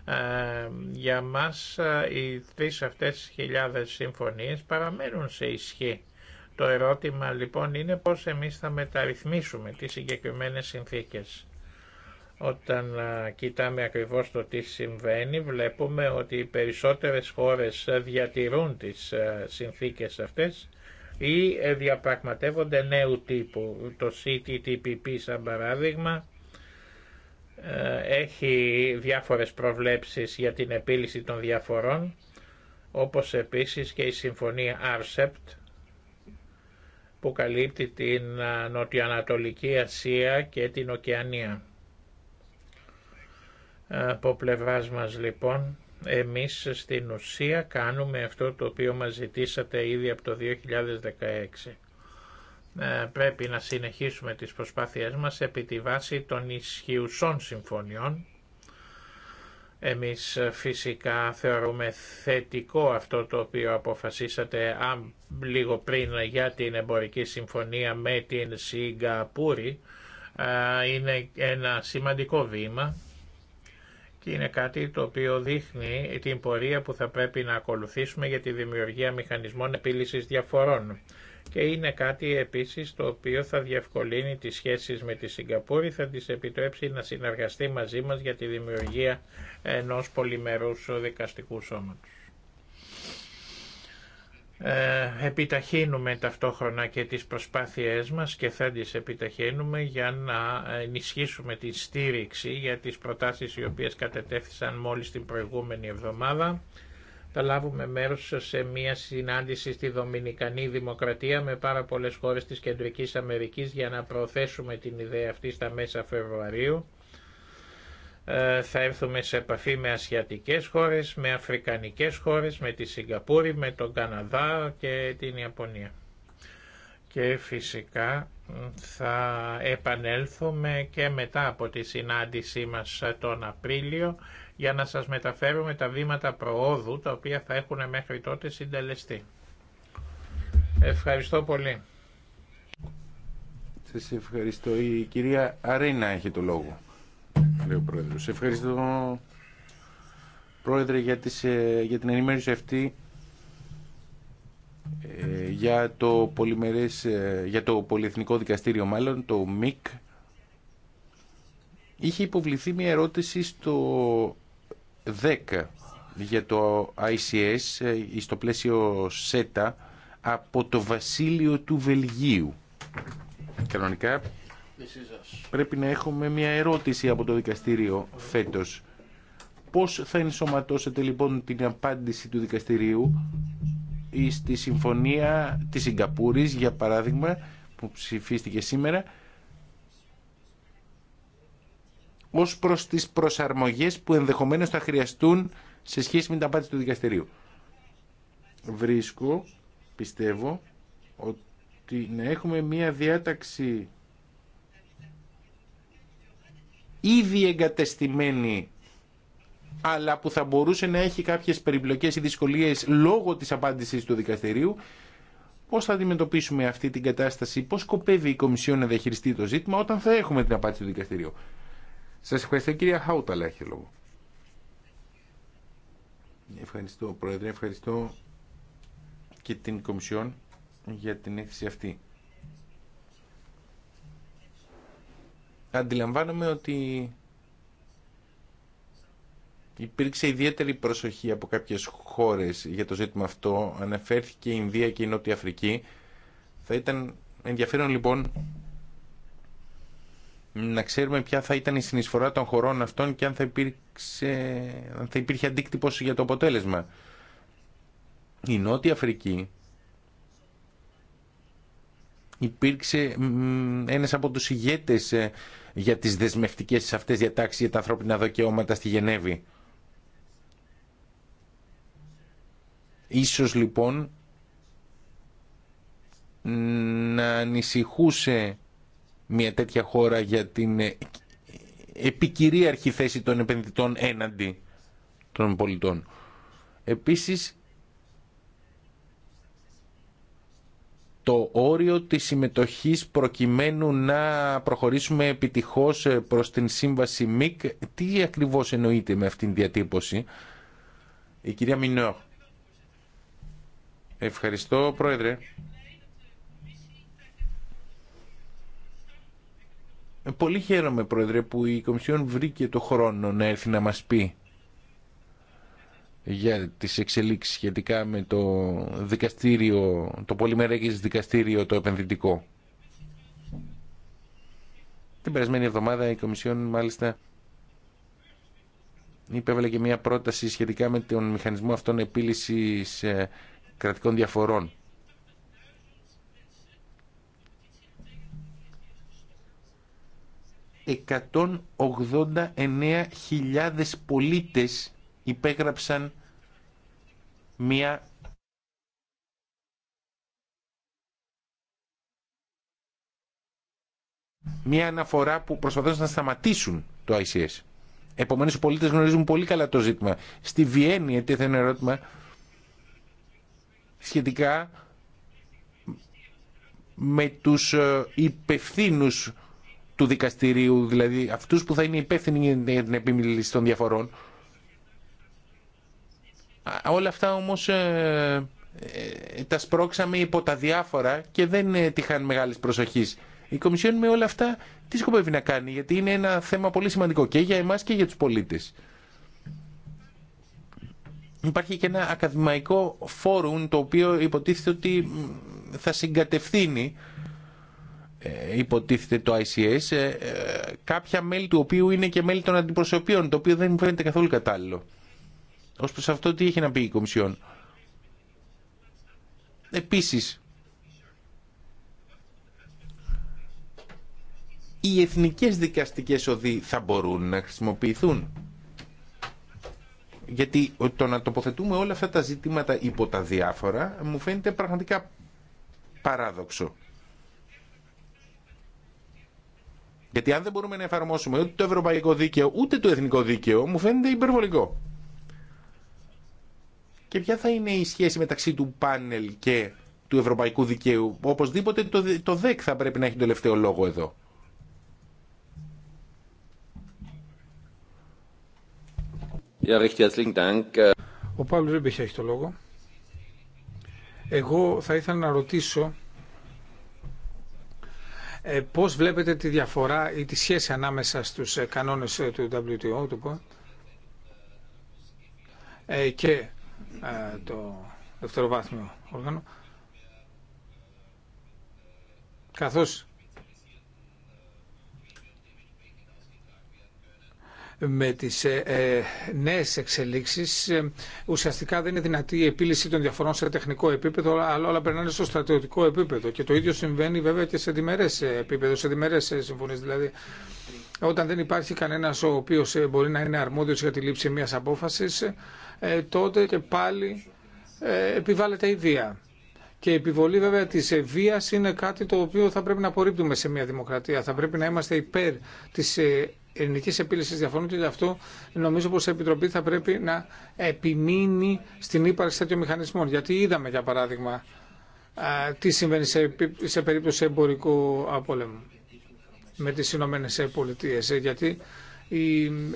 Ε, για μας ε, οι τρεις αυτές χιλιάδες συμφωνίες παραμένουν σε ισχύ. Το ερώτημα λοιπόν είναι πώς εμείς θα μεταρρυθμίσουμε τις συγκεκριμένες συνθήκες. Όταν κοιτάμε ακριβώς το τι συμβαίνει, βλέπουμε ότι οι περισσότερες χώρες διατηρούν τις συνθήκες αυτές ή ε, διαπραγματεύονται νέου τύπου. Το CTTPP, σαν παράδειγμα, ε, έχει διάφορες προβλέψεις για την επίλυση των διαφορών, όπως επίσης και η συμφωνία RCEPT, που καλύπτει την Νοτιοανατολική Ασία και την Οκεανία. Από πλευράς μας λοιπόν, εμείς στην ουσία κάνουμε αυτό το οποίο μας ζητήσατε ήδη από το 2016. Ε, πρέπει να συνεχίσουμε τις προσπάθειές μας επί τη βάση των ισχυουσών συμφωνιών. Εμείς ε, φυσικά θεωρούμε θετικό αυτό το οποίο αποφασίσατε λίγο πριν για την εμπορική συμφωνία με την Σιγκαπούρη. Ε, είναι ένα σημαντικό βήμα είναι κάτι το οποίο δείχνει την πορεία που θα πρέπει να ακολουθήσουμε για τη δημιουργία μηχανισμών επίλυσης διαφορών. Και είναι κάτι επίσης το οποίο θα διευκολύνει τις σχέσεις με τη Σιγκαπούρη, θα της επιτρέψει να συνεργαστεί μαζί μας για τη δημιουργία ενός πολυμερούς δικαστικού σώματος. Ε, επιταχύνουμε ταυτόχρονα και τις προσπάθειές μας και θα τις επιταχύνουμε για να ενισχύσουμε τη στήριξη για τις προτάσεις οι οποίες κατετέθησαν μόλις την προηγούμενη εβδομάδα. Θα λάβουμε μέρος σε μια συνάντηση στη Δομινικανή Δημοκρατία με πάρα πολλές χώρες της Κεντρικής Αμερικής για να προωθέσουμε την ιδέα αυτή στα μέσα Φεβρουαρίου ε, θα έρθουμε σε επαφή με ασιατικές χώρες, με αφρικανικές χώρες, με τη Σιγκαπούρη, με τον Καναδά και την Ιαπωνία. Και φυσικά θα επανέλθουμε και μετά από τη συνάντησή μας τον Απρίλιο για να σας μεταφέρουμε τα βήματα προόδου τα οποία θα έχουν μέχρι τότε συντελεστεί. Ευχαριστώ πολύ. Σας ευχαριστώ. Η κυρία Αρίνα έχει το λόγο λέει ο Πρόεδρος. Ευχαριστώ, Πρόεδρε, για, ε, για την ενημέρωση αυτή ε, για το, πολυμερές, ε, για το Πολυεθνικό Δικαστήριο, μάλλον το ΜΙΚ, είχε υποβληθεί μια ερώτηση στο 10 για το ICS στο πλαίσιο ΣΕΤΑ από το Βασίλειο του Βελγίου. Κανονικά πρέπει να έχουμε μια ερώτηση από το δικαστήριο φέτος. Πώς θα ενσωματώσετε λοιπόν την απάντηση του δικαστηρίου στη συμφωνία της Σιγκαπούρης για παράδειγμα που ψηφίστηκε σήμερα ως προς τις προσαρμογές που ενδεχομένως θα χρειαστούν σε σχέση με την απάντηση του δικαστηρίου. Βρίσκω, πιστεύω, ότι να έχουμε μια διάταξη ήδη εγκατεστημένη αλλά που θα μπορούσε να έχει κάποιες περιπλοκές ή δυσκολίες λόγω της απάντησης του δικαστηρίου πώς θα αντιμετωπίσουμε αυτή την κατάσταση, πώς σκοπεύει η Κομισιόν να διαχειριστεί το ζήτημα όταν θα έχουμε την απάντηση του δικαστηρίου. Σας ευχαριστώ κυρία αλλά έχει λόγο. Ευχαριστώ Πρόεδρε, ευχαριστώ και την Κομισιόν για την έκθεση αυτή. αντιλαμβάνομαι ότι υπήρξε ιδιαίτερη προσοχή από κάποιες χώρες για το ζήτημα αυτό. Αναφέρθηκε η Ινδία και η Νότια Αφρική. Θα ήταν ενδιαφέρον λοιπόν να ξέρουμε ποια θα ήταν η συνεισφορά των χωρών αυτών και αν θα, υπήρξε, θα υπήρχε αντίκτυπος για το αποτέλεσμα. Η Νότια Αφρική υπήρξε ένας από τους ηγέτες ε, για τις δεσμευτικές αυτές διατάξεις για τα ανθρώπινα δικαιώματα στη Γενέβη. Ίσως λοιπόν να ανησυχούσε μια τέτοια χώρα για την ε, επικυρίαρχη θέση των επενδυτών έναντι των πολιτών. Επίσης το όριο της συμμετοχής προκειμένου να προχωρήσουμε επιτυχώς ε, προς την σύμβαση ΜΙΚ. Τι ακριβώς εννοείται με αυτήν την διατύπωση. Η κυρία Μινό. Ευχαριστώ, Πρόεδρε. Πολύ χαίρομαι, Πρόεδρε, που η Κομισιόν βρήκε το χρόνο να έρθει να μας πει για τις εξελίξεις σχετικά με το δικαστήριο, το πολυμερέγγις δικαστήριο το επενδυτικό. Την περασμένη εβδομάδα η Κομισιόν μάλιστα υπέβαλε και μια πρόταση σχετικά με τον μηχανισμό αυτών επίλυσης ε, κρατικών διαφορών. χιλιάδες πολίτες υπέγραψαν μία μία αναφορά που προσπαθούν να σταματήσουν το ICS. Επομένως οι πολίτες γνωρίζουν πολύ καλά το ζήτημα. Στη Βιέννη ετέθε ένα ερώτημα σχετικά με τους ε, υπευθύνου του δικαστηρίου, δηλαδή αυτούς που θα είναι υπεύθυνοι για την επιμήλυση των διαφορών. Όλα αυτά όμως ε, ε, τα σπρώξαμε υπό τα διάφορα και δεν ε, τύχανε μεγάλης προσοχής. Η Κομισιόν με όλα αυτά τι σκοπεύει να κάνει, γιατί είναι ένα θέμα πολύ σημαντικό και για εμάς και για τους πολίτες. Υπάρχει και ένα ακαδημαϊκό φόρουμ το οποίο υποτίθεται ότι θα συγκατευθύνει υποτίθεται το ICS κάποια μέλη του οποίου είναι και μέλη των αντιπροσωπείων το οποίο δεν φαίνεται καθόλου κατάλληλο. Ως προς αυτό τι έχει να πει η Κομισιόν. Επίσης, οι εθνικές δικαστικές οδοί θα μπορούν να χρησιμοποιηθούν. Γιατί το να τοποθετούμε όλα αυτά τα ζητήματα υπό τα διάφορα μου φαίνεται πραγματικά παράδοξο. Γιατί αν δεν μπορούμε να εφαρμόσουμε ούτε το ευρωπαϊκό δίκαιο ούτε το εθνικό δίκαιο μου φαίνεται υπερβολικό. Και ποια θα είναι η σχέση μεταξύ του πάνελ και του ευρωπαϊκού δικαίου. Οπωσδήποτε το, το ΔΕΚ θα πρέπει να έχει το τελευταίο λόγο εδώ. Ο Παύλος Ρίμπιχ έχει το λόγο. Εγώ θα ήθελα να ρωτήσω ε, πώς βλέπετε τη διαφορά ή τη σχέση ανάμεσα στους ε, κανόνες ε, του WTO του και ε, το δευτεροβάθμιο όργανο, καθώς με τις ε, ε νέες εξελίξεις ε, ουσιαστικά δεν είναι δυνατή η επίλυση των διαφορών σε τεχνικό επίπεδο αλλά όλα περνάνε στο στρατιωτικό επίπεδο και το ίδιο συμβαίνει βέβαια και σε διμερές επίπεδο, σε διμερές συμφωνίες δηλαδή όταν δεν υπάρχει κανένας ο οποίος μπορεί να είναι αρμόδιος για τη λήψη μιας απόφασης ε, τότε και πάλι ε, επιβάλλεται η βία. Και η επιβολή βέβαια τη ε, βία είναι κάτι το οποίο θα πρέπει να απορρίπτουμε σε μια δημοκρατία. Θα πρέπει να είμαστε υπέρ τη ελληνική επίλυση διαφωνών και γι' αυτό νομίζω πω η Επιτροπή θα πρέπει να επιμείνει στην ύπαρξη τέτοιων μηχανισμών. Γιατί είδαμε, για παράδειγμα, τι συμβαίνει σε περίπτωση εμπορικού πολέμου με τι Ηνωμένε Πολιτείε. Γιατί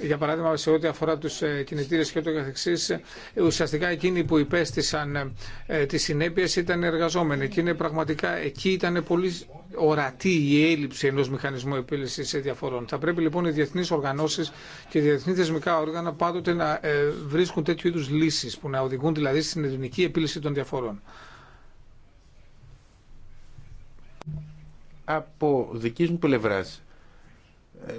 για παράδειγμα σε ό,τι αφορά τους ε, κινητήρες και το καθεξής, ε, ουσιαστικά εκείνοι που υπέστησαν ε, τις συνέπειες ήταν εργαζόμενοι και είναι πραγματικά εκεί ήταν πολύ ορατή η έλλειψη ενός μηχανισμού επίλυσης διαφορών. Θα πρέπει λοιπόν οι διεθνείς οργανώσεις και οι διεθνείς θεσμικά όργανα πάντοτε να βρίσκουν τέτοιου είδους λύσεις που να οδηγούν δηλαδή στην ελληνική επίλυση των διαφορών. Από δικής μου πλευράς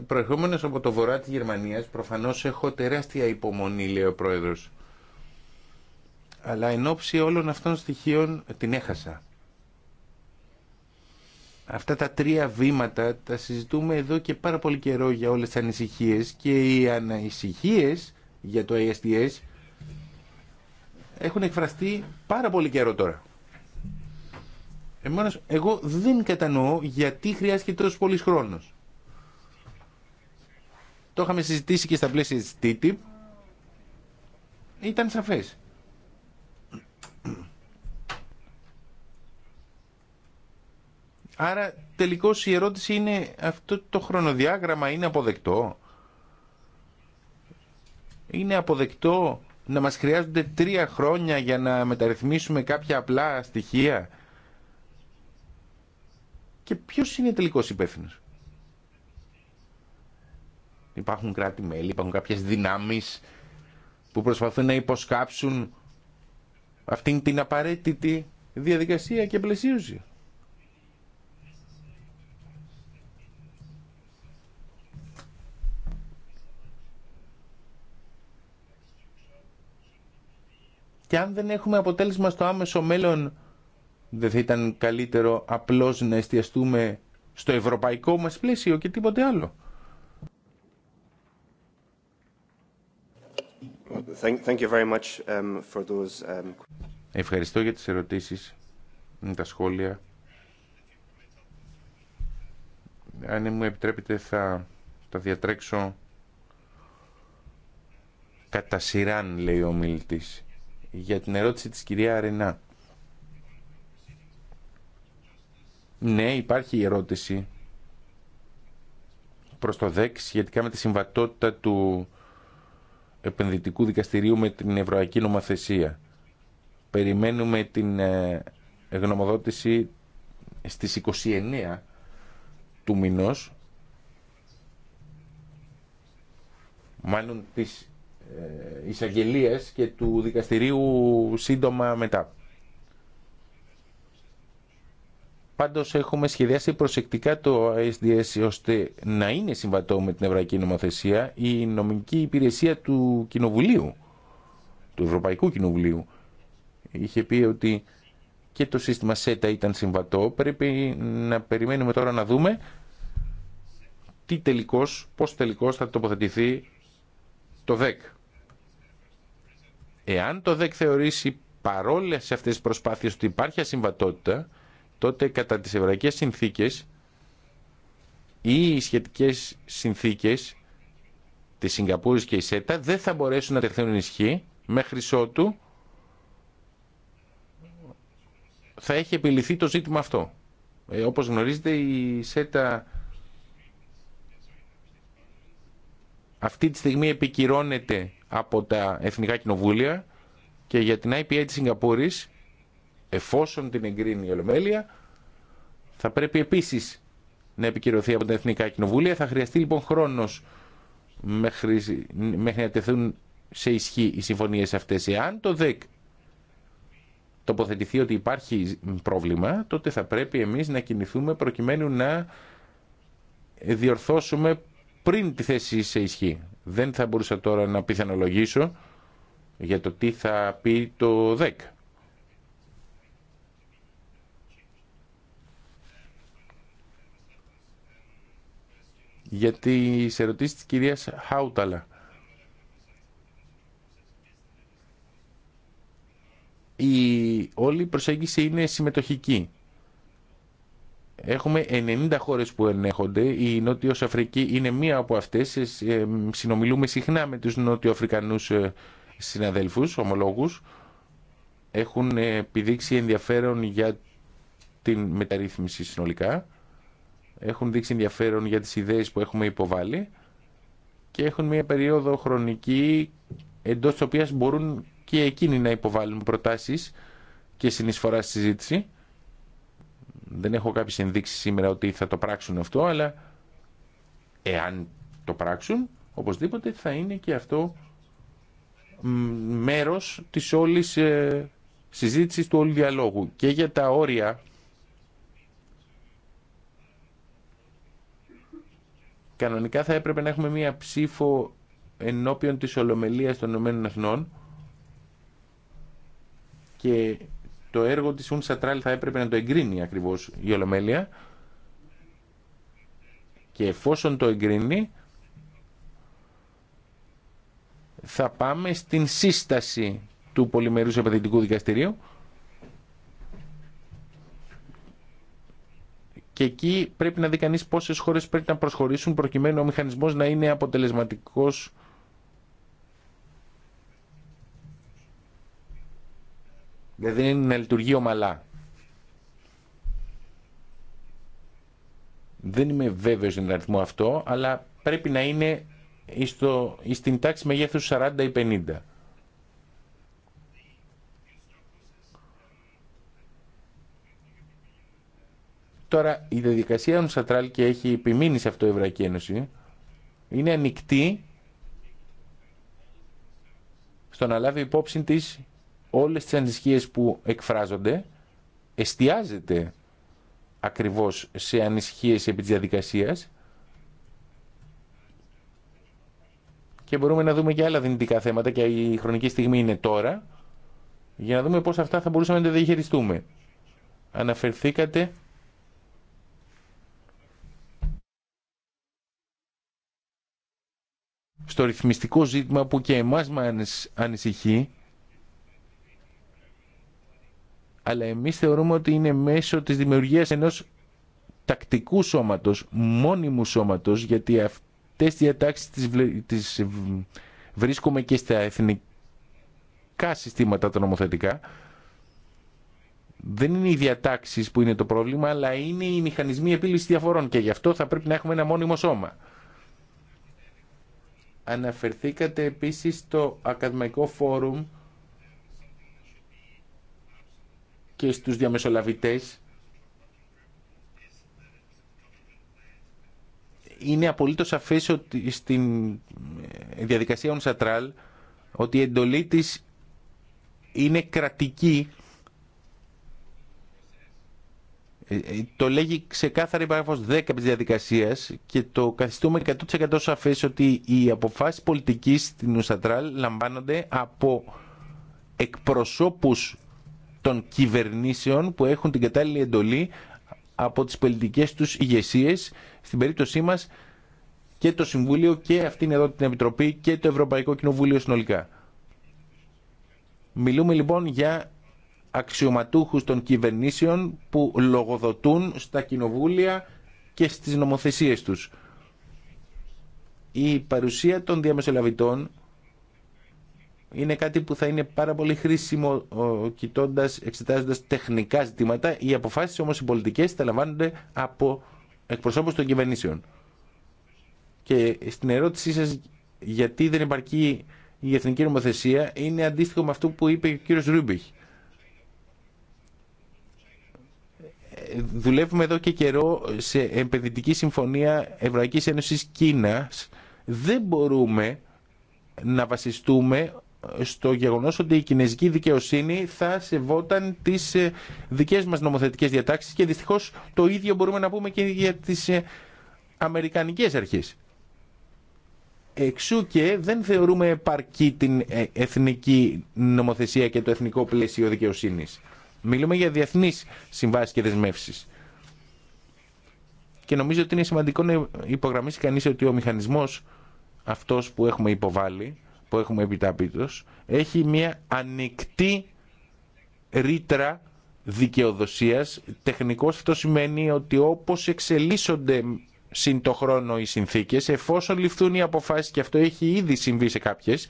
προερχόμενο από το βορρά της Γερμανίας, προφανώς έχω τεράστια υπομονή, λέει ο πρόεδρος. Αλλά εν ώψη όλων αυτών στοιχείων ε, την έχασα. Αυτά τα τρία βήματα τα συζητούμε εδώ και πάρα πολύ καιρό για όλες τις ανησυχίες και οι ανησυχίες για το ISDS έχουν εκφραστεί πάρα πολύ καιρό τώρα. Ε, εγώ δεν κατανοώ γιατί χρειάζεται τόσο πολύς χρόνος. Το είχαμε συζητήσει και στα πλαίσια της TTIP. Ήταν σαφές. Άρα τελικώς η ερώτηση είναι αυτό το χρονοδιάγραμμα είναι αποδεκτό. Είναι αποδεκτό να μας χρειάζονται τρία χρόνια για να μεταρρυθμίσουμε κάποια απλά στοιχεία. Και ποιος είναι τελικός υπεύθυνος. Υπάρχουν κράτη-μέλη, υπάρχουν κάποιες δυνάμεις που προσπαθούν να υποσκάψουν αυτήν την απαραίτητη διαδικασία και πλαισίωση. Και αν δεν έχουμε αποτέλεσμα στο άμεσο μέλλον, δεν θα ήταν καλύτερο απλώς να εστιαστούμε στο ευρωπαϊκό μας πλαίσιο και τίποτε άλλο. Um, um, Ευχαριστώ για τις ερωτήσεις, τα σχόλια. Αν μου επιτρέπετε θα τα διατρέξω κατά σειράν, λέει ο μιλητής, για την ερώτηση της κυρία Αρενά. Ναι, υπάρχει η ερώτηση προς το ΔΕΚ σχετικά με τη συμβατότητα του επενδυτικού δικαστηρίου με την ευρωακή νομοθεσία. Περιμένουμε την ε, γνωμοδότηση στις 29 του μηνός, μάλλον της ε, εισαγγελίας και του δικαστηρίου σύντομα μετά. Πάντω έχουμε σχεδιάσει προσεκτικά το SDS ώστε να είναι συμβατό με την Ευρωπαϊκή Νομοθεσία η νομική υπηρεσία του Κοινοβουλίου, του Ευρωπαϊκού Κοινοβουλίου. Είχε πει ότι και το σύστημα ΣΕΤΑ ήταν συμβατό. Πρέπει να περιμένουμε τώρα να δούμε τι τελικός, πώς τελικός θα τοποθετηθεί το ΔΕΚ. Εάν το ΔΕΚ θεωρήσει παρόλες αυτές τις προσπάθειες ότι υπάρχει ασυμβατότητα, τότε κατά τις εβραϊκές συνθήκες ή οι σχετικές συνθήκες της Σιγκαπούρης και η ΣΕΤΑ δεν θα μπορέσουν να τεθούν ισχύ μέχρι ότου θα έχει επιληθεί το ζήτημα αυτό. Ε, όπως γνωρίζετε η ΣΕΤΑ αυτή τη στιγμή επικυρώνεται από τα Εθνικά Κοινοβούλια και για την IPA της Σιγκαπούρης εφόσον την εγκρίνει η Ολομέλεια, θα πρέπει επίση να επικυρωθεί από την Εθνικά Κοινοβούλια. Θα χρειαστεί λοιπόν χρόνος μέχρι, να τεθούν σε ισχύ οι συμφωνίες αυτέ. Εάν το ΔΕΚ τοποθετηθεί ότι υπάρχει πρόβλημα, τότε θα πρέπει εμείς να κινηθούμε προκειμένου να διορθώσουμε πριν τη θέση σε ισχύ. Δεν θα μπορούσα τώρα να πιθανολογήσω για το τι θα πει το ΔΕΚ. για τις ερωτήσεις της κυρίας Χάουταλα. η όλη η προσέγγιση είναι συμμετοχική. Έχουμε 90 χώρες που ενέχονται, η Νότιος Αφρική είναι μία από αυτές, ε, συνομιλούμε συχνά με τους νότιοαφρικανούς ε, συναδέλφους, ομολόγους, έχουν ε, επιδείξει ενδιαφέρον για την μεταρρύθμιση συνολικά έχουν δείξει ενδιαφέρον για τις ιδέες που έχουμε υποβάλει και έχουν μια περίοδο χρονική εντός της οποίας μπορούν και εκείνοι να υποβάλουν προτάσεις και συνεισφορά στη συζήτηση. Δεν έχω κάποιες ενδείξεις σήμερα ότι θα το πράξουν αυτό, αλλά εάν το πράξουν, οπωσδήποτε θα είναι και αυτό μέρος της όλης ε, συζήτησης του όλου διαλόγου και για τα όρια Κανονικά θα έπρεπε να έχουμε μία ψήφο ενώπιον της Ολομελίας των Ηνωμένων Εθνών και το έργο της Σατράλ θα έπρεπε να το εγκρίνει ακριβώς η Ολομέλεια και εφόσον το εγκρίνει θα πάμε στην σύσταση του Πολυμερούς Επαθητικού Δικαστηρίου Και εκεί πρέπει να δει κανεί πόσε χώρε πρέπει να προσχωρήσουν προκειμένου ο μηχανισμό να είναι αποτελεσματικό. Δηλαδή είναι να λειτουργεί ομαλά. Δεν είμαι βέβαιο για αριθμό αυτό, αλλά πρέπει να είναι στην τάξη μεγέθου 40 ή 50. Τώρα η διαδικασία του Σατράλ και έχει επιμείνει σε αυτό η Ευρωπαϊκή Ένωση είναι ανοιχτή στο να λάβει υπόψη τη όλες τις ανησυχίες που εκφράζονται εστιάζεται ακριβώς σε ανησυχίε επί της διαδικασία. και μπορούμε να δούμε και άλλα δυνητικά θέματα και η χρονική στιγμή είναι τώρα για να δούμε πώς αυτά θα μπορούσαμε να τα διαχειριστούμε. Αναφερθήκατε στο ρυθμιστικό ζήτημα που και εμάς μας ανησυχεί αλλά εμείς θεωρούμε ότι είναι μέσω της δημιουργίας ενός τακτικού σώματος, μόνιμου σώματος, γιατί αυτές οι ατάξεις τις, τις βρίσκουμε και στα εθνικά συστήματα τα νομοθετικά. Δεν είναι οι διατάξεις που είναι το πρόβλημα, αλλά είναι οι μηχανισμοί επίλυσης διαφορών και γι' αυτό θα πρέπει να έχουμε ένα μόνιμο σώμα. Αναφερθήκατε επίσης στο Ακαδημαϊκό Φόρουμ και στους διαμεσολαβητές. Είναι απολύτως σαφές ότι στην διαδικασία Ονσατράλ ότι η εντολή της είναι κρατική Ε, ε, το λέγει ξεκάθαρη παράγραφος 10 της διαδικασίας και το καθιστούμε 100% σαφές ότι οι αποφάσεις πολιτικής στην Ουστατράλ λαμβάνονται από εκπροσώπους των κυβερνήσεων που έχουν την κατάλληλη εντολή από τις πολιτικές τους ηγεσίε, στην περίπτωσή μας και το Συμβούλιο και αυτήν εδώ την Επιτροπή και το Ευρωπαϊκό Κοινοβούλιο συνολικά. Μιλούμε λοιπόν για αξιωματούχους των κυβερνήσεων που λογοδοτούν στα κοινοβούλια και στις νομοθεσίες τους. Η παρουσία των διαμεσολαβητών είναι κάτι που θα είναι πάρα πολύ χρήσιμο κοιτώντας, εξετάζοντας τεχνικά ζητήματα. Οι αποφάσεις όμως οι πολιτικές θα λαμβάνονται από εκπροσώπους των κυβερνήσεων. Και στην ερώτησή σας γιατί δεν υπαρκεί η εθνική νομοθεσία είναι αντίστοιχο με αυτό που είπε ο κύριος Ρούμπιχ. δουλεύουμε εδώ και καιρό σε επενδυτική συμφωνία Ευρωπαϊκής Ένωσης Κίνας. Δεν μπορούμε να βασιστούμε στο γεγονός ότι η κινέζικη δικαιοσύνη θα σεβόταν τις ε, δικές μας νομοθετικές διατάξεις και δυστυχώς το ίδιο μπορούμε να πούμε και για τις ε, αμερικανικές αρχές. Εξού και δεν θεωρούμε επαρκή την ε, εθνική νομοθεσία και το εθνικό πλαίσιο δικαιοσύνης. Μιλούμε για διεθνείς συμβάσεις και δεσμεύσεις. Και νομίζω ότι είναι σημαντικό να υπογραμμίσει κανείς ότι ο μηχανισμός αυτός που έχουμε υποβάλει, που έχουμε επιτάπητο, έχει μια ανοιχτή ρήτρα δικαιοδοσίας. Τεχνικώς αυτό σημαίνει ότι όπως εξελίσσονται συν το χρόνο οι συνθήκες, εφόσον ληφθούν οι αποφάσεις, και αυτό έχει ήδη συμβεί σε κάποιες,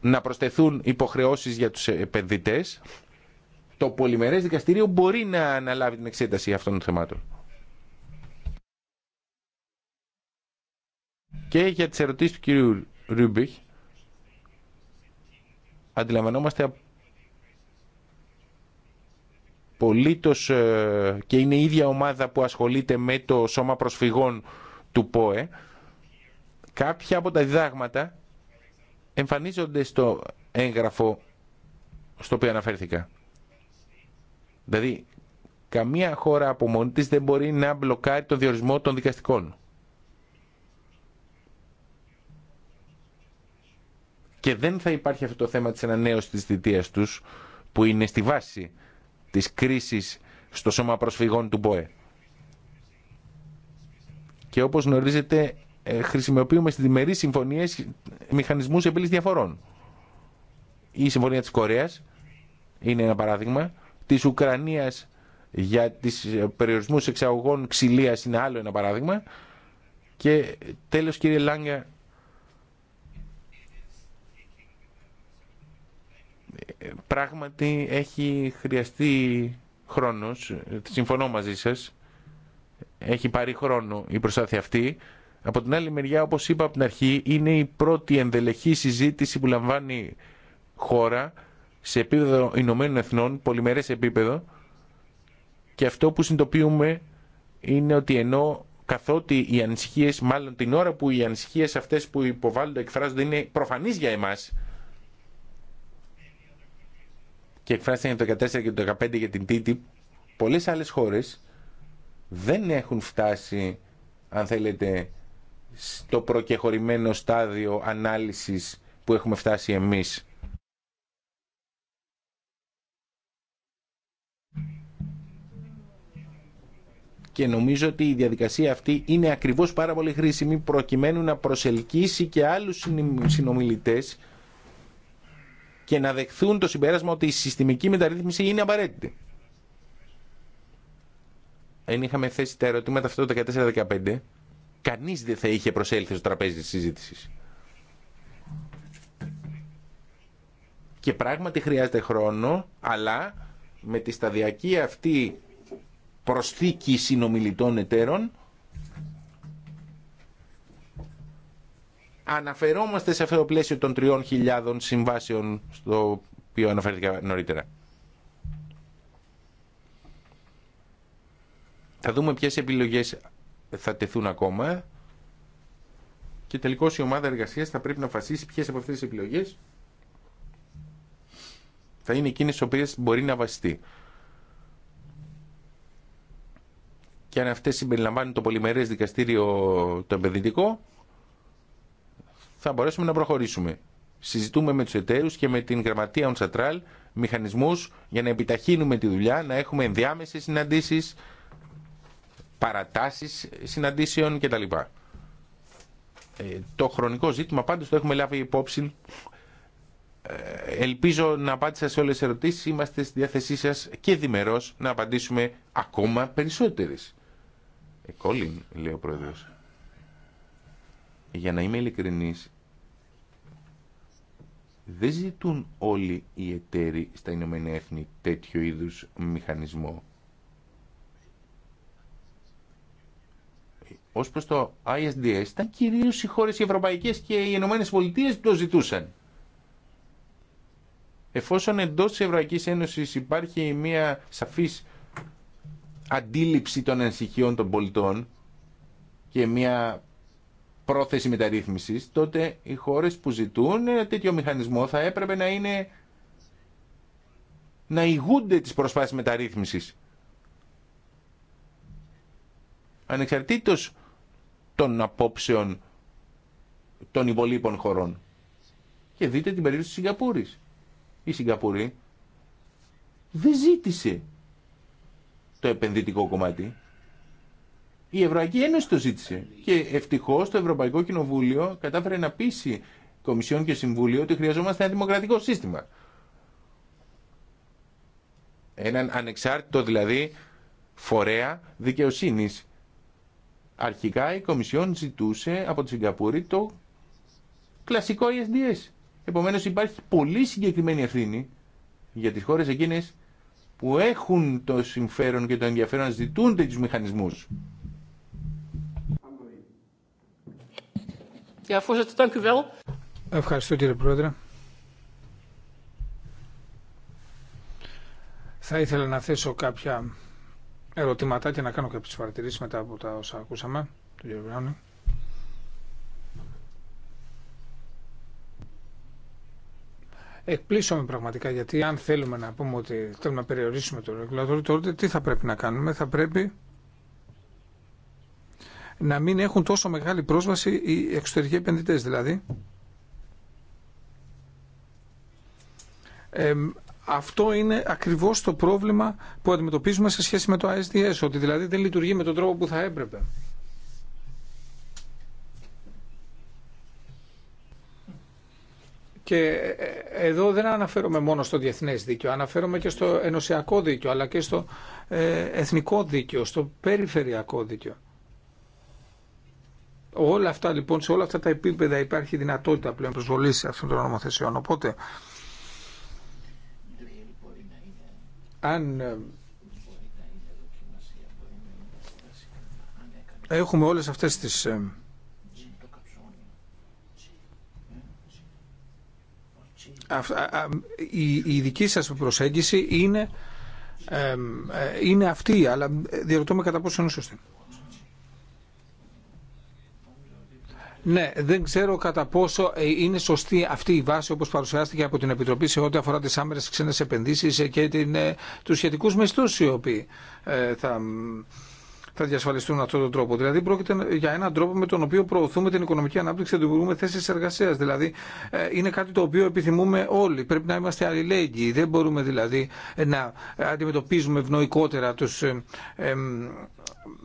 να προσθεθούν υποχρεώσεις για τους επενδυτές, το πολυμερές δικαστήριο μπορεί να αναλάβει την εξέταση αυτών των θεμάτων. Και για τις ερωτήσεις του κυρίου Ρούμπιχ, αντιλαμβανόμαστε απολύτως ε, και είναι η ίδια ομάδα που ασχολείται με το σώμα προσφυγών του ΠΟΕ, κάποια από τα διδάγματα εμφανίζονται στο έγγραφο στο οποίο αναφέρθηκα. Δηλαδή, καμία χώρα από μόνη της δεν μπορεί να μπλοκάρει το διορισμό των δικαστικών. Και δεν θα υπάρχει αυτό το θέμα της ανανέωσης της θητείας τους, που είναι στη βάση της κρίσης στο σώμα προσφυγών του ΠΟΕ. Και όπως γνωρίζετε, ε, χρησιμοποιούμε στις διμερείς συμφωνίες μηχανισμούς επίλυσης διαφορών. Η Συμφωνία της Κορέας είναι ένα παράδειγμα της Ουκρανίας για τις ε, περιορισμούς εξαγωγών ξυλίας είναι άλλο ένα παράδειγμα. Και τέλος κύριε Λάγκα, πράγματι έχει χρειαστεί χρόνος, συμφωνώ μαζί σας, έχει πάρει χρόνο η προσπάθεια αυτή. Από την άλλη μεριά, όπως είπα από την αρχή, είναι η πρώτη ενδελεχή συζήτηση που λαμβάνει χώρα σε επίπεδο Ηνωμένων Εθνών, πολυμερές επίπεδο και αυτό που συνειδητοποιούμε είναι ότι ενώ καθότι οι ανησυχίε, μάλλον την ώρα που οι ανησυχίε αυτές που υποβάλλονται, εκφράζονται, είναι προφανείς για εμάς και εκφράστηκαν το 2014 και το 2015 για την TTIP, πολλές άλλες χώρες δεν έχουν φτάσει, αν θέλετε, στο προκεχωρημένο στάδιο ανάλυσης που έχουμε φτάσει εμείς και νομίζω ότι η διαδικασία αυτή είναι ακριβώς πάρα πολύ χρήσιμη προκειμένου να προσελκύσει και άλλους συνομιλητές και να δεχθούν το συμπέρασμα ότι η συστημική μεταρρύθμιση είναι απαραίτητη. Εν είχαμε θέσει τα ερωτήματα αυτό το 2014-2015 κανείς δεν θα είχε προσέλθει στο τραπέζι της συζήτησης. Και πράγματι χρειάζεται χρόνο, αλλά με τη σταδιακή αυτή προσθήκη συνομιλητών εταίρων αναφερόμαστε σε αυτό το πλαίσιο των 3.000 συμβάσεων στο οποίο αναφέρθηκα νωρίτερα. Θα δούμε ποιες επιλογές θα τεθούν ακόμα και τελικώς η ομάδα εργασίας θα πρέπει να φασίσει ποιες από αυτές τις επιλογές θα είναι εκείνες στις οποίες μπορεί να βασιστεί. και αν αυτές συμπεριλαμβάνουν το πολυμερές δικαστήριο το επενδυτικό, θα μπορέσουμε να προχωρήσουμε. Συζητούμε με τους εταίρους και με την γραμματεία Central μηχανισμούς για να επιταχύνουμε τη δουλειά, να έχουμε ενδιάμεσες συναντήσεις, παρατάσεις συναντήσεων κτλ. Ε, το χρονικό ζήτημα πάντως το έχουμε λάβει υπόψη. Ε, ελπίζω να απάντησα σε όλες τις ερωτήσεις. Είμαστε στη διάθεσή σας και διμερώς να απαντήσουμε ακόμα περισσότερες. Εκόλυν, λέει ο πρόεδρος. Για να είμαι ειλικρινής, δεν ζητούν όλοι οι εταίροι στα Ηνωμένα Έθνη τέτοιο είδους μηχανισμό. Ω προ το ISDS ήταν κυρίω οι χώρε οι ευρωπαϊκέ και οι Ηνωμένε Πολιτείε που το ζητούσαν. Εφόσον εντό τη Ευρωπαϊκή Ένωση υπάρχει μια σαφής αντίληψη των ανησυχιών των πολιτών και μια πρόθεση μεταρρύθμισης, τότε οι χώρες που ζητούν ένα τέτοιο μηχανισμό θα έπρεπε να είναι να ηγούνται τις προσπάσεις μεταρρύθμισης. Ανεξαρτήτως των απόψεων των υπολείπων χωρών. Και δείτε την περίπτωση της Σιγκαπούρης. Η Σιγκαπούρη δεν ζήτησε το επενδυτικό κομμάτι. Η Ευρωπαϊκή Ένωση το ζήτησε. Και ευτυχώ το Ευρωπαϊκό Κοινοβούλιο κατάφερε να πείσει Κομισιόν και Συμβούλιο ότι χρειαζόμαστε ένα δημοκρατικό σύστημα. Έναν ανεξάρτητο δηλαδή φορέα δικαιοσύνη. Αρχικά η Κομισιόν ζητούσε από τη Σιγκαπούρη το κλασικό ESDS. Επομένω υπάρχει πολύ συγκεκριμένη ευθύνη για τι χώρε εκείνε που έχουν το συμφέρον και το ενδιαφέρον να ζητούν τέτοιους μηχανισμούς. Ευχαριστώ κύριε Πρόεδρε. Θα ήθελα να θέσω κάποια ερωτηματά και να κάνω κάποιες παρατηρήσεις μετά από τα όσα ακούσαμε, κύριο εκπλήσωμε πραγματικά γιατί αν θέλουμε να πούμε ότι θέλουμε να περιορίσουμε το ρεγκλατόρ, τότε τι θα πρέπει να κάνουμε, θα πρέπει να μην έχουν τόσο μεγάλη πρόσβαση οι εξωτερικοί επενδυτές δηλαδή. αυτό είναι ακριβώς το πρόβλημα που αντιμετωπίζουμε σε σχέση με το ISDS, ότι δηλαδή δεν λειτουργεί με τον τρόπο που θα έπρεπε. Και ε, ε, εδώ δεν αναφέρομαι μόνο στο διεθνές δίκαιο, αναφέρομαι και στο ενωσιακό δίκαιο, αλλά και στο ε, εθνικό δίκαιο, στο περιφερειακό δίκαιο. Όλα αυτά λοιπόν, σε όλα αυτά τα επίπεδα υπάρχει δυνατότητα πλέον προσβολής αυτών των νομοθεσιών. Οπότε, αν ε, έχουμε όλες αυτές τις ε, η, δική σας προσέγγιση είναι, ε, είναι αυτή, αλλά διαρωτώ με κατά πόσο είναι σωστή. Ναι, δεν ξέρω κατά πόσο ε, είναι σωστή αυτή η βάση όπως παρουσιάστηκε από την Επιτροπή σε ό,τι αφορά τις άμερες ξένες επενδύσεις και την, ε, τους σχετικούς μισθούς οι οποίοι θα θα διασφαλιστούν αυτόν τον τρόπο. Δηλαδή, πρόκειται για έναν τρόπο με τον οποίο προωθούμε την οικονομική ανάπτυξη και δημιουργούμε θέσει εργασία. Δηλαδή, ε, είναι κάτι το οποίο επιθυμούμε όλοι. Πρέπει να είμαστε αλληλέγγυοι. Δεν μπορούμε δηλαδή να αντιμετωπίζουμε ευνοϊκότερα του ε, ε,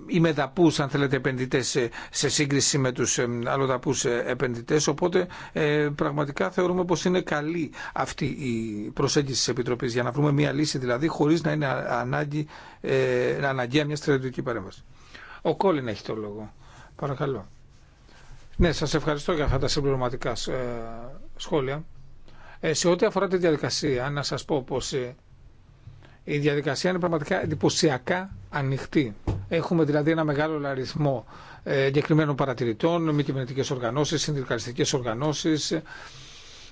είμαι μεταπούς αν θέλετε επενδυτές σε σύγκριση με τους αλλοδαπούς ε, επενδυτές οπότε ε, πραγματικά θεωρούμε πως είναι καλή αυτή η προσέγγιση της Επιτροπής για να βρούμε μια λύση δηλαδή χωρίς να είναι ανάγκη, ε, αναγκαία μια στρατιωτική παρέμβαση. Ο Κόλλιν έχει το λόγο. Παρακαλώ. Ναι, σας ευχαριστώ για αυτά τα συμπληρωματικά σχόλια. σε ό,τι αφορά τη διαδικασία, να σας πω πως η διαδικασία είναι πραγματικά εντυπωσιακά ανοιχτή. Έχουμε δηλαδή ένα μεγάλο αριθμό ε, εγκεκριμένων παρατηρητών, μη κυβερνητικέ οργανώσει, συνδικαλιστικέ οργανώσει,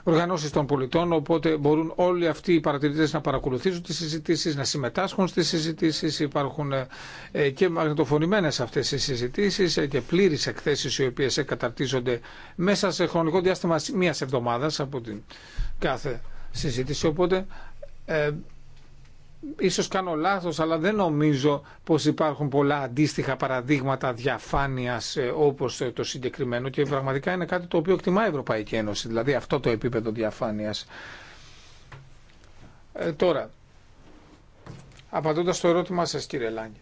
οργανώσει των πολιτών. Οπότε μπορούν όλοι αυτοί οι παρατηρητέ να παρακολουθήσουν τι συζητήσει, να συμμετάσχουν στι συζητήσει. Υπάρχουν ε, και μαγνητοφωνημένε αυτέ οι συζητήσει ε, και πλήρε εκθέσει οι οποίε καταρτίζονται μέσα σε χρονικό διάστημα μία εβδομάδα από την κάθε συζήτηση. Οπότε ίσως κάνω λάθος, αλλά δεν νομίζω πως υπάρχουν πολλά αντίστοιχα παραδείγματα διαφάνειας ε, όπως ε, το συγκεκριμένο και πραγματικά είναι κάτι το οποίο εκτιμά η Ευρωπαϊκή Ένωση, δηλαδή αυτό το επίπεδο διαφάνειας. Ε, τώρα, απαντώντας στο ερώτημά σας κύριε Λάγκη.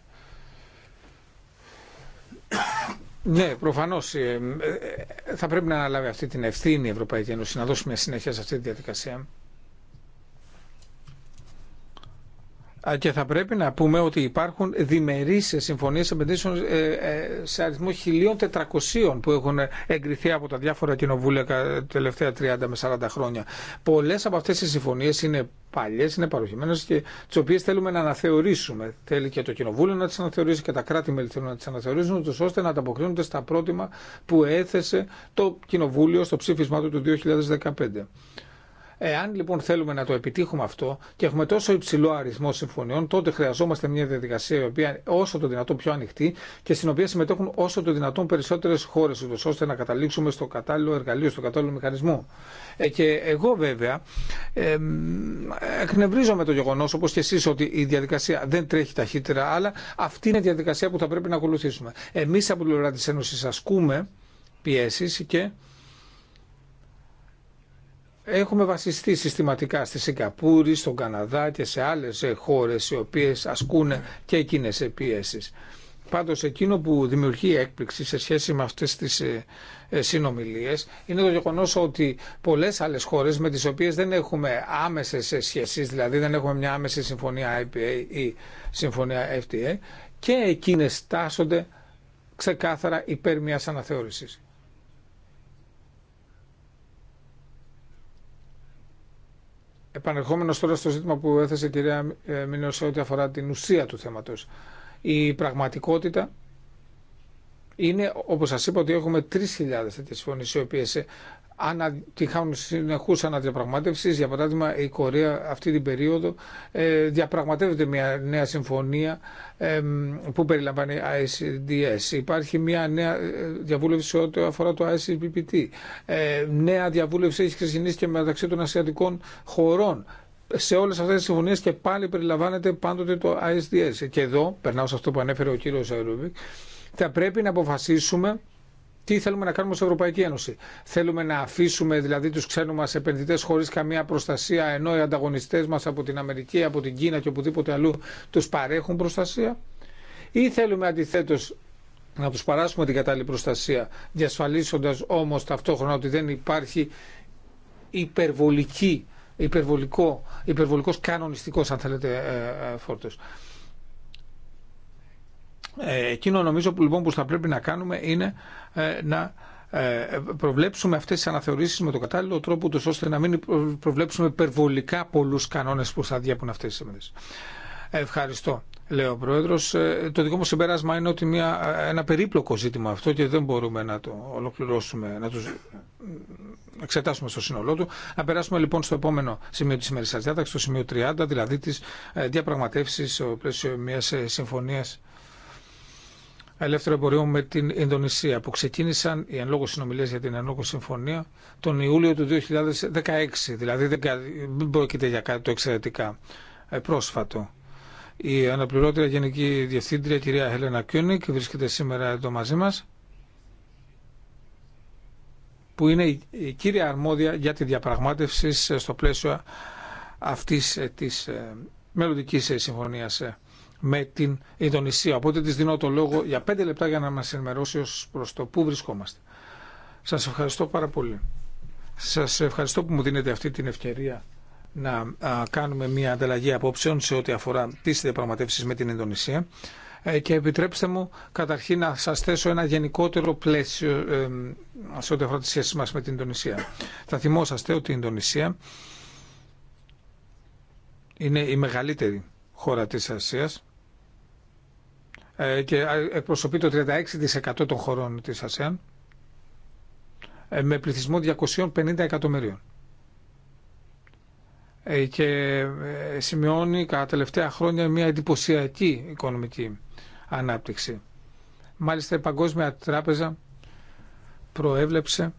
Ναι, προφανώ θα πρέπει να αναλάβει αυτή την ευθύνη η Ευρωπαϊκή Ένωση να δώσει μια συνέχεια σε αυτή τη διαδικασία. και θα πρέπει να πούμε ότι υπάρχουν διμερείς συμφωνίες επενδύσεων ε, ε, σε αριθμό 1.400 που έχουν εγκριθεί από τα διάφορα κοινοβούλια τα τελευταία 30 με 40 χρόνια. Πολλές από αυτές τις συμφωνίες είναι παλιές, είναι παροχημένες και τις οποίες θέλουμε να αναθεωρήσουμε. Θέλει και το κοινοβούλιο να τις αναθεωρήσει και τα κράτη-μέλη θέλουν να τις αναθεωρήσουν ώστε να ανταποκρίνονται στα πρότυμα που έθεσε το κοινοβούλιο στο ψήφισμά του του 2015. Εάν λοιπόν θέλουμε να το επιτύχουμε αυτό και έχουμε τόσο υψηλό αριθμό συμφωνιών, τότε χρειαζόμαστε μια διαδικασία η οποία όσο το δυνατόν πιο ανοιχτή και στην οποία συμμετέχουν όσο το δυνατόν περισσότερε χώρε, ώστε να καταλήξουμε στο κατάλληλο εργαλείο, στο κατάλληλο μηχανισμό. Ε, και εγώ βέβαια εκνευρίζομαι το γεγονό, όπω και εσεί, ότι η διαδικασία δεν τρέχει ταχύτερα, αλλά αυτή είναι η διαδικασία που θα πρέπει να ακολουθήσουμε. Εμεί από την πλευρά τη Ένωση ασκούμε πιέσει και έχουμε βασιστεί συστηματικά στη Σιγκαπούρη, στον Καναδά και σε άλλες ε, χώρε οι οποίες ασκούν και εκείνες πιέσεις. Πάντω εκείνο που δημιουργεί έκπληξη σε σχέση με αυτές τις ε, ε, συνομιλίε. είναι το γεγονός ότι πολλέ άλλες χώρες με τις οποίες δεν έχουμε άμεσες σχέσεις, δηλαδή δεν έχουμε μια άμεση συμφωνία IPA ή συμφωνία FTA και εκείνε τάσσονται ξεκάθαρα υπέρ μια αναθεώρηση. επανερχόμενο τώρα στο ζήτημα που έθεσε η κυρία ε, Μινέο σε ό,τι αφορά την ουσία του θέματος. Η πραγματικότητα είναι, όπως σα είπα, ότι έχουμε 3.000 τέτοιε φωνές οι οποίε. Ε, ανα, τυχάνουν συνεχούς αναδιαπραγμάτευσης. Για παράδειγμα, η Κορέα αυτή την περίοδο ε, διαπραγματεύεται μια νέα συμφωνία ε, που περιλαμβάνει ISDS. Υπάρχει μια νέα ε, διαβούλευση ό,τι αφορά το ICPPT. Ε, νέα διαβούλευση έχει ξεκινήσει και μεταξύ των ασιατικών χωρών. Σε όλε αυτέ τις συμφωνίε και πάλι περιλαμβάνεται πάντοτε το ISDS. Και εδώ, περνάω σε αυτό που ανέφερε ο κύριο Ρούβικ, θα πρέπει να αποφασίσουμε τι θέλουμε να κάνουμε ως Ευρωπαϊκή Ένωση. Θέλουμε να αφήσουμε δηλαδή τους ξένους μας επενδυτές χωρίς καμία προστασία ενώ οι ανταγωνιστές μας από την Αμερική, από την Κίνα και οπουδήποτε αλλού τους παρέχουν προστασία ή θέλουμε αντιθέτως να τους παράσουμε την κατάλληλη προστασία διασφαλίσοντας όμως ταυτόχρονα ότι δεν υπάρχει υπερβολική, υπερβολικό, υπερβολικός κανονιστικός αν θέλετε ε, ε, φόρτος. Ε, εκείνο νομίζω που λοιπόν που θα πρέπει να κάνουμε είναι ε, να ε, προβλέψουμε αυτές τις αναθεωρήσεις με τον κατάλληλο τρόπο τους ώστε να μην προβλέψουμε υπερβολικά πολλούς κανόνες που θα διέπουν αυτές τις εμείς. Ευχαριστώ. Λέω ο Πρόεδρο, το δικό μου συμπέρασμα είναι ότι μια, ένα περίπλοκο ζήτημα αυτό και δεν μπορούμε να το ολοκληρώσουμε, να το εξετάσουμε στο σύνολό του. Να περάσουμε λοιπόν στο επόμενο σημείο τη σημερινής διάταξη, το σημείο 30, δηλαδή τι διαπραγματεύσει στο πλαίσιο μια συμφωνία Ελεύθερο εμπορίο με την Ινδονησία που ξεκίνησαν οι εν λόγω συνομιλίες για την εν λόγω συμφωνία τον Ιούλιο του 2016. Δηλαδή δεν πρόκειται για κάτι το εξαιρετικά ε, πρόσφατο. Η αναπληρώτρια Γενική Διευθύντρια κυρία Χέλενα Κιούνικ βρίσκεται σήμερα εδώ μαζί μας που είναι η κύρια αρμόδια για τη διαπραγμάτευση στο πλαίσιο αυτής ε, της ε, μελλοντικής συμφωνίας με την Ινδονησία. Οπότε τη δίνω το λόγο για πέντε λεπτά για να μα ενημερώσει ω προς το πού βρισκόμαστε. Σα ευχαριστώ πάρα πολύ. σα ευχαριστώ που μου δίνετε αυτή την ευκαιρία να κάνουμε μια ανταλλαγή απόψεων σε ό,τι αφορά τι διαπραγματεύσει με την Ινδονησία ε, και επιτρέψτε μου καταρχήν να σα θέσω ένα γενικότερο πλαίσιο σε ό,τι αφορά τις σχέσεις μα με την Ινδονησία. Θα θυμόσαστε ότι η Ινδονησία είναι η μεγαλύτερη χώρα της Ασίας ε, και ε, εκπροσωπεί το 36% των χωρών της ΑΣΕΑΝ ε, με πληθυσμό 250 εκατομμυρίων. Και σημειώνει κατά τελευταία χρόνια μια εντυπωσιακή οικονομική ανάπτυξη. Μάλιστα η Παγκόσμια Τράπεζα προέβλεψε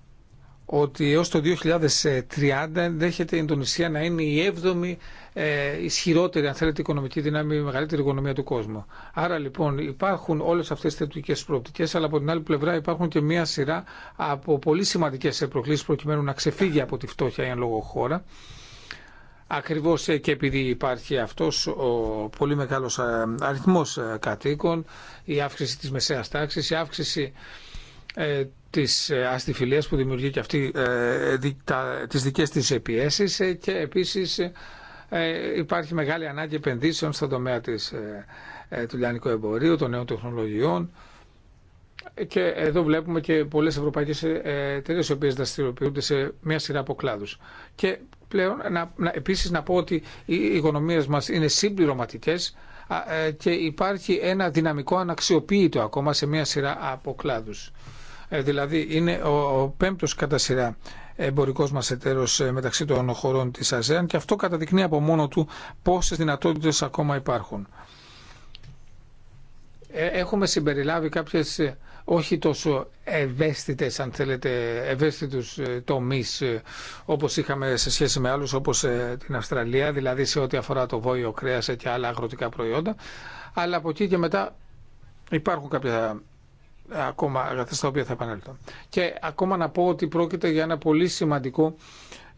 ότι έως το 2030 ενδέχεται η Ινδονησία να είναι η 7η ε, ισχυρότερη, αν θέλετε, οικονομική δύναμη, η μεγαλύτερη οικονομία του κόσμου. Άρα λοιπόν υπάρχουν όλε αυτέ τι θετικέ προοπτικέ, αλλά από την άλλη πλευρά υπάρχουν και μία σειρά από πολύ σημαντικέ προκλήσει προκειμένου να ξεφύγει από τη φτώχεια η εν λόγω χώρα. Ακριβώς ε, και επειδή υπάρχει αυτός ο πολύ μεγάλος ε, αριθμός ε, κατοίκων, η αύξηση της μεσαίας τάξης, η αύξηση Τη ε, αστιφιλία που δημιουργεί και αυτή ε, τι δικές της πιέσει ε, και επίσης υπάρχει μεγάλη ανάγκη επενδύσεων στον τομέα της, του λιανικού εμπορίου, των νέων τεχνολογιών και εδώ βλέπουμε και πολλές ευρωπαϊκές εταιρείε οι οποίες δραστηριοποιούνται σε μια σειρά από κλάδους. Και πλέον να, να, επίσης να πω ότι οι οικονομίες μας είναι συμπληρωματικές και υπάρχει ένα δυναμικό αναξιοποίητο ακόμα σε μια σειρά από ε, δηλαδή είναι ο πέμπτος κατά σειρά εμπορικό μα εταίρο ε, μεταξύ των χωρών τη ΑΖΕΑΝ και αυτό καταδεικνύει από μόνο του πόσε δυνατότητε ακόμα υπάρχουν. Ε, έχουμε συμπεριλάβει κάποιε όχι τόσο ευαίσθητε, αν θέλετε, ευαίσθητου τομεί όπως είχαμε σε σχέση με άλλους όπως την Αυστραλία, δηλαδή σε ό,τι αφορά το βόλιο κρέα και άλλα αγροτικά προϊόντα, αλλά από εκεί και μετά υπάρχουν κάποια ε, ακόμα αγαθά ε, στα οποία θα επανέλθω. Και ακόμα να πω ότι πρόκειται για ένα πολύ σημαντικό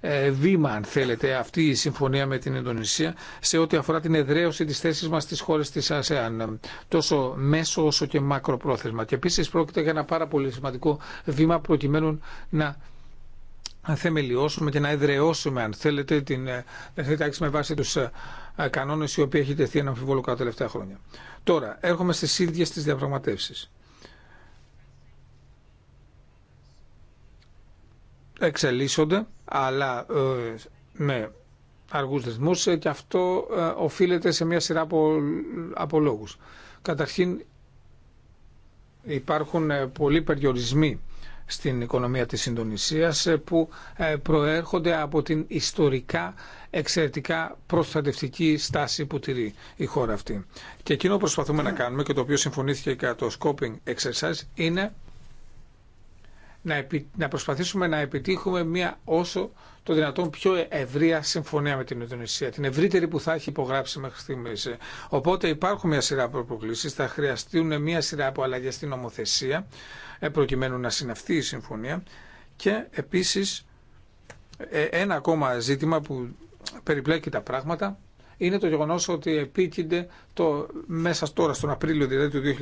ε, βήμα, αν θέλετε, αυτή η συμφωνία με την Ινδονησία σε ό,τι αφορά την εδραίωση τη θέση μα στι χώρε τη ΑΣΕΑΝ, τόσο μέσο όσο και μακροπρόθεσμα. Και επίση πρόκειται για ένα πάρα πολύ σημαντικό βήμα προκειμένου να θεμελιώσουμε και να εδραιώσουμε, αν θέλετε, την εντάξει με βάση του κανόνε οι οποίοι έχει τεθεί ένα αμφιβόλο τελευταία χρόνια. Τώρα, έρχομαι στι ίδιε τι διαπραγματεύσει. εξελίσσονται, αλλά ε, με αργούς ρυθμούς και αυτό ε, οφείλεται σε μια σειρά από, από λόγους. Καταρχήν υπάρχουν ε, πολλοί περιορισμοί στην οικονομία της Ινδονησίας που προέρχονται από την ιστορικά εξαιρετικά προστατευτική στάση που τηρεί η χώρα αυτή. Και εκείνο που προσπαθούμε να κάνουμε και το οποίο συμφωνήθηκε κατά το scoping exercise είναι να προσπαθήσουμε να επιτύχουμε μια όσο το δυνατόν πιο ευρεία συμφωνία με την Ινδονησία, την ευρύτερη που θα έχει υπογράψει μέχρι στιγμή. Οπότε υπάρχουν μια σειρά από προκλήσει, θα χρειαστούν μια σειρά από αλλαγέ στην νομοθεσία, ε, προκειμένου να συναυθεί η συμφωνία. Και επίση, ε, ένα ακόμα ζήτημα που περιπλέκει τα πράγματα είναι το γεγονό ότι επίκυνται το, μέσα τώρα, στον Απρίλιο δηλαδή του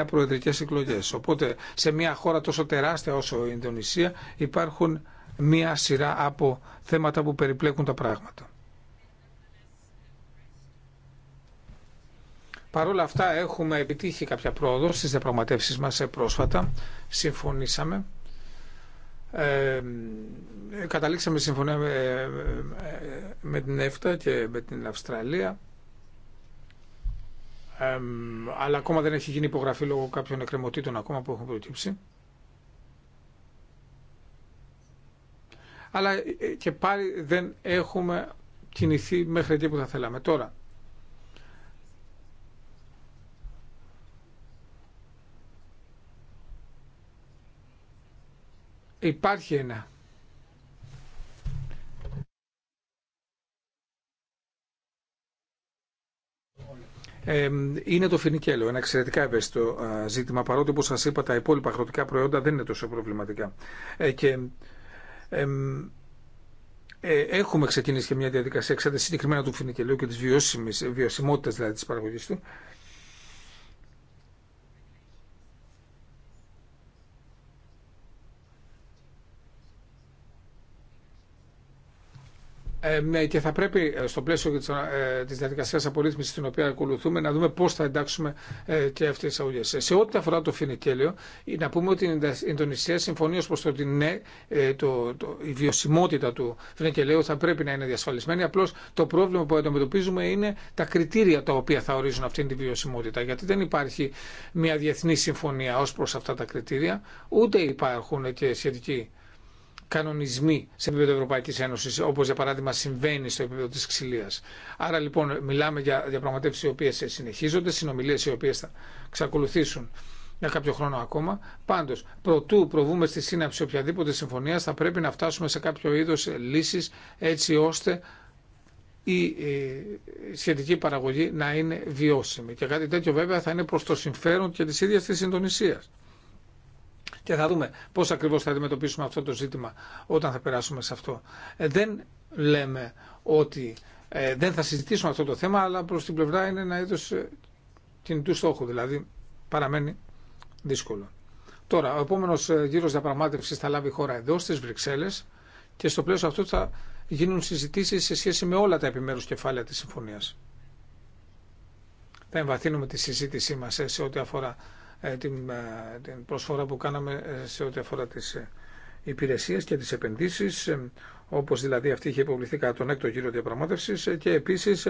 2019, προεδρικέ εκλογέ. Οπότε σε μια χώρα τόσο τεράστια όσο η Ινδονησία υπάρχουν μια σειρά από θέματα που περιπλέκουν τα πράγματα. Παρ' όλα αυτά έχουμε επιτύχει κάποια πρόοδο στις διαπραγματεύσεις μας ε, πρόσφατα. Συμφωνήσαμε ε, καταλήξαμε συμφωνία ε, ε, με, την ΕΦΤΑ και με την Αυστραλία. αλλά ακόμα δεν έχει γίνει υπογραφή λόγω κάποιων εκκρεμωτήτων ακόμα που έχουν προκύψει. Αλλά και πάλι δεν έχουμε κινηθεί μέχρι εκεί που θα θέλαμε. Τώρα, υπάρχει ένα είναι το φινικέλαιο, ένα εξαιρετικά ευαίσθητο ζήτημα, παρότι όπως σας είπα τα υπόλοιπα αγροτικά προϊόντα δεν είναι τόσο προβληματικά. Ε, και, ε, έχουμε ξεκινήσει και μια διαδικασία ξέρετε, συγκεκριμένα του φινικελαίου και της βιώσιμης, βιωσιμότητας δηλαδή της παραγωγής του Ε, ναι, και θα πρέπει ε, στο πλαίσιο της ε, διαδικασίας απορρίθμισης την οποία ακολουθούμε να δούμε πώς θα εντάξουμε και αυτές τις αγωγές. Σε ό,τι αφορά το φινικέλαιο, να πούμε ότι η Ινδονησία συμφωνεί ως προς το ότι ναι, το, το, η βιωσιμότητα του φινικελαίου θα πρέπει να είναι διασφαλισμένη. Απλώς το πρόβλημα που αντιμετωπίζουμε είναι τα κριτήρια τα οποία θα ορίζουν αυτήν τη βιωσιμότητα. Γιατί δεν υπάρχει μια διεθνή συμφωνία ως προς αυτά τα κριτήρια, ούτε υπάρχουν και σχετικοί κανονισμοί σε επίπεδο Ευρωπαϊκή Ένωση, όπω για παράδειγμα συμβαίνει στο επίπεδο τη ξυλία. Άρα λοιπόν μιλάμε για διαπραγματεύσει οι οποίε συνεχίζονται, συνομιλίε οι οποίε θα ξακολουθήσουν για κάποιο χρόνο ακόμα. Πάντω, προτού προβούμε στη σύναψη οποιαδήποτε συμφωνία, θα πρέπει να φτάσουμε σε κάποιο είδο λύση έτσι ώστε η σχετική παραγωγή να είναι βιώσιμη. Και κάτι τέτοιο βέβαια θα είναι προ το συμφέρον και τη ίδια τη συντονισία και θα δούμε πώς ακριβώς θα αντιμετωπίσουμε αυτό το ζήτημα όταν θα περάσουμε σε αυτό. Ε, δεν λέμε ότι ε, δεν θα συζητήσουμε αυτό το θέμα, αλλά προς την πλευρά είναι ένα είδος ε, κινητού στόχου, δηλαδή παραμένει δύσκολο. Τώρα, ο επόμενο γύρο διαπραγμάτευσης θα λάβει χώρα εδώ, στι Βρυξέλλες, και στο πλαίσιο αυτό θα γίνουν συζητήσει σε σχέση με όλα τα επιμέρου κεφάλαια τη συμφωνία. Θα εμβαθύνουμε τη συζήτησή μα σε ό,τι αφορά ε, την, ε, την προσφορά που κάναμε ε, σε ό,τι αφορά τις υπηρεσίες και τις επενδύσεις, όπως δηλαδή αυτή είχε υποβληθεί κατά τον έκτο γύρο διαπραγμάτευσης και επίσης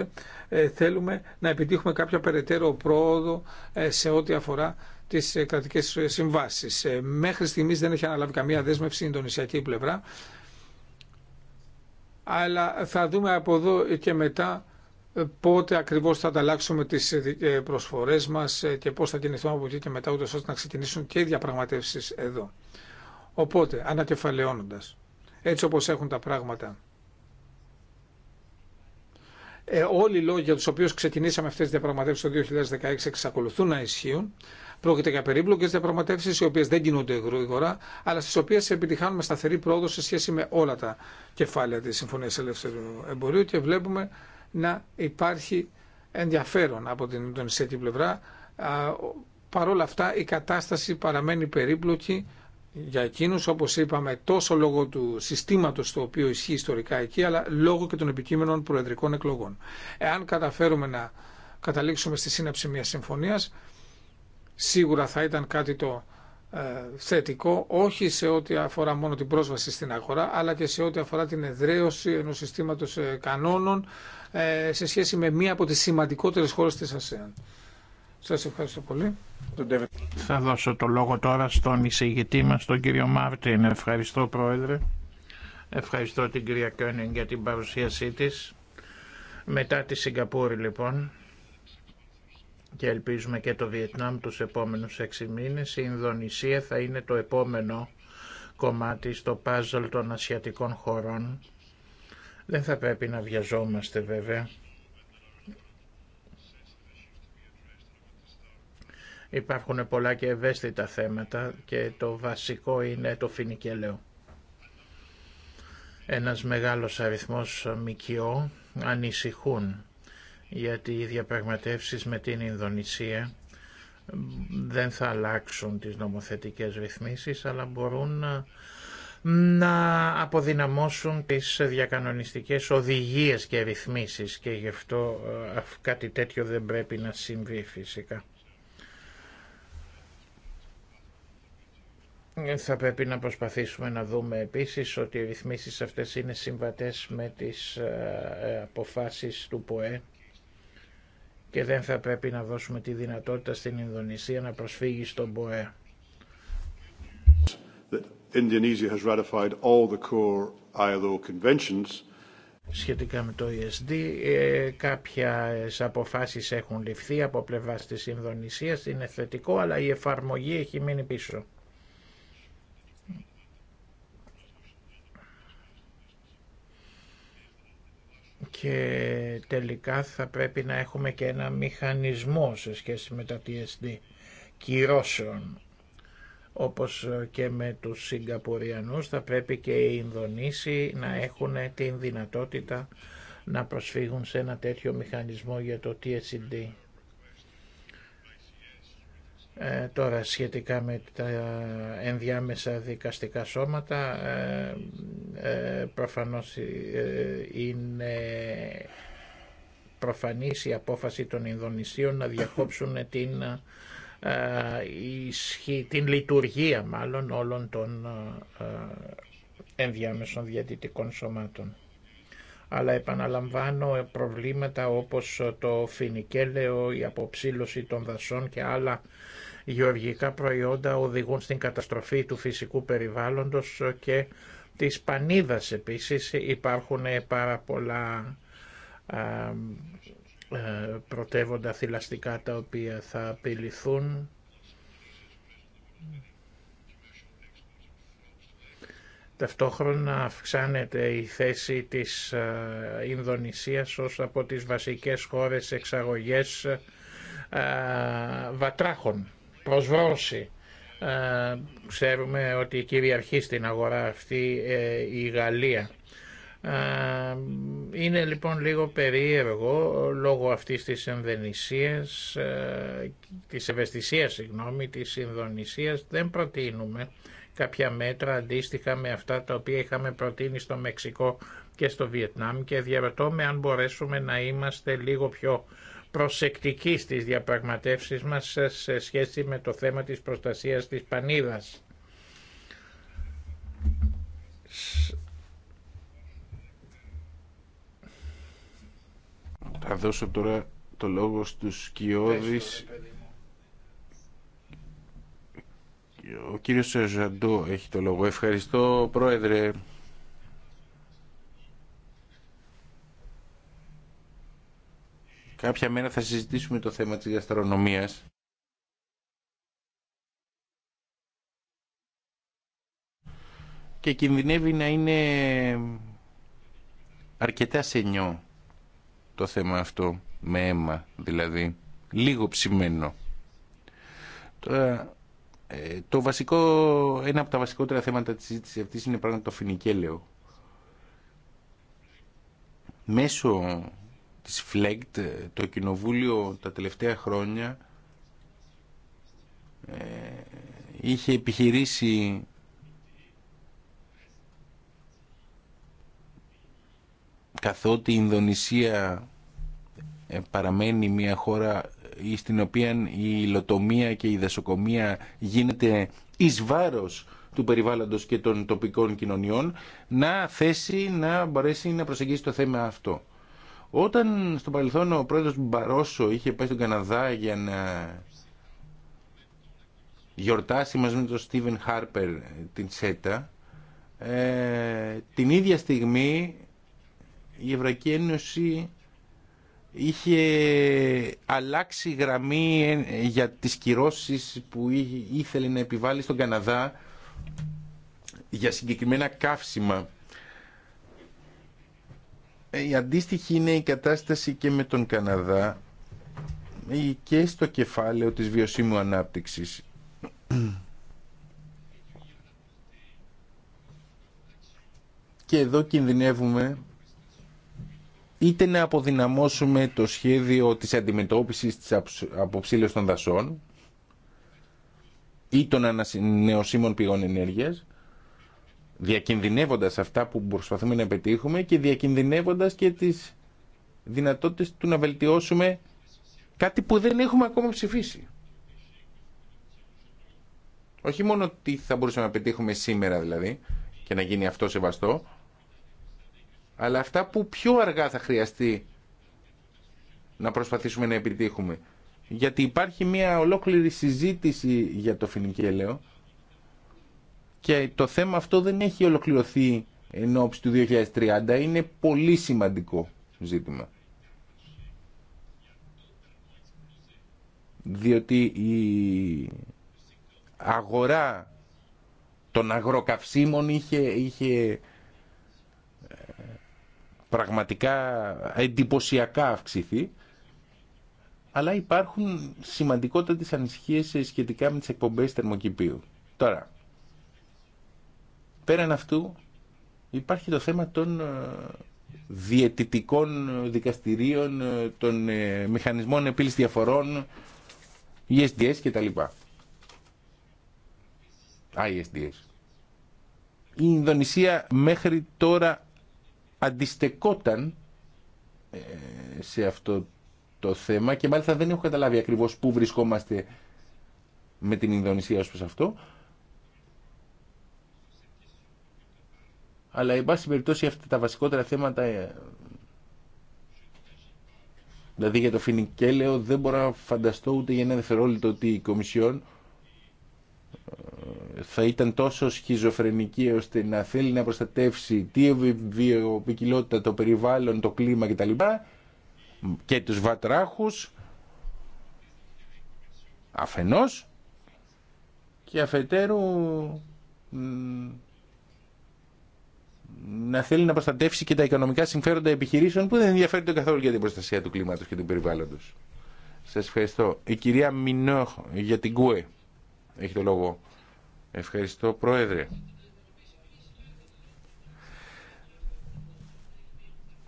θέλουμε να επιτύχουμε κάποια περαιτέρω πρόοδο σε ό,τι αφορά τι κρατικέ συμβάσει. Μέχρι στιγμή δεν έχει αναλάβει καμία δέσμευση η Ινδονησιακή πλευρά. Αλλά θα δούμε από εδώ και μετά ε, πότε ακριβώς θα ανταλλάξουμε τις ε, ε, προσφορές μας και πώς θα κινηθούμε από εκεί και μετά ούτως ώστε να ξεκινήσουν και οι διαπραγματεύσεις εδώ. Οπότε, ανακεφαλαιώνοντας, έτσι όπως έχουν τα πράγματα, ε, όλοι οι λόγοι για τους οποίους ξεκινήσαμε αυτές τις διαπραγματεύσεις το 2016 εξακολουθούν να ισχύουν. Πρόκειται για περίπλοκε διαπραγματεύσει, οι οποίε δεν κινούνται γρήγορα, αλλά στι οποίε επιτυχάνουμε σταθερή πρόοδο σε σχέση με όλα τα κεφάλαια τη Συμφωνία Ελεύθερου Εμπορίου και βλέπουμε να υπάρχει ενδιαφέρον από την Ινδονησιακή πλευρά. Παρ' όλα αυτά η κατάσταση παραμένει περίπλοκη για εκείνους, όπως είπαμε, τόσο λόγω του συστήματος το οποίο ισχύει ιστορικά εκεί, αλλά λόγω και των επικείμενων προεδρικών εκλογών. Εάν καταφέρουμε να καταλήξουμε στη σύναψη μιας συμφωνίας, σίγουρα θα ήταν κάτι το ε, θετικό, όχι σε ό,τι αφορά μόνο την πρόσβαση στην αγορά, αλλά και σε ό,τι αφορά την εδραίωση ενός συστήματος ε, κανόνων, ε, σε σχέση με μία από τις σημαντικότερες χώρες της ΑΣΕΑΝ. Σας ευχαριστώ πολύ. Θα δώσω το λόγο τώρα στον εισηγητή μας, τον κύριο Μάρτιν. Ευχαριστώ Πρόεδρε. Ευχαριστώ την κυρία Κόνιν για την παρουσίασή της. Μετά τη Σιγκαπούρη λοιπόν και ελπίζουμε και το Βιετνάμ τους επόμενους έξι μήνες, η Ινδονησία θα είναι το επόμενο κομμάτι στο πάζλ των ασιατικών χωρών δεν θα πρέπει να βιαζόμαστε βέβαια. Υπάρχουν πολλά και ευαίσθητα θέματα και το βασικό είναι το φινικέλαιο. Ένας μεγάλος αριθμός μικιό ανησυχούν γιατί οι διαπραγματεύσεις με την Ινδονησία δεν θα αλλάξουν τις νομοθετικές ρυθμίσεις αλλά μπορούν να να αποδυναμώσουν τις διακανονιστικές οδηγίες και ρυθμίσεις και γι' αυτό ε, κάτι τέτοιο δεν πρέπει να συμβεί φυσικά. Θα πρέπει να προσπαθήσουμε να δούμε επίσης ότι οι ρυθμίσεις αυτές είναι συμβατές με τις ε, ε, αποφάσεις του ΠΟΕ και δεν θα πρέπει να δώσουμε τη δυνατότητα στην Ινδονησία να προσφύγει στον ΠΟΕ. Indonesia has ratified all the core ILO conventions. Σχετικά με το ESD, ε, κάποιες αποφάσεις έχουν ληφθεί από πλευράς της Ινδονησίας, είναι θετικό, αλλά η εφαρμογή έχει μείνει πίσω. και τελικά θα πρέπει να έχουμε και ένα μηχανισμό σε σχέση με τα TSD κυρώσεων όπως και με τους Σιγκαπουριανούς θα πρέπει και οι Ινδονήσοι να έχουν την δυνατότητα να προσφύγουν σε ένα τέτοιο μηχανισμό για το TSD. Ε, τώρα σχετικά με τα ενδιάμεσα δικαστικά σώματα ε, ε προφανώς ε, είναι προφανής η απόφαση των Ινδονησίων να διακόψουν την ε, την λειτουργία μάλλον όλων των ε, ε, ενδιάμεσων διατητικών σωμάτων. Αλλά επαναλαμβάνω προβλήματα όπως το φινικέλαιο, η αποψήλωση των δασών και άλλα γεωργικά προϊόντα οδηγούν στην καταστροφή του φυσικού περιβάλλοντος και της πανίδας επίσης υπάρχουν πάρα πολλά ε, πρωτεύοντα θηλαστικά τα οποία θα απειληθούν. Ταυτόχρονα αυξάνεται η θέση της ε, Ινδονησίας ως από τις βασικές χώρες εξαγωγές ε, βατράχων προσβρώση. Ξέρουμε ότι κυριαρχεί στην αγορά αυτή η Γαλλία. Ε, είναι λοιπόν λίγο περίεργο λόγω αυτής της ενδενησίας, ε, της ευαισθησίας συγγνώμη, της συνδονησίας δεν προτείνουμε κάποια μέτρα αντίστοιχα με αυτά τα οποία είχαμε προτείνει στο Μεξικό και στο Βιετνάμ και διαρωτώ αν μπορέσουμε να είμαστε λίγο πιο προσεκτικοί στις διαπραγματεύσεις μας σε σχέση με το θέμα της προστασίας της πανίδας Θα δώσω τώρα το λόγο στους Κιώδης. Ο κύριος Ζαντό έχει το λόγο. Ευχαριστώ, Πρόεδρε. Κάποια μέρα θα συζητήσουμε το θέμα της γαστρονομίας. Και κινδυνεύει να είναι αρκετά σενιό το θέμα αυτό με αίμα δηλαδή λίγο ψημένο τώρα ε, το βασικό, ένα από τα βασικότερα θέματα της συζήτηση αυτής είναι πράγμα το φινικέλαιο μέσω της ΦΛΕΚΤ ε, το κοινοβούλιο τα τελευταία χρόνια ε, είχε επιχειρήσει καθότι η Ινδονησία ε, παραμένει μια χώρα στην οποία η υλοτομία και η δασοκομεία γίνεται εις βάρος του περιβάλλοντος και των τοπικών κοινωνιών να θέσει να μπορέσει να προσεγγίσει το θέμα αυτό. Όταν στο παρελθόν ο πρόεδρος Μπαρόσο είχε πάει στον Καναδά για να γιορτάσει μαζί με τον Στίβεν Χάρπερ ε, την ΣΕΤΑ, ε, την ίδια στιγμή η Ευρωπαϊκή Ένωση είχε αλλάξει γραμμή ε, για τις κυρώσεις που ήθελε να επιβάλλει στον Καναδά για συγκεκριμένα καύσιμα. Ε, η αντίστοιχη είναι η κατάσταση και με τον Καναδά ε, και στο κεφάλαιο της βιωσίμου ανάπτυξης. Και εδώ κινδυνεύουμε είτε να αποδυναμώσουμε το σχέδιο της αντιμετώπισης της αποψήλωσης των δασών ή των ανανεωσίμων πηγών ενέργειας, διακινδυνεύοντας αυτά που προσπαθούμε να πετύχουμε και διακινδυνεύοντας και τις δυνατότητες του να βελτιώσουμε κάτι που δεν έχουμε ακόμα ψηφίσει. Όχι μόνο τι θα μπορούσαμε να πετύχουμε σήμερα δηλαδή και να γίνει αυτό σεβαστό, αλλά αυτά που πιο αργά θα χρειαστεί να προσπαθήσουμε να επιτύχουμε. Γιατί υπάρχει μια ολόκληρη συζήτηση για το φινικέλαιο και το θέμα αυτό δεν έχει ολοκληρωθεί εν ώψη του 2030. Είναι πολύ σημαντικό ζήτημα. Διότι η αγορά των αγροκαυσίμων είχε, είχε πραγματικά εντυπωσιακά αυξηθεί αλλά υπάρχουν σημαντικότατες ανησυχίες σχετικά με τις εκπομπές θερμοκηπίου. Τώρα, πέραν αυτού υπάρχει το θέμα των ε, διαιτητικών δικαστηρίων, ε, των ε, μηχανισμών επίλυσης διαφορών, ISDS e και τα λοιπά. ISDS. E Η Ινδονησία μέχρι τώρα αντιστεκόταν ε, σε αυτό το θέμα και μάλιστα δεν έχω καταλάβει ακριβώς πού βρισκόμαστε με την Ινδονησία ως προς αυτό. Αλλά εν πάση περιπτώσει αυτά τα βασικότερα θέματα ε, δηλαδή για το φινικέλεο δεν μπορώ να φανταστώ ούτε για ένα δευτερόλεπτο ότι η Κομισιόν θα ήταν τόσο σχιζοφρενική ώστε να θέλει να προστατεύσει τη βιοποικιλότητα, το περιβάλλον, το κλίμα κτλ. και τους βατράχους αφενός και αφετέρου να θέλει να προστατεύσει και τα οικονομικά συμφέροντα επιχειρήσεων που δεν ενδιαφέρονται καθόλου για την προστασία του κλίματος και του περιβάλλοντος. Σας ευχαριστώ. Η κυρία Μινόχ για την ΚΟΕ. Έχει το λόγο. Ευχαριστώ, Πρόεδρε.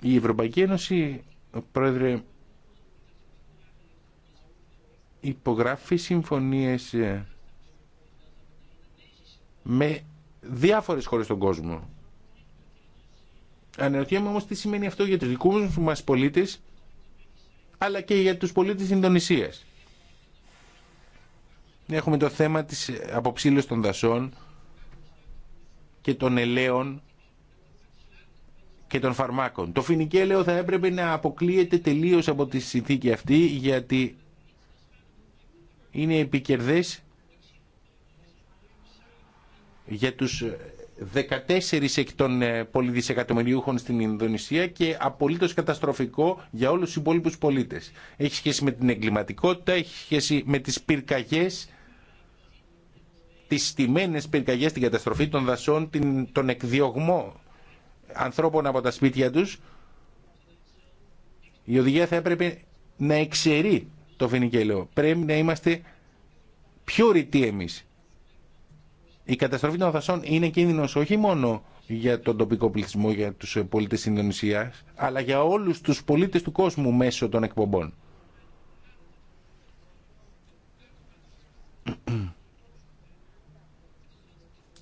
Η Ευρωπαϊκή Ένωση, Πρόεδρε, υπογράφει συμφωνίες ε, με διάφορες χώρες στον κόσμο. Αναρωτιέμαι όμως τι σημαίνει αυτό για τους δικούς μας πολίτες, αλλά και για τους πολίτες Ινδονησίας. Έχουμε το θέμα της αποψήλωσης των δασών και των ελαίων και των φαρμάκων. Το φινικέλαιο θα έπρεπε να αποκλείεται τελείως από τη συνθήκη αυτή γιατί είναι επικερδές για τους 14 εκ των ε, πολυδισεκατομμυριούχων στην Ινδονησία και απολύτως καταστροφικό για όλους τους υπόλοιπους πολίτες. Έχει σχέση με την εγκληματικότητα, έχει σχέση με τις πυρκαγιές τις στιμένες πυρκαγιές, την καταστροφή των δασών, την, τον εκδιωγμό ανθρώπων από τα σπίτια τους, η οδηγία θα έπρεπε να εξαιρεί το φινικέλαιο. Πρέπει να είμαστε πιο ρητοί εμείς. Η καταστροφή των δασών είναι κίνδυνος όχι μόνο για τον τοπικό πληθυσμό, για τους πολίτες της αλλά για όλους τους πολίτες του κόσμου μέσω των εκπομπών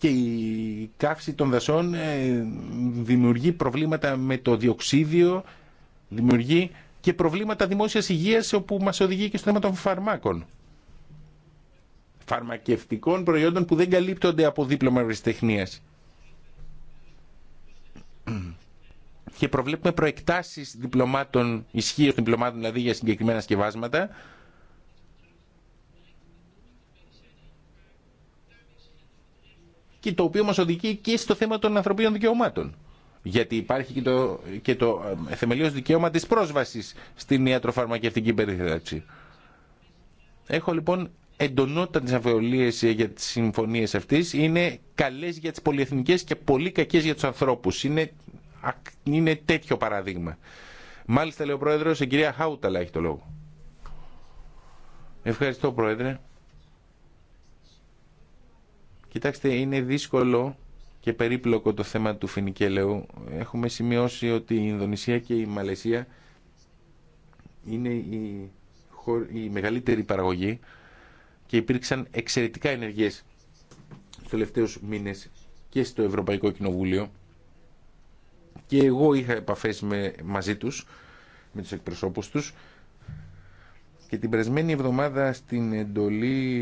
και η καύση των δασών ε, δημιουργεί προβλήματα με το διοξίδιο, δημιουργεί και προβλήματα δημόσιας υγείας όπου μας οδηγεί και στο θέμα των φαρμάκων. Φαρμακευτικών προϊόντων που δεν καλύπτονται από δίπλωμα ευρεσιτεχνίας. Και προβλέπουμε προεκτάσεις διπλωμάτων, ισχύω διπλωμάτων δηλαδή για συγκεκριμένα σκευάσματα, και το οποίο μας οδηγεί και στο θέμα των ανθρωπίνων δικαιωμάτων. Γιατί υπάρχει και το, και το ε, θεμελίως δικαίωμα της πρόσβασης στην ιατροφαρμακευτική περίθαλψη. Έχω λοιπόν εντονότητα τις αμφιβολίες για τις συμφωνίες αυτές. Είναι καλές για τις πολυεθνικές και πολύ κακές για τους ανθρώπους. Είναι, είναι τέτοιο παραδείγμα. Μάλιστα, λέει ο Πρόεδρος, η κυρία Χάουταλα έχει το λόγο. Ευχαριστώ, Πρόεδρε. Κοιτάξτε, είναι δύσκολο και περίπλοκο το θέμα του φινικέλεου. Έχουμε σημειώσει ότι η Ινδονησία και η Μαλαισία είναι η, η μεγαλύτερη παραγωγή και υπήρξαν εξαιρετικά ενεργές τους τελευταίους μήνες και στο Ευρωπαϊκό Κοινοβούλιο και εγώ είχα επαφές με, μαζί τους, με τους εκπροσώπους τους και την περασμένη εβδομάδα στην εντολή,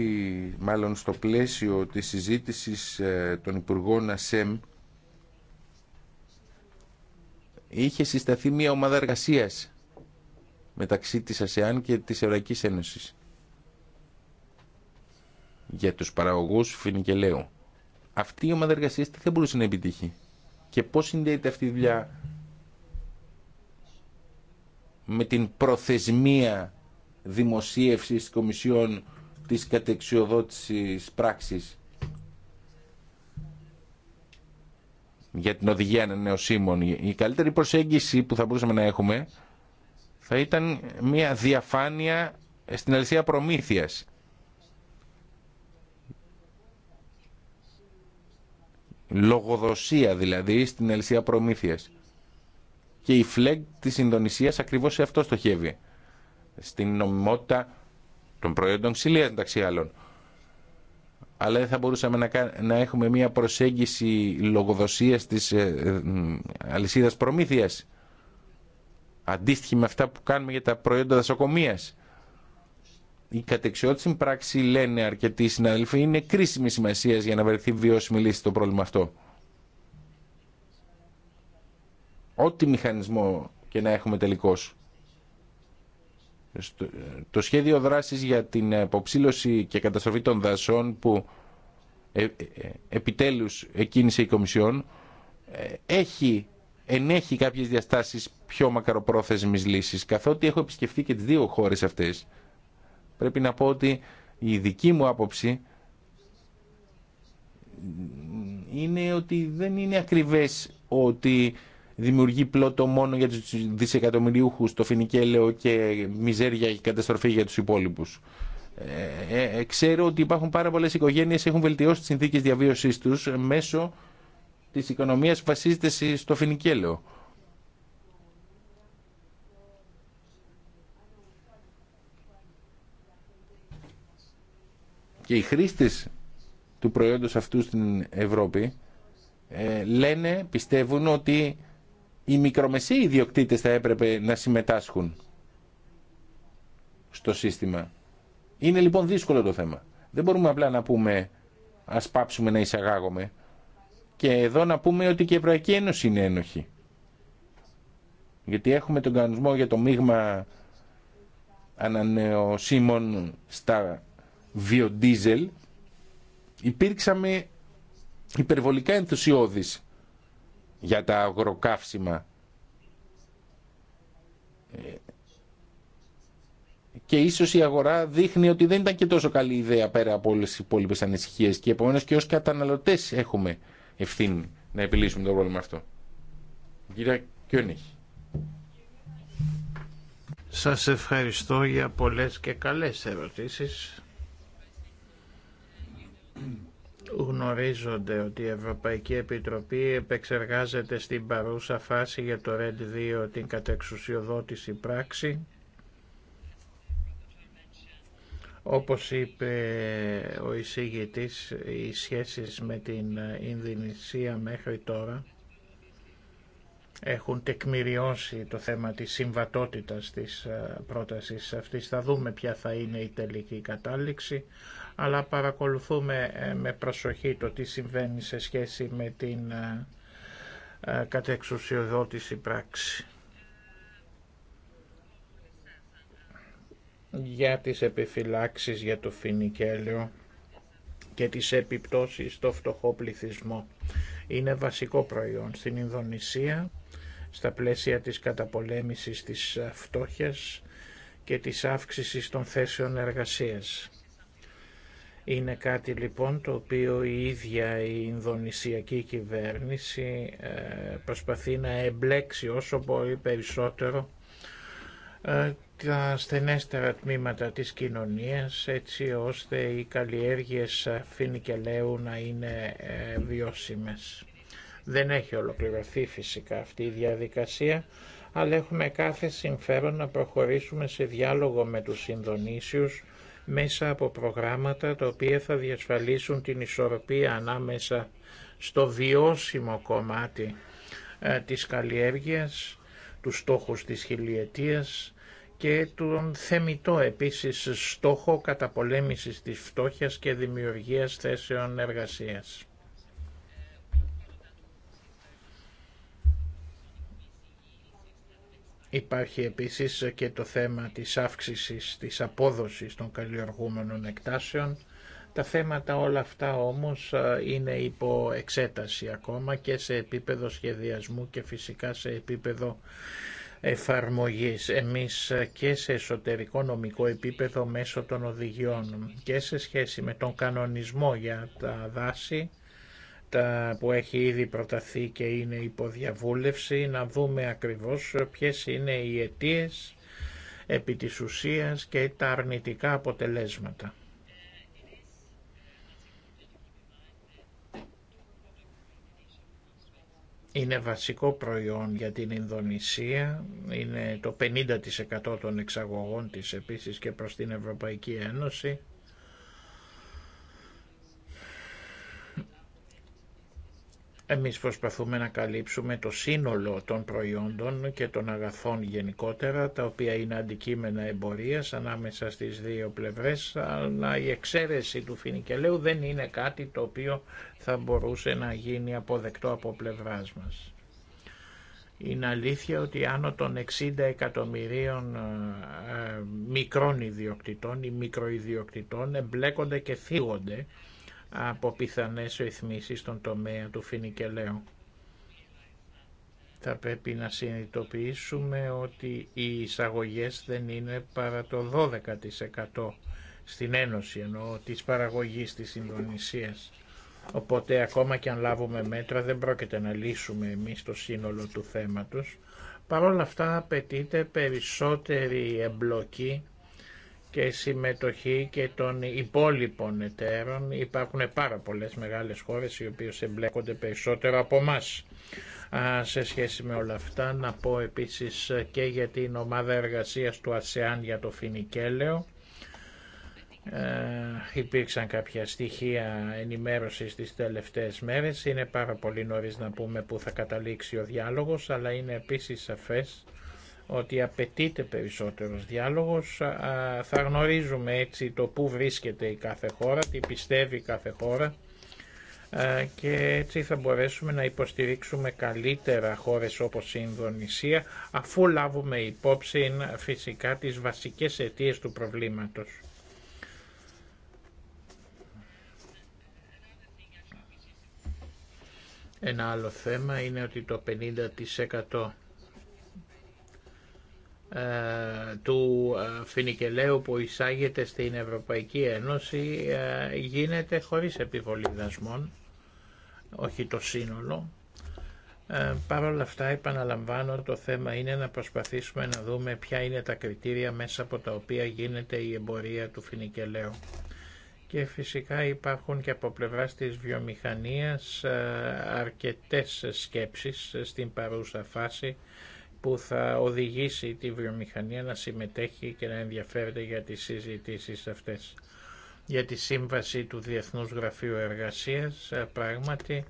μάλλον στο πλαίσιο της συζήτησης ε, των Υπουργών ΑΣΕΜ, είχε συσταθεί μια ομάδα εργασίας μεταξύ της ΑΣΕΑΝ και της Ευρωπαϊκής Ένωσης για τους παραγωγούς φινικελαίου. Αυτή η ομάδα εργασίας τι θα μπορούσε να επιτύχει και πώς συνδέεται αυτή η δουλειά με την προθεσμία δημοσίευσης κομισιών της κατεξιοδότησης πράξης για την οδηγία ανανεωσίμων. Η καλύτερη προσέγγιση που θα μπορούσαμε να έχουμε θα ήταν μια διαφάνεια στην αλυσία προμήθειας. Λογοδοσία δηλαδή στην αλυσία προμήθειας. Και η φλεγ της Ινδονησίας ακριβώς σε αυτό στοχεύει στην νομιμότητα των προϊόντων ξυλία μεταξύ άλλων. Αλλά δεν θα μπορούσαμε να έχουμε μια προσέγγιση λογοδοσίας της ε, ε, αλυσίδα προμήθειας αντίστοιχη με αυτά που κάνουμε για τα προϊόντα δασοκομεία. Η κατεξιότητα πράξη, λένε αρκετοί συναδελφοί, είναι κρίσιμη σημασία για να βρεθεί βιώσιμη λύση στο πρόβλημα αυτό. Ό,τι μηχανισμό και να έχουμε τελικώς. Ε, το σχέδιο δράσης για την αποψήλωση και καταστροφή των δασών που ε, ε, επιτέλους εκκίνησε η Κομισιόν έχει, ενέχει κάποιες διαστάσεις πιο μακαροπρόθεσμης λύσης καθότι έχω επισκεφθεί και τις δύο χώρες αυτές πρέπει να πω ότι η δική μου άποψη είναι ότι δεν είναι ακριβές ότι δημιουργεί πλότο μόνο για τους δισεκατομμυριούχους, το φινικέλαιο και μιζέρια και καταστροφή για τους υπόλοιπους. Ε, ε, ξέρω ότι υπάρχουν πάρα πολλές οικογένειες έχουν βελτιώσει τις συνθήκες διαβίωσής τους μέσω της οικονομίας που βασίζεται στο φινικέλαιο. Και οι χρήστες του προϊόντος αυτού στην Ευρώπη ε, λένε, πιστεύουν ότι οι μικρομεσαίοι ιδιοκτήτες θα έπρεπε να συμμετάσχουν στο σύστημα. Είναι λοιπόν δύσκολο το θέμα. Δεν μπορούμε απλά να πούμε ας πάψουμε να εισαγάγουμε και εδώ να πούμε ότι και η Ευρωπαϊκή Ένωση είναι ένοχη. Γιατί έχουμε τον κανονισμό για το μείγμα ανανεωσίμων στα βιοντίζελ. Υπήρξαμε υπερβολικά ενθουσιώδης για τα αγροκαύσιμα. Και ίσως η αγορά δείχνει ότι δεν ήταν και τόσο καλή ιδέα πέρα από όλες τις υπόλοιπες ανησυχίες και επομένως και ως καταναλωτές έχουμε ευθύνη να επιλύσουμε το πρόβλημα αυτό. Κύριε. Κιόνιχ. Σας ευχαριστώ για πολλές και καλές ερωτήσεις γνωρίζονται ότι η Ευρωπαϊκή Επιτροπή επεξεργάζεται στην παρούσα φάση για το RED 2 την κατεξουσιοδότηση πράξη. Όπως είπε ο εισηγητής, οι σχέσεις με την Ινδονησία μέχρι τώρα έχουν τεκμηριώσει το θέμα της συμβατότητας της ε, πρότασης αυτής. Θα δούμε ποια θα είναι η τελική κατάληξη, αλλά παρακολουθούμε ε, με προσοχή το τι συμβαίνει σε σχέση με την ε, κατεξουσιοδότηση πράξη. για τις επιφυλάξεις για το φινικέλαιο και τις επιπτώσεις στο φτωχό πληθυσμό είναι βασικό προϊόν στην Ινδονησία στα πλαίσια της καταπολέμησης της φτώχειας και της αύξησης των θέσεων εργασίας. Είναι κάτι λοιπόν το οποίο η ίδια η Ινδονησιακή κυβέρνηση ε, προσπαθεί να εμπλέξει όσο μπορεί περισσότερο ε, τα στενέστερα τμήματα της κοινωνίας έτσι ώστε οι καλλιέργειες φινικελαίου να είναι ε, βιώσιμες. Δεν έχει ολοκληρωθεί φυσικά αυτή η διαδικασία, αλλά έχουμε κάθε συμφέρον να προχωρήσουμε σε διάλογο με τους Ινδονήσιους μέσα από προγράμματα τα οποία θα διασφαλίσουν την ισορροπία ανάμεσα στο βιώσιμο κομμάτι ε, της καλλιέργειας, τους στόχους της χιλιετίας, και τον θεμητό επίσης στόχο καταπολέμησης της φτώχειας και δημιουργίας θέσεων εργασίας. Υπάρχει επίσης και το θέμα της αύξησης της απόδοσης των καλλιεργούμενων εκτάσεων. Τα θέματα όλα αυτά όμως ε, είναι υπό εξέταση ακόμα και σε επίπεδο σχεδιασμού και φυσικά σε επίπεδο εφαρμογής εμείς και σε εσωτερικό νομικό επίπεδο μέσω των οδηγιών και σε σχέση με τον κανονισμό για τα δάση τα που έχει ήδη προταθεί και είναι υποδιαβούλευση να δούμε ακριβώς ποιες είναι οι αιτίες επί της ουσίας και τα αρνητικά αποτελέσματα. Είναι βασικό προϊόν για την Ινδονησία, είναι το 50% των εξαγωγών της επίσης και προς την Ευρωπαϊκή Ένωση Εμείς προσπαθούμε να καλύψουμε το σύνολο των προϊόντων και των αγαθών γενικότερα, τα οποία είναι αντικείμενα εμπορίας ανάμεσα στις δύο πλευρές, αλλά η εξαίρεση του φινικελαίου δεν είναι κάτι το οποίο θα μπορούσε να γίνει αποδεκτό από πλευράς μας. Είναι αλήθεια ότι άνω των 60 εκατομμυρίων ε, μικρών ιδιοκτητών ή μικροϊδιοκτητών εμπλέκονται και φύγονται από πιθανές ρυθμίσεις στον τομέα του φινικελαίου. Θα πρέπει να συνειδητοποιήσουμε ότι οι εισαγωγές δεν είναι παρά το 12% στην Ένωση ενώ της παραγωγής της Ινδονησίας. Οπότε ακόμα και αν λάβουμε μέτρα δεν πρόκειται να λύσουμε εμείς το σύνολο του θέματος. Παρ' όλα αυτά απαιτείται περισσότερη εμπλοκή και συμμετοχή και των υπόλοιπων εταίρων. Υπάρχουν πάρα πολλές μεγάλες χώρες οι οποίες εμπλέκονται περισσότερο από εμά. Σε σχέση με όλα αυτά να πω επίσης και για την ομάδα εργασίας του ΑΣΕΑΝ για το Φινικέλαιο. Ε, υπήρξαν κάποια στοιχεία ενημέρωσης τις τελευταίες μέρες. Είναι πάρα πολύ νωρίς να πούμε που θα καταλήξει ο διάλογος, αλλά είναι επίσης σαφές ότι απαιτείται περισσότερος διάλογος, θα γνωρίζουμε έτσι το πού βρίσκεται η κάθε χώρα, τι πιστεύει η κάθε χώρα και έτσι θα μπορέσουμε να υποστηρίξουμε καλύτερα χώρες όπως η Ινδονησία αφού λάβουμε υπόψη φυσικά τις βασικές αιτίες του προβλήματος. Ένα άλλο θέμα είναι ότι το 50% ε, του ε, φινικελαίου που εισάγεται στην Ευρωπαϊκή Ένωση ε, γίνεται χωρίς επιβολή δασμών, όχι το σύνολο. Παρ' όλα αυτά επαναλαμβάνω το θέμα είναι να προσπαθήσουμε να δούμε ποια είναι τα κριτήρια μέσα από τα οποία γίνεται η εμπορία του φινικελαίου. Και φυσικά υπάρχουν και από πλευρά της βιομηχανίας αρκετές σκέψεις στην παρούσα φάση που θα οδηγήσει τη βιομηχανία να συμμετέχει και να ενδιαφέρεται για τις συζητήσεις αυτές. Για τη σύμβαση του Διεθνούς Γραφείου Εργασίας, ε, πράγματι,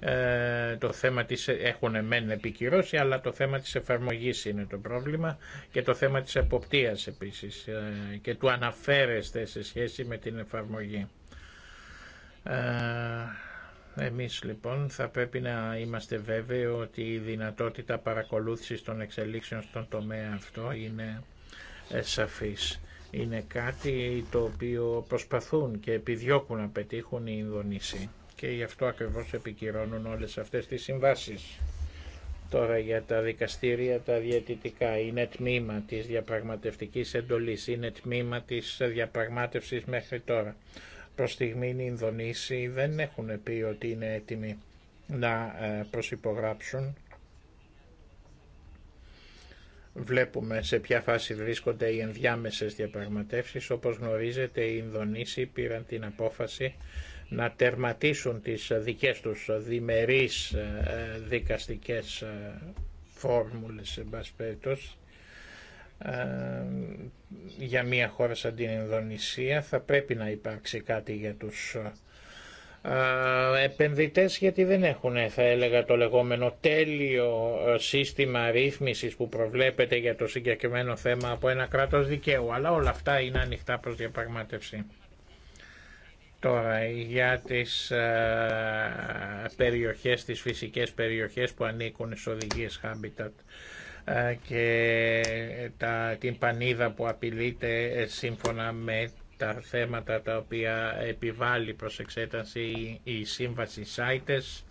ε, το θέμα της ε, έχουν μεν επικυρώσει, αλλά το θέμα της εφαρμογής είναι το πρόβλημα και το θέμα της εποπτείας επίσης και του αναφέρεστε σε σχέση με την εφαρμογή. Εμείς λοιπόν θα πρέπει να είμαστε βέβαιοι ότι η δυνατότητα παρακολούθησης των εξελίξεων στον τομέα αυτό είναι ε, σαφής. Είναι κάτι το οποίο προσπαθούν και επιδιώκουν να πετύχουν οι Ινδονήσοι και γι' αυτό ακριβώς επικυρώνουν όλες αυτές τις συμβάσεις. Τώρα για τα δικαστήρια τα διαιτητικά είναι τμήμα της διαπραγματευτικής εντολής, είναι τμήμα της διαπραγμάτευσης μέχρι τώρα. Προ στιγμήν οι Ινδονήσοι δεν έχουν πει ότι είναι έτοιμοι να ε, προσυπογράψουν. Βλέπουμε σε ποια φάση βρίσκονται οι ενδιάμεσες διαπραγματεύσεις. Όπως γνωρίζετε οι Ινδονήσοι πήραν την απόφαση να τερματίσουν τις δικές τους διμερείς ε, δικαστικές ε, φόρμουλες σε ε, για μια χώρα σαν την Ινδονησία θα πρέπει να υπάρξει κάτι για τους ε, επενδυτές γιατί δεν έχουν θα έλεγα το λεγόμενο τέλειο ε, σύστημα ρύθμισης που προβλέπεται για το συγκεκριμένο θέμα από ένα κράτος δικαίου αλλά όλα αυτά είναι ανοιχτά προς διαπραγμάτευση. Τώρα για τις περιοχές, τις φυσικές περιοχές που ανήκουν στις οδηγίες Habitat ε, και τα, την πανίδα που απειλείται ε, σύμφωνα με τα θέματα τα οποία επιβάλλει προς εξέταση η σύμβαση ΣΑΙΤΕΣ.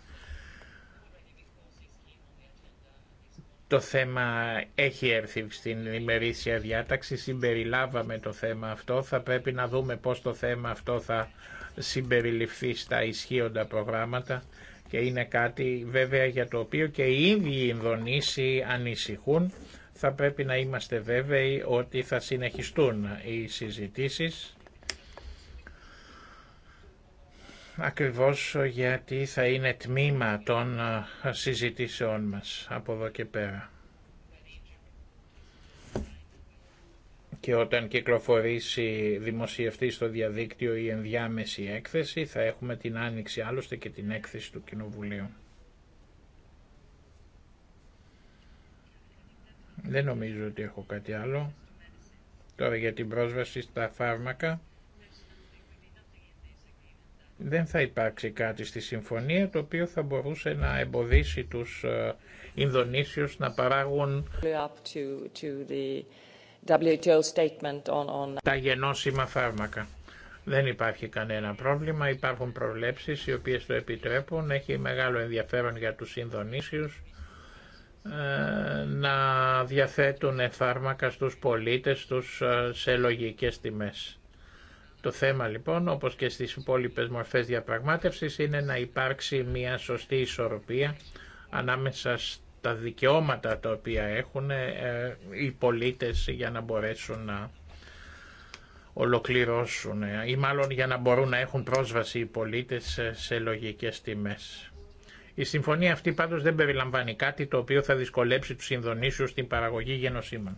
Το θέμα έχει έρθει στην ημερήσια διάταξη, συμπεριλάβαμε το θέμα αυτό, θα πρέπει να δούμε πώς το θέμα αυτό θα συμπεριληφθεί στα ισχύοντα προγράμματα και είναι κάτι βέβαια για το οποίο και οι ίδιοι Ινδονήσοι ανησυχούν. Θα πρέπει να είμαστε βέβαιοι ότι θα συνεχιστούν οι συζητήσεις ακριβώς γιατί θα είναι τμήμα των ε, συζητήσεών μας από εδώ και πέρα. και όταν κυκλοφορήσει δημοσιευτεί στο διαδίκτυο η ενδιάμεση έκθεση θα έχουμε την άνοιξη άλλωστε και την έκθεση του Κοινοβουλίου. Δεν νομίζω ότι έχω κάτι άλλο. Τώρα για την πρόσβαση στα φάρμακα. Δεν θα υπάρξει κάτι στη συμφωνία το οποίο θα μπορούσε να εμποδίσει τους ε, Ινδονήσιους να παράγουν statement on, on... Τα γενώσιμα φάρμακα. Δεν υπάρχει κανένα πρόβλημα, υπάρχουν προβλέψεις οι οποίες το επιτρέπουν, έχει μεγάλο ενδιαφέρον για τους Ινδονήσιους ε, να διαθέτουν φάρμακα στους πολίτες τους ε, σε λογικές τιμές. Το θέμα λοιπόν, όπως και στις υπόλοιπες μορφές διαπραγμάτευσης, είναι να υπάρξει μια σωστή ισορροπία ανάμεσα τα δικαιώματα τα οποία έχουν ε, οι πολίτες για να μπορέσουν να ολοκληρώσουν ε, ή μάλλον για να μπορούν να έχουν πρόσβαση οι πολίτες σε λογικές τιμές. Η συμφωνία αυτή πάντως δεν περιλαμβάνει κάτι το οποίο θα δυσκολέψει τους Ινδονήσιους στην παραγωγή γενοσύμων.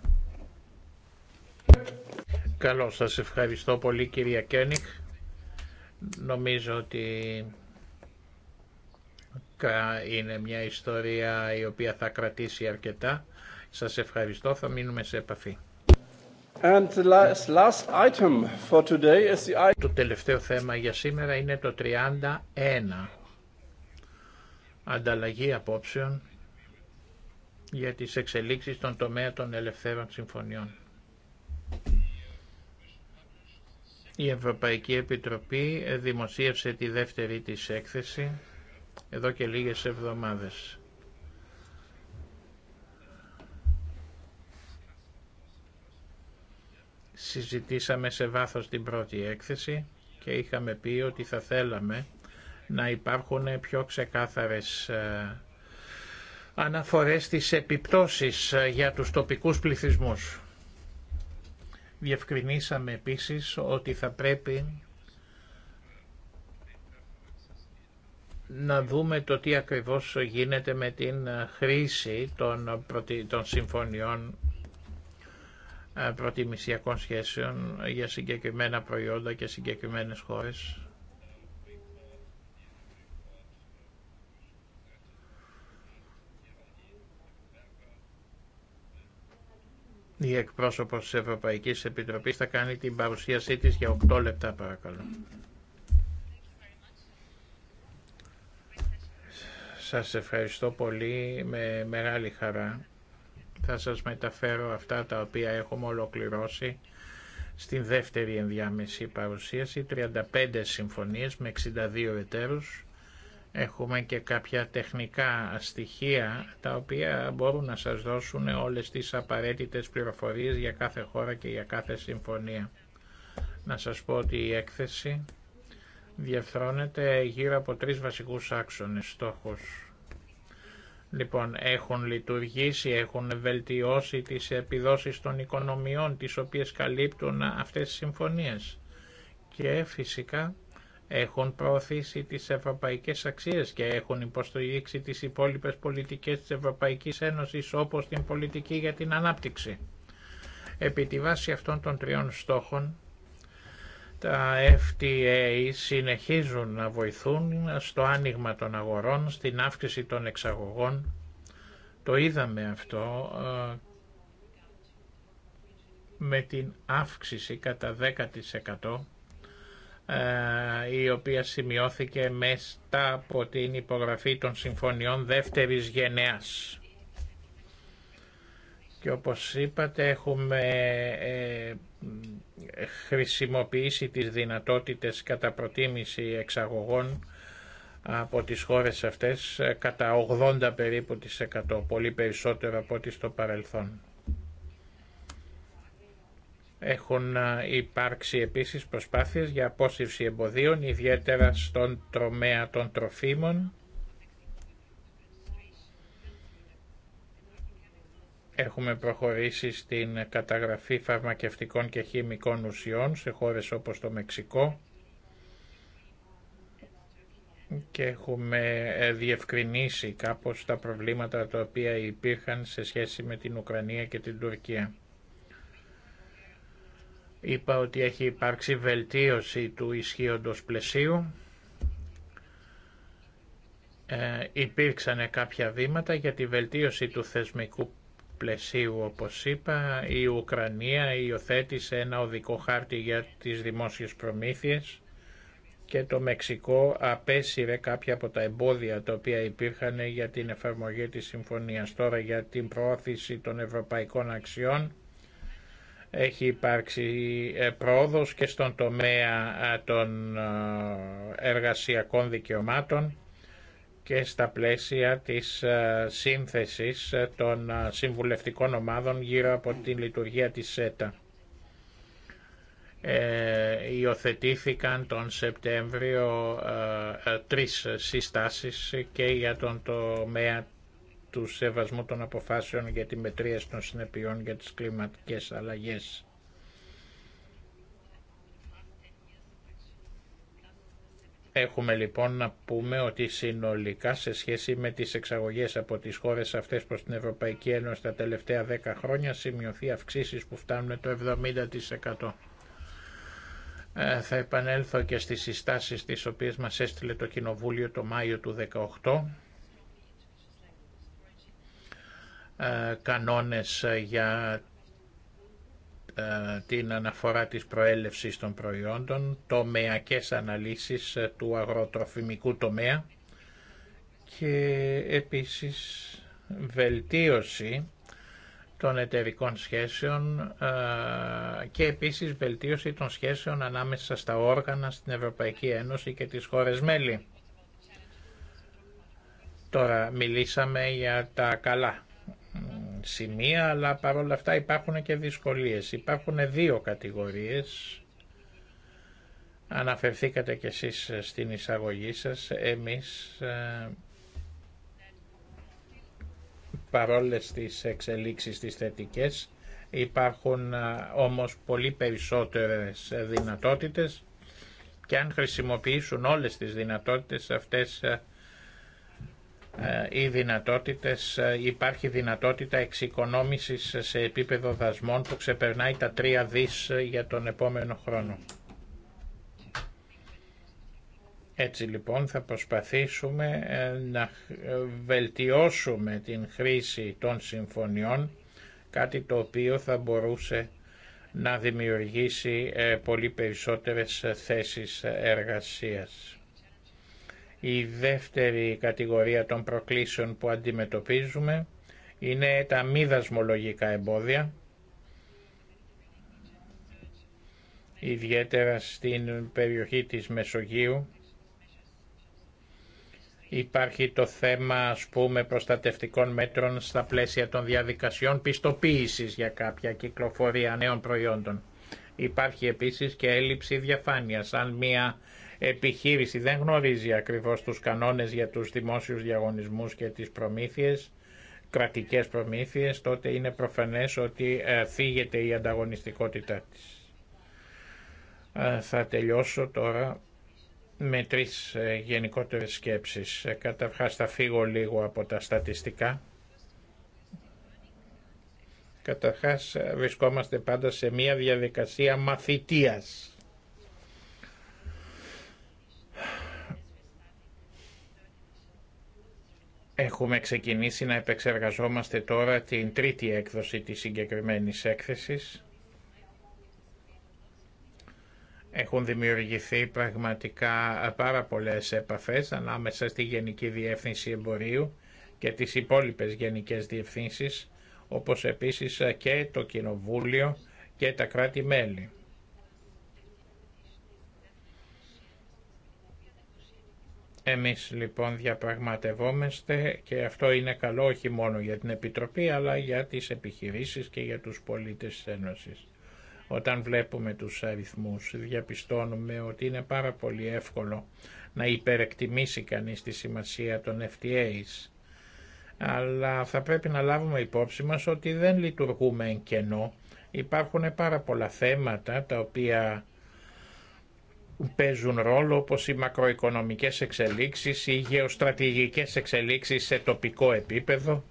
Καλώς σας ευχαριστώ πολύ κυρία Κένιχ. Νομίζω ότι είναι μια ιστορία η οποία θα κρατήσει αρκετά. Σας ευχαριστώ, θα μείνουμε σε επαφή. the last, item for today is the... Το τελευταίο θέμα για σήμερα είναι το 31. Ανταλλαγή απόψεων για τις εξελίξεις στον τομέα των ελευθέρων συμφωνιών. Η Ευρωπαϊκή Επιτροπή δημοσίευσε τη δεύτερη της έκθεση εδώ και λίγες εβδομάδες. Συζητήσαμε σε βάθος την πρώτη έκθεση και είχαμε πει ότι θα θέλαμε να υπάρχουν πιο ξεκάθαρες ε, αναφορές στις επιπτώσεις ε, για τους τοπικούς πληθυσμούς. Διευκρινίσαμε επίσης ότι θα πρέπει να δούμε το τι ακριβώς γίνεται με την ε, χρήση των, των συμφωνιών ε, προτιμησιακών σχέσεων για συγκεκριμένα προϊόντα και συγκεκριμένες χώρες. Η εκπρόσωπος της Ευρωπαϊκής Επιτροπής θα κάνει την παρουσίασή της για 8 λεπτά παρακαλώ. Σας ευχαριστώ πολύ με μεγάλη χαρά. Θα σας μεταφέρω αυτά τα οποία έχουμε ολοκληρώσει στην δεύτερη ενδιάμεση παρουσίαση. 35 συμφωνίες με 62 εταίρους. Έχουμε και κάποια τεχνικά στοιχεία τα οποία μπορούν να σας δώσουν όλες τις απαραίτητες πληροφορίες για κάθε χώρα και για κάθε συμφωνία. Να σας πω ότι η έκθεση διευθρώνεται γύρω από τρεις βασικούς άξονες στόχους. Λοιπόν, έχουν λειτουργήσει, έχουν βελτιώσει τις επιδόσεις των οικονομιών τις οποίες καλύπτουν αυτές τις συμφωνίες και φυσικά έχουν προωθήσει τις ευρωπαϊκές αξίες και έχουν υποστηρίξει τις υπόλοιπες πολιτικές της Ευρωπαϊκής Ένωσης όπως την πολιτική για την ανάπτυξη. Επί τη βάση αυτών των τριών στόχων τα FTA συνεχίζουν να βοηθούν στο άνοιγμα των αγορών, στην αύξηση των εξαγωγών. Το είδαμε αυτό ε, με την αύξηση κατά 10% ε, η οποία σημειώθηκε μέσα από την υπογραφή των συμφωνιών δεύτερης γενεάς και όπως είπατε έχουμε ε, ε, χρησιμοποιήσει τις δυνατότητες κατά προτίμηση εξαγωγών από τις χώρες αυτές ε, κατά 80 περίπου της 100, πολύ περισσότερο από ό,τι στο παρελθόν. Έχουν ε, υπάρξει επίσης προσπάθειες για απόσυρση εμποδίων, ιδιαίτερα στον τρομέα των τροφίμων Έχουμε προχωρήσει στην καταγραφή φαρμακευτικών και χημικών ουσιών σε χώρες όπως το Μεξικό και έχουμε ε, διευκρινίσει κάπως τα προβλήματα τα οποία υπήρχαν σε σχέση με την Ουκρανία και την Τουρκία. Είπα ότι έχει υπάρξει βελτίωση του ισχύοντος πλαισίου. Ε, υπήρξαν κάποια βήματα για τη βελτίωση του θεσμικού πλαισίου, όπως είπα, η Ουκρανία υιοθέτησε ένα οδικό χάρτη για τις δημόσιες προμήθειες και το Μεξικό απέσυρε κάποια από τα εμπόδια τα οποία υπήρχαν για την εφαρμογή της συμφωνίας. Τώρα για την προώθηση των ευρωπαϊκών αξιών έχει υπάρξει ε, πρόοδος και στον τομέα ε, των ε, εργασιακών δικαιωμάτων και στα πλαίσια της ε, σύνθεσης ε, των ε, συμβουλευτικών ομάδων γύρω από τη λειτουργία της ΣΕΤΑ. Ε, υιοθετήθηκαν τον Σεπτέμβριο ε, τρεις συστάσεις και για τον τομέα του σεβασμού των αποφάσεων για τη μετρία των συνεπειών για τις κλιματικές αλλαγές. Έχουμε λοιπόν να πούμε ότι συνολικά σε σχέση με τις εξαγωγές από τις χώρες αυτές προς την Ευρωπαϊκή Ένωση τα τελευταία 10 χρόνια σημειωθεί αυξήσεις που φτάνουν το 70%. Ε, θα επανέλθω και στις συστάσεις τις οποίες μας έστειλε το Κοινοβούλιο το Μάιο του 2018 ε, κανόνες για ε, την αναφορά της προέλευσης των προϊόντων, τομεακές αναλύσεις ε, του αγροτροφημικού τομέα και επίσης βελτίωση των εταιρικών σχέσεων ε, και επίσης βελτίωση των σχέσεων ανάμεσα στα όργανα στην Ευρωπαϊκή Ένωση και τις χώρες μέλη. Τώρα μιλήσαμε για τα καλά σημεία, αλλά παρόλα αυτά υπάρχουν και δυσκολίες. Υπάρχουν δύο κατηγορίες, αναφερθήκατε κι εσείς στην εισαγωγή σας, εμείς ε, παρόλες τις εξελίξεις τις θετικές υπάρχουν ε, όμως πολύ περισσότερες δυνατότητες και αν χρησιμοποιήσουν όλες τις δυνατότητες αυτές ε, η ε, δυνατότητες, ε, υπάρχει δυνατότητα εξοικονόμησης σε επίπεδο δασμών που ξεπερνάει τα τρία δις ε, για τον επόμενο χρόνο. Έτσι λοιπόν θα προσπαθήσουμε να βελτιώσουμε την χρήση των συμφωνιών, κάτι το οποίο θα μπορούσε να δημιουργήσει πολύ περισσότερες θέσεις εργασίας. Η δεύτερη κατηγορία των προκλήσεων που αντιμετωπίζουμε είναι τα μη δασμολογικά εμπόδια, ιδιαίτερα στην περιοχή της Μεσογείου. Υπάρχει το θέμα, ας πούμε, προστατευτικών μέτρων στα πλαίσια των διαδικασιών πιστοποίησης για κάποια κυκλοφορία νέων προϊόντων. Υπάρχει επίσης και έλλειψη διαφάνειας. Αν μία επιχείρηση δεν γνωρίζει ακριβώς τους κανόνες για τους δημόσιους διαγωνισμούς και τις προμήθειες, κρατικές προμήθειες, τότε είναι προφανές ότι ε, φύγεται η ανταγωνιστικότητά της. Ε, θα τελειώσω τώρα με τρεις ε, γενικότερες σκέψεις. Καταρχά θα φύγω λίγο από τα στατιστικά. Καταρχάς βρισκόμαστε πάντα σε μια διαδικασία μαθητείας Έχουμε ξεκινήσει να επεξεργαζόμαστε τώρα την τρίτη έκδοση της συγκεκριμένης έκθεσης. Έχουν δημιουργηθεί πραγματικά πάρα πολλές επαφές ανάμεσα στη Γενική Διεύθυνση Εμπορίου και τις υπόλοιπες Γενικές Διευθύνσεις, όπως επίσης και το Κοινοβούλιο και τα κράτη-μέλη. Εμείς λοιπόν διαπραγματευόμαστε και αυτό είναι καλό όχι μόνο για την Επιτροπή αλλά για τις επιχειρήσεις και για τους πολίτες της Ένωσης. Όταν βλέπουμε τους αριθμούς διαπιστώνουμε ότι είναι πάρα πολύ εύκολο να υπερεκτιμήσει κανείς τη σημασία των FTAs. Αλλά θα πρέπει να λάβουμε υπόψη μας ότι δεν λειτουργούμε εν κενό. Υπάρχουν πάρα πολλά θέματα τα οποία παίζουν ρόλο όπως οι μακροοικονομικές εξελίξεις, οι γεωστρατηγικές εξελίξεις σε τοπικό επίπεδο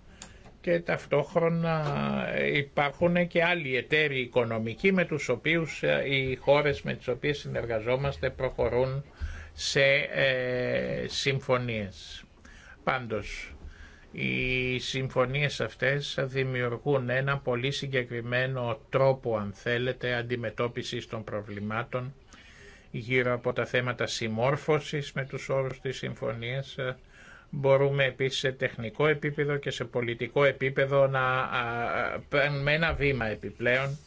και ταυτόχρονα υπάρχουν και άλλοι εταίροι οικονομικοί με τους οποίους ε, οι χώρες με τις οποίες συνεργαζόμαστε προχωρούν σε ε, συμφωνίες. Πάντως, οι συμφωνίες αυτές δημιουργούν ένα πολύ συγκεκριμένο τρόπο, αν θέλετε, αντιμετώπισης των προβλημάτων γύρω από τα θέματα συμμόρφωσης με τους όρους της συμφωνίας. Ε, μπορούμε επίσης σε τεχνικό επίπεδο και σε πολιτικό επίπεδο να παίρνουμε ένα βήμα επιπλέον,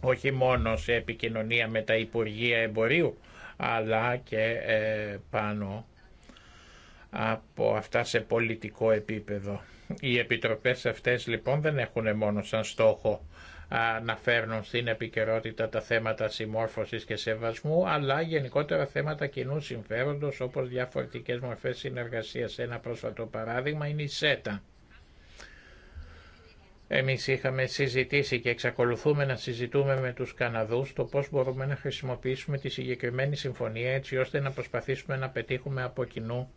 όχι μόνο σε επικοινωνία με τα Υπουργεία Εμπορίου, αλλά και ε, πάνω από αυτά σε πολιτικό επίπεδο. Οι επιτροπές αυτές λοιπόν δεν έχουν μόνο σαν στόχο να φέρνουν στην επικαιρότητα τα θέματα συμμόρφωσης και σεβασμού, αλλά γενικότερα θέματα κοινού συμφέροντος όπως διαφορετικές μορφές συνεργασίας. Ένα πρόσφατο παράδειγμα είναι η ΣΕΤΑ. Εμείς είχαμε συζητήσει και εξακολουθούμε να συζητούμε με τους Καναδούς το πώς μπορούμε να χρησιμοποιήσουμε τη συγκεκριμένη συμφωνία έτσι ώστε να προσπαθήσουμε να πετύχουμε από κοινού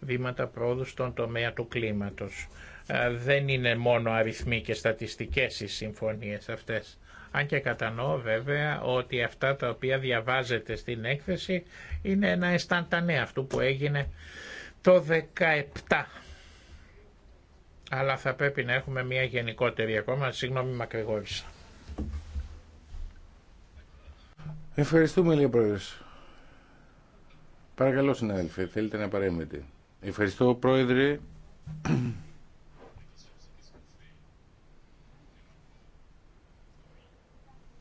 βήματα πρόοδου στον τομέα του κλίματος. Ε, δεν είναι μόνο αριθμοί και στατιστικές οι συμφωνίες αυτές. Αν και κατανοώ βέβαια ότι αυτά τα οποία διαβάζετε στην έκθεση είναι ένα αισθαντανέ αυτού που έγινε το 17. Αλλά θα πρέπει να έχουμε μια γενικότερη ακόμα. Συγγνώμη μακρηγόρησα. Ευχαριστούμε λίγο πρόεδρος. Παρακαλώ συνάδελφε, θέλετε να παρέμβετε. Ευχαριστώ πρόεδρε.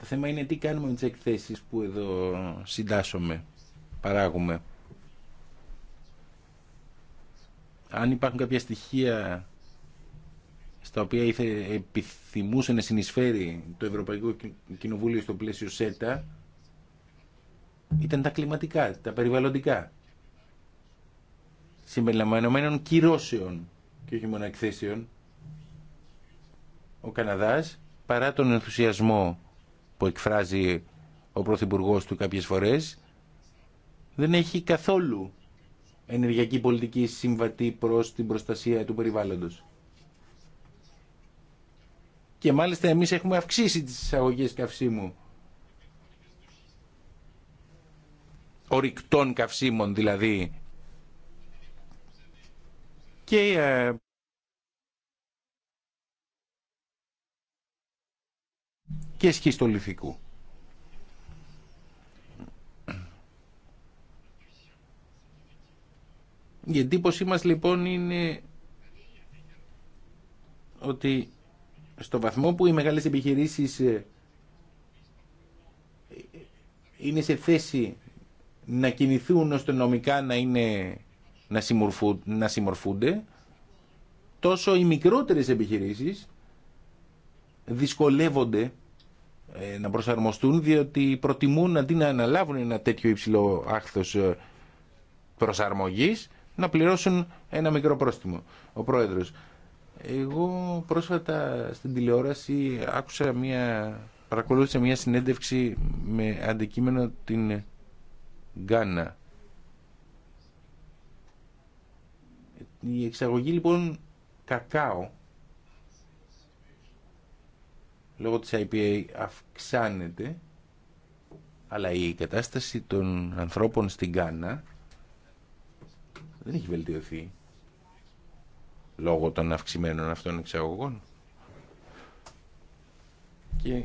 Το θέμα είναι τι κάνουμε με τις εκθέσεις που εδώ συντάσσουμε, παράγουμε. Αν υπάρχουν κάποια στοιχεία στα οποία επιθυμούσε να συνεισφέρει το Ευρωπαϊκό Κοινοβούλιο στο πλαίσιο ΣΕΤΑ, ήταν τα κλιματικά, τα περιβαλλοντικά. Συμπεριλαμβανομένων κυρώσεων και όχι μόνο εκθέσεων. Ο Καναδάς, παρά τον ενθουσιασμό που εκφράζει ο Πρωθυπουργό του κάποιες φορές δεν έχει καθόλου ενεργειακή πολιτική συμβατή προς την προστασία του περιβάλλοντος. Και μάλιστα εμείς έχουμε αυξήσει τις εισαγωγές καυσίμου. Ορυκτών καυσίμων δηλαδή. Και ε, και σχιστολιθικού. Η εντύπωσή μας λοιπόν είναι ότι στο βαθμό που οι μεγάλες επιχειρήσεις ε, είναι σε θέση να κινηθούν ώστε νομικά να, είναι, να, συμμορφού, να συμμορφούνται, τόσο οι μικρότερες επιχειρήσεις δυσκολεύονται ε, να προσαρμοστούν διότι προτιμούν αντί να αναλάβουν ένα τέτοιο υψηλό άχθος ε, προσαρμογής να πληρώσουν ένα μικρό πρόστιμο. Ο πρόεδρος. Εγώ πρόσφατα στην τηλεόραση άκουσα μια, παρακολούθησα μια συνέντευξη με αντικείμενο την Γκάνα. Η εξαγωγή λοιπόν κακάο λόγω της IPA αυξάνεται αλλά η κατάσταση των ανθρώπων στην Κάνα δεν έχει βελτιωθεί λόγω των αυξημένων αυτών εξαγωγών και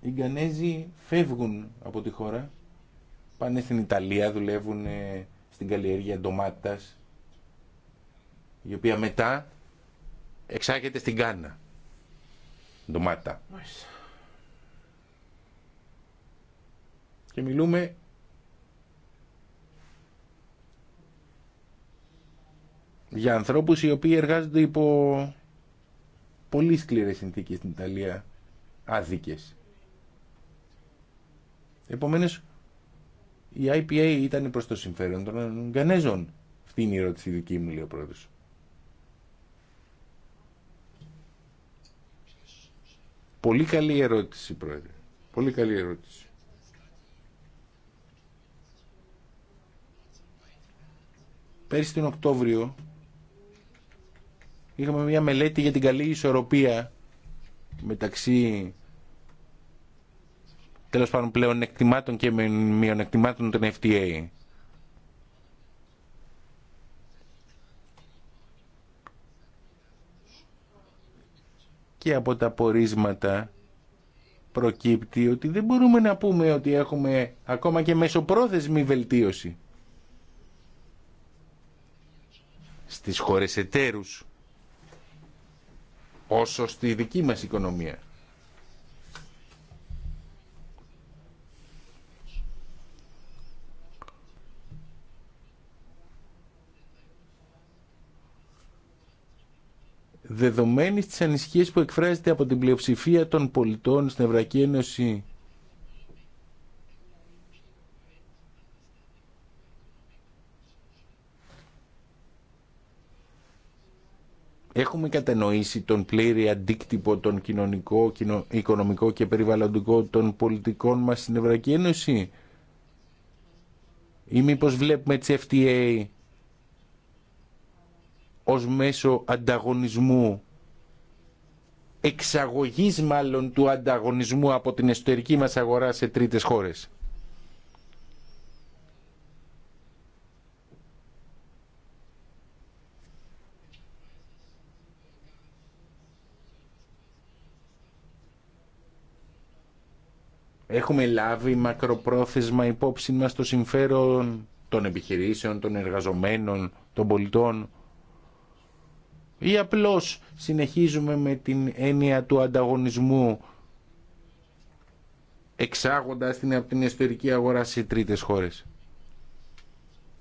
οι Γκανέζοι φεύγουν από τη χώρα πάνε στην Ιταλία, δουλεύουν στην καλλιέργεια ντομάτας η οποία μετά εξάγεται στην Κάνα. Ντομάτα. Και μιλούμε για ανθρώπους οι οποίοι εργάζονται υπό πολύ σκληρές συνθήκες στην Ιταλία, άδικες. Επομένως, η IPA ήταν προς το συμφέρον των Γκανέζων. Αυτή είναι η ερώτηση δική μου, λέει ο πρόεδρος. Πολύ καλή ερώτηση, Πρόεδρε. Πολύ καλή ερώτηση. Πέρσι τον Οκτώβριο είχαμε μια μελέτη για την καλή ισορροπία μεταξύ τέλος πάντων πλέον εκτιμάτων και μειονεκτιμάτων των FTA. και από τα πορίσματα προκύπτει ότι δεν μπορούμε να πούμε ότι έχουμε ακόμα και μεσοπρόθεσμη βελτίωση στις χώρες εταίρους όσο στη δική μας οικονομία. δεδομένης της ανησυχίας που εκφράζεται από την πλειοψηφία των πολιτών στην Ευρωπαϊκή Ένωση Έχουμε κατανοήσει τον πλήρη αντίκτυπο των κοινωνικό, κοινο, οικονομικό και περιβαλλοντικό των πολιτικών μας στην Ευρωπαϊκή Ένωση ή μήπως βλέπουμε τις FTA ως μέσο ανταγωνισμού εξαγωγής μάλλον του ανταγωνισμού από την εσωτερική μας αγορά σε τρίτες χώρες. Έχουμε λάβει μακροπρόθεσμα υπόψη μας το συμφέρον των επιχειρήσεων, των εργαζομένων, των πολιτών ή απλώς συνεχίζουμε με την έννοια του ανταγωνισμού εξάγοντας την από εσωτερική αγορά σε τρίτες χώρες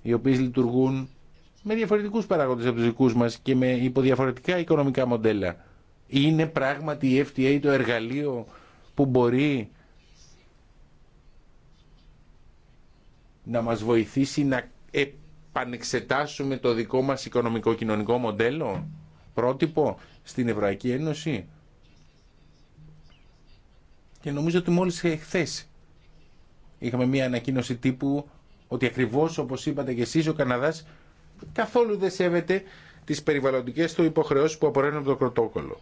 οι οποίες λειτουργούν με διαφορετικούς παράγοντες από τους δικούς μας και με υποδιαφορετικά οικονομικά μοντέλα. Είναι πράγματι η FTA το εργαλείο που μπορεί να μας βοηθήσει να επανεξετάσουμε το δικό μας οικονομικό-κοινωνικό μοντέλο πρότυπο στην Ευρωπαϊκή Ένωση. Και νομίζω ότι μόλις χθε είχαμε μια ανακοίνωση τύπου ότι ακριβώς όπως είπατε και εσείς ο Καναδάς καθόλου δεν σέβεται τις περιβαλλοντικές του υποχρεώσεις που απορρέουν από το πρωτόκολλο.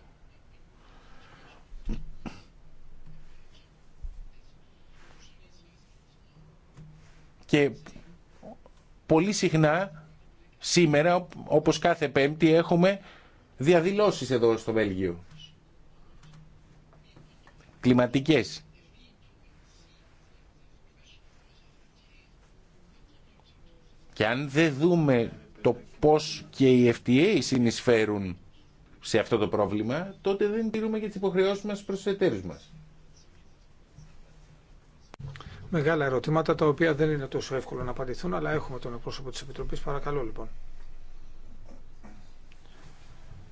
Και πολύ συχνά σήμερα όπως κάθε πέμπτη έχουμε διαδηλώσεις εδώ στο Βέλγιο. Κλιματικές. Και αν δεν δούμε το πώς και οι FTA συνεισφέρουν σε αυτό το πρόβλημα, τότε δεν τηρούμε και τις υποχρεώσεις μας προς τους εταίρους μας. Μεγάλα ερωτήματα τα οποία δεν είναι τόσο εύκολο να απαντηθούν, αλλά έχουμε τον εκπρόσωπο της Επιτροπής. Παρακαλώ λοιπόν.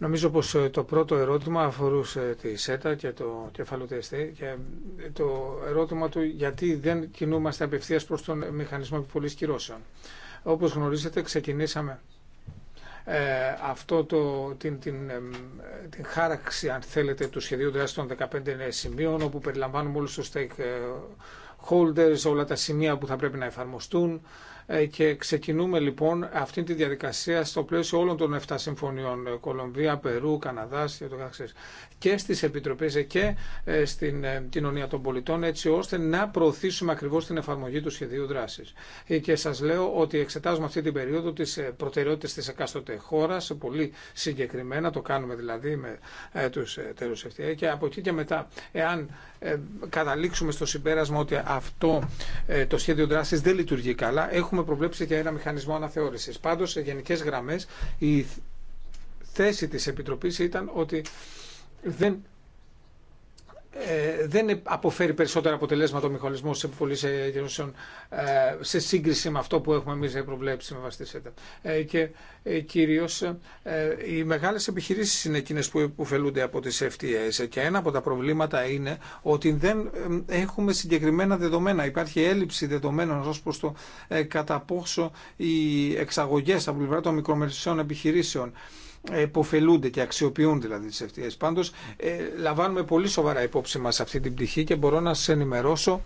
Νομίζω πως ε, το πρώτο ερώτημα αφορούσε τη ΣΕΤΑ και το κεφάλαιο και ε, το ερώτημα του γιατί δεν κινούμαστε απευθείας προς τον μηχανισμό επιπολής κυρώσεων. Όπως γνωρίζετε ξεκινήσαμε ε, αυτό το, την, την, την χάραξη αν θέλετε του σχεδίου δράσης των 15 σημείων όπου περιλαμβάνουμε όλους τους stakeholders, όλα τα σημεία που θα πρέπει να εφαρμοστούν, ε, και ξεκινούμε λοιπόν αυτή τη διαδικασία στο πλαίσιο όλων των 7 συμφωνιών ε, Κολομβία, Περού, Καναδάς και το καθεξής και στις επιτροπές ε, και στην κοινωνία των πολιτών έτσι ώστε να προωθήσουμε ακριβώς την εφαρμογή του σχεδίου δράσης. Και σας λέω ότι εξετάζουμε αυτή την περίοδο τις προτεραιότητες της εκάστοτε χώρας πολύ συγκεκριμένα, το κάνουμε δηλαδή με τους εταίρους FTA και από εκεί και μετά εάν ε, καταλήξουμε στο συμπέρασμα ότι αυτό ε, το σχέδιο δράση δεν λειτουργεί καλά, έχουμε προβλέψει για ένα μηχανισμό αναθεώρησης. Πάντω, σε γενικέ γραμμές, η θέση της Επιτροπής ήταν ότι δεν ε, δεν αποφέρει περισσότερα αποτελέσματα ο μηχανισμό τη επιβολή ε, σε σύγκριση με αυτό που έχουμε εμεί προβλέψει με βαστή ΣΕΤΑ. Ε, και ε, κυρίω ε, οι μεγάλε επιχειρήσει είναι εκείνε που υποφελούνται από τι FTAs. Και ένα από τα προβλήματα είναι ότι δεν ε, έχουμε συγκεκριμένα δεδομένα. Υπάρχει έλλειψη δεδομένων ω προ το κατά πόσο οι εξαγωγέ από πλευρά των μικρομεσαίων επιχειρήσεων υποφελούνται και αξιοποιούν δηλαδή τις ευθείες. Πάντως ε, λαμβάνουμε πολύ σοβαρά υπόψη μας αυτή την πτυχή και μπορώ να σας ενημερώσω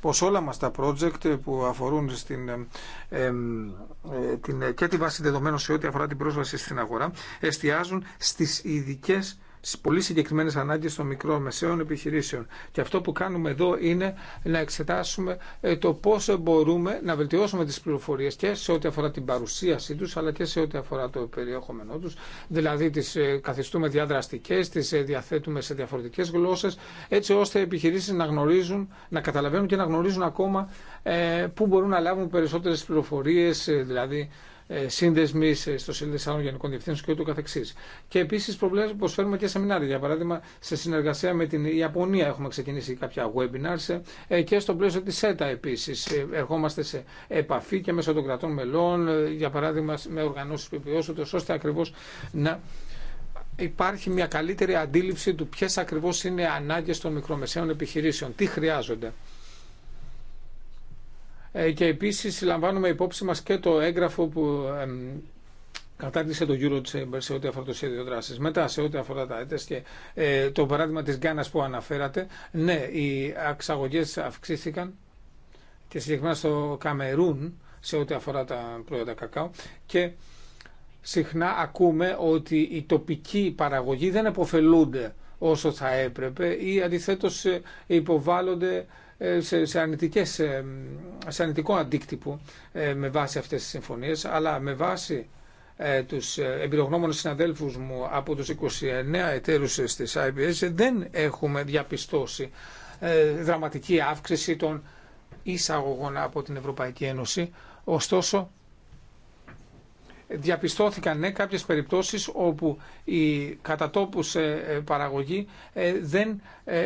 πως όλα μας τα project που αφορούν στην, ε, ε, ε την, και τη βάση δεδομένων σε ό,τι αφορά την πρόσβαση στην αγορά εστιάζουν στις ειδικές στι πολύ συγκεκριμένε ανάγκε των μικρών μεσαίων επιχειρήσεων. Και αυτό που κάνουμε εδώ είναι να εξετάσουμε ε, το πώ μπορούμε να βελτιώσουμε τι πληροφορίε και σε ό,τι αφορά την παρουσίασή του, αλλά και σε ό,τι αφορά το περιεχόμενό του. Δηλαδή, τι ε, καθιστούμε διαδραστικέ, τι ε, διαθέτουμε σε διαφορετικέ γλώσσε, έτσι ώστε οι επιχειρήσει να γνωρίζουν, να καταλαβαίνουν και να γνωρίζουν ακόμα πού μπορούν να λάβουν περισσότερε πληροφορίε, δηλαδή ε, σύνδεσμοι στο σύνδεσμο άλλων γενικών διευθύνσεων και ούτω καθεξής. Και επίσης προβλέπουμε πως φέρουμε και σεμινάρια. Για παράδειγμα, σε συνεργασία με την Ιαπωνία έχουμε ξεκινήσει κάποια webinars ε, και στο πλαίσιο της ΣΕΤΑ επίσης. Ε, ερχόμαστε σε επαφή και μέσω των κρατών μελών, για παράδειγμα με οργανώσεις επιβιώσουν, ώστε ακριβώς να υπάρχει μια καλύτερη αντίληψη του ποιες ακριβώς είναι οι ανάγκες των μικρομεσαίων επιχειρήσεων, τι χρειάζονται. Ε, και επίσης λαμβάνουμε υπόψη μας και το έγγραφο που κατάρτισε το Eurochamber σε ό,τι αφορά το σχέδιο δράση. Μετά, σε ό,τι αφορά τα έτες και ε, το παράδειγμα της Γκάνα που αναφέρατε, ναι, οι αξαγωγέ αυξήθηκαν και συγκεκριμένα στο Καμερούν σε ό,τι αφορά τα προϊόντα κακάο και συχνά ακούμε ότι οι τοπικοί παραγωγοί δεν επωφελούνται όσο θα έπρεπε ή αντιθέτως ε, υποβάλλονται ε, σε, σε, ε, σε αρνητικό αντίκτυπο ε, με βάση αυτές τις συμφωνίες, αλλά με βάση τους εμπειρογνώμονες συναδέλφους μου από τους 29 εταίρους στις IBS δεν έχουμε διαπιστώσει δραματική αύξηση των εισαγωγών από την Ευρωπαϊκή Ένωση. Ωστόσο, διαπιστώθηκαν ναι, κάποιες περιπτώσεις όπου η κατατόπους ε, ε, παραγωγή δεν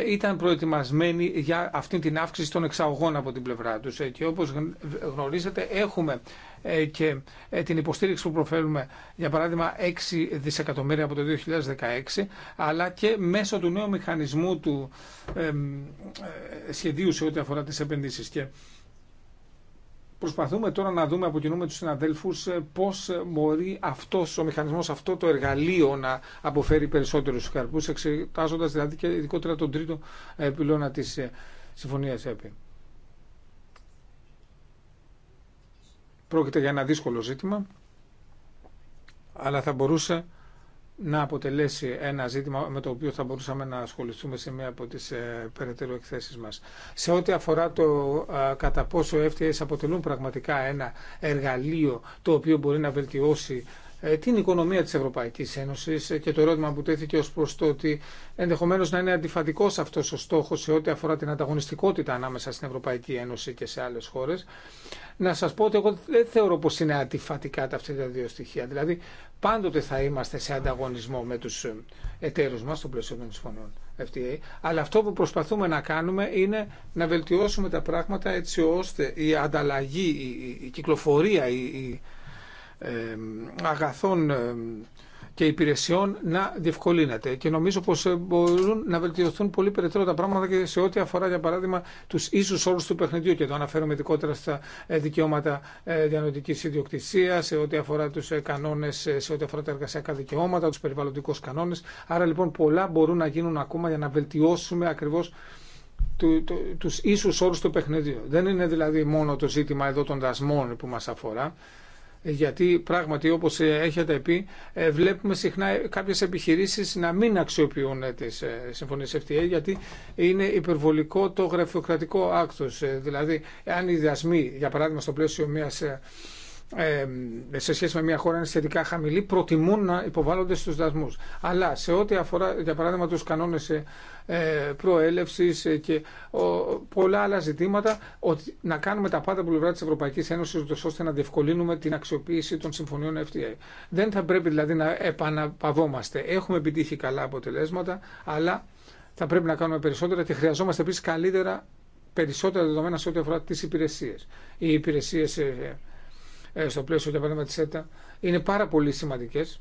ήταν προετοιμασμένη για αυτή την αύξηση των εξαγωγών από την πλευρά τους. Και όπως γνωρίζετε έχουμε και την υποστήριξη που προφέρουμε για παράδειγμα 6 δισεκατομμύρια από το 2016 αλλά και μέσω του νέου μηχανισμού του σχεδίου σε ό,τι αφορά τις επενδύσεις. Και Προσπαθούμε τώρα να δούμε από κοινού με τους συναδέλφους ε, πώς ε, μπορεί αυτός ο μηχανισμός, αυτό το εργαλείο να αποφέρει περισσότερους καρπούς, εξετάζοντας δηλαδή και ειδικότερα τον τρίτο ε, πυλώνα της Συμφωνίας ΕΠΗ. Πρόκειται για ένα δύσκολο ζήτημα, αλλά θα μπορούσε να αποτελέσει ένα ζήτημα με το οποίο θα μπορούσαμε να ασχοληθούμε σε μία από τις ε, περαιτέρω εκθέσεις μας. Σε ό,τι αφορά το κατά πόσο FTS αποτελούν πραγματικά ένα εργαλείο το οποίο μπορεί να βελτιώσει ε, την οικονομία της Ευρωπαϊκής Ένωσης ε, και το ερώτημα που τέθηκε ως προς το ότι ενδεχομένως να είναι αντιφατικός αυτός ο στόχος σε ό,τι αφορά την ανταγωνιστικότητα ανάμεσα στην Ευρωπαϊκή Ένωση και σε άλλες χώρες. Να σας πω ότι εγώ δεν θεωρώ πως είναι αντιφατικά τα αυτά τα δύο στοιχεία. Δηλαδή πάντοτε θα είμαστε σε ανταγωνισμό με τους ε, εταίρους μας στον πλαίσιο των συμφωνών FTA. Αλλά αυτό που προσπαθούμε να κάνουμε είναι να βελτιώσουμε τα πράγματα έτσι ώστε η ανταλλαγή, η κυκλοφορία, η, αγαθών και υπηρεσιών να διευκολύνεται. Και νομίζω πω ε, μπορούν να βελτιωθούν πολύ περαιτέρω τα πράγματα και σε ό,τι αφορά, για παράδειγμα, του ίσους όρου του παιχνιδιού. Και το αναφέρομαι ειδικότερα στα ε, δικαιώματα ε, διανοητική ιδιοκτησία, σε ό,τι αφορά του κανόνε, σε ό,τι αφορά τα εργασιακά δικαιώματα, του περιβαλλοντικού κανόνε. Άρα λοιπόν πολλά μπορούν να γίνουν ακόμα για να βελτιώσουμε ακριβώ του, το, τους ίσους όρους του παιχνιδιού. Δεν είναι δηλαδή μόνο το ζήτημα εδώ των δασμών που μας αφορά, γιατί πράγματι όπως έχετε πει ε, βλέπουμε συχνά κάποιες επιχειρήσεις να μην αξιοποιούν ε, τις ε, συμφωνίες FTA γιατί είναι υπερβολικό το γραφειοκρατικό άκτος. Δηλαδή αν οι δασμοί για παράδειγμα στο πλαίσιο μιας ε, σε σχέση με μια χώρα είναι σχετικά χαμηλή, προτιμούν να υποβάλλονται στους δασμούς. Αλλά σε ό,τι αφορά, για παράδειγμα, τους κανόνες ε, ε, προέλευσης και πολλά άλλα ζητήματα, ότι να κάνουμε τα πάντα από πλευρά της Ευρωπαϊκής Ένωσης, ώστε να διευκολύνουμε την αξιοποίηση των συμφωνιών FTA. Δεν θα πρέπει δηλαδή να επαναπαυόμαστε. Έχουμε επιτύχει καλά αποτελέσματα, αλλά θα πρέπει να κάνουμε περισσότερα και χρειαζόμαστε επίση καλύτερα περισσότερα δεδομένα σε ό,τι αφορά τις υπηρεσίες. Οι υπηρεσίες ε, στο πλαίσιο για παράδειγμα της ΕΤΑ είναι πάρα πολύ σημαντικές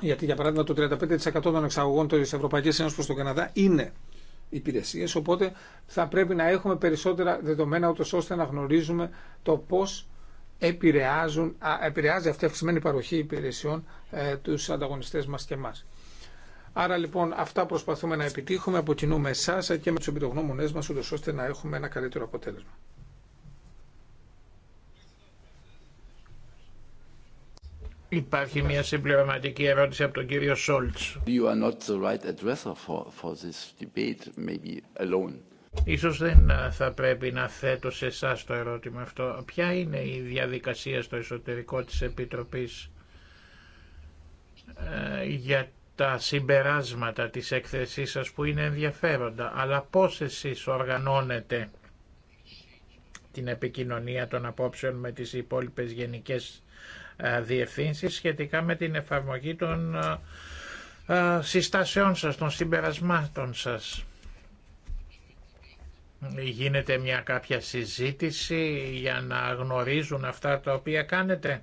γιατί για παράδειγμα το 35% των εξαγωγών της Ευρωπαϊκής Ένωσης προς τον Καναδά είναι υπηρεσίες οπότε θα πρέπει να έχουμε περισσότερα δεδομένα ούτως ώστε να γνωρίζουμε το πώς επηρεάζει αυτή η αυξημένη παροχή υπηρεσιών ε, τους ανταγωνιστές μας και εμάς. Άρα λοιπόν αυτά προσπαθούμε να επιτύχουμε αποκινούμε εσά και με του εμπειρογνώμονέ μα, ούτω ώστε να έχουμε ένα καλύτερο αποτέλεσμα. Υπάρχει μια συμπληρωματική ερώτηση από τον κύριο Σόλτς. You are not the right addresser for, for this debate, maybe alone. Ίσως δεν ε, θα πρέπει να θέτω σε εσά το ερώτημα αυτό. Ποια είναι η διαδικασία στο εσωτερικό της Επιτροπής ε, για τα συμπεράσματα της έκθεσής σας που είναι ενδιαφέροντα, αλλά πώς εσείς οργανώνετε την επικοινωνία των απόψεων με τις υπόλοιπες γενικές ε, διευθύνσεις σχετικά με την εφαρμογή των ε, ε, συστάσεών σας, των συμπερασμάτων σας. Γίνεται μια κάποια συζήτηση για να γνωρίζουν αυτά τα οποία κάνετε.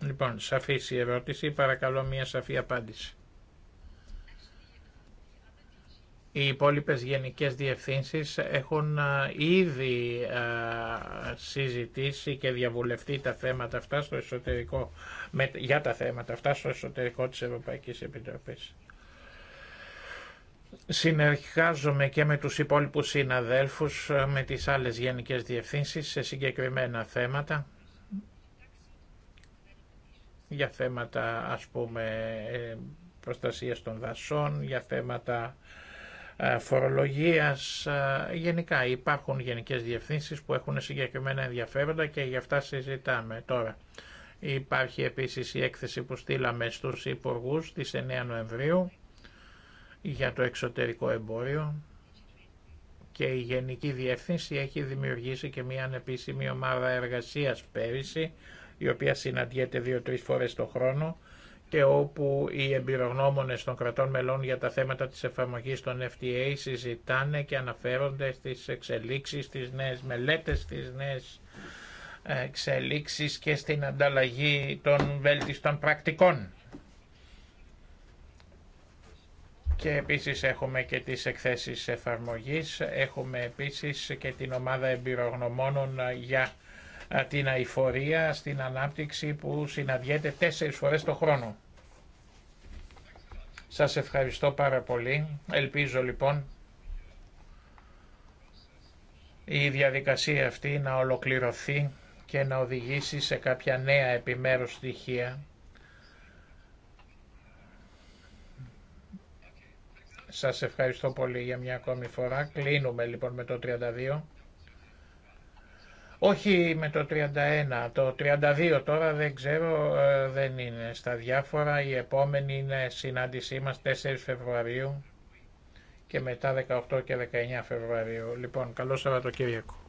Λοιπόν, σαφής η ερώτηση, παρακαλώ μια σαφή απάντηση. Οι υπόλοιπες γενικές διευθύνσεις έχουν ε, ήδη ε, συζητήσει και διαβουλευτεί τα θέματα αυτά στο εσωτερικό, για τα θέματα αυτά στο εσωτερικό της Ευρωπαϊκής Επιτροπής. Συνεργάζομαι και με τους υπόλοιπους συναδέλφους, ε, με τις άλλες γενικές διευθύνσεις σε συγκεκριμένα θέματα για θέματα ας πούμε προστασίας των δασών, για θέματα ε, φορολογίας. Ε, γενικά υπάρχουν γενικές διευθύνσεις που έχουν συγκεκριμένα ενδιαφέροντα και γι' αυτά συζητάμε τώρα. Υπάρχει επίσης η έκθεση που στείλαμε στους υπουργού της 9 Νοεμβρίου για το εξωτερικό εμπόριο και η Γενική Διεύθυνση έχει δημιουργήσει και μια ανεπίσημη ομάδα εργασίας πέρυσι η οποία συναντιέται δύο-τρεις φορές το χρόνο και όπου οι εμπειρογνώμονες των κρατών μελών για τα θέματα της εφαρμογής των FTA συζητάνε και αναφέρονται στις εξελίξεις, στις νέες μελέτες, στις νέες ε, εξελίξεις και στην ανταλλαγή των βέλτιστων πρακτικών. Και επίσης έχουμε και τις εκθέσεις εφαρμογής, έχουμε επίσης και την ομάδα εμπειρογνωμόνων για ε, την αηφορία στην ανάπτυξη που συναντιέται τέσσερις φορές το χρόνο. Σας ευχαριστώ πάρα πολύ. Ελπίζω λοιπόν η διαδικασία αυτή να ολοκληρωθεί και να οδηγήσει σε κάποια νέα επιμέρους στοιχεία. Σας ευχαριστώ πολύ για μια ακόμη φορά. Κλείνουμε λοιπόν με το 32. Όχι με το 31, το 32 τώρα δεν ξέρω, ε, δεν είναι στα διάφορα. Η επόμενη είναι συνάντησή μας 4 Φεβρουαρίου και μετά 18 και 19 Φεβρουαρίου. Λοιπόν, καλό Σαββατοκύριακο.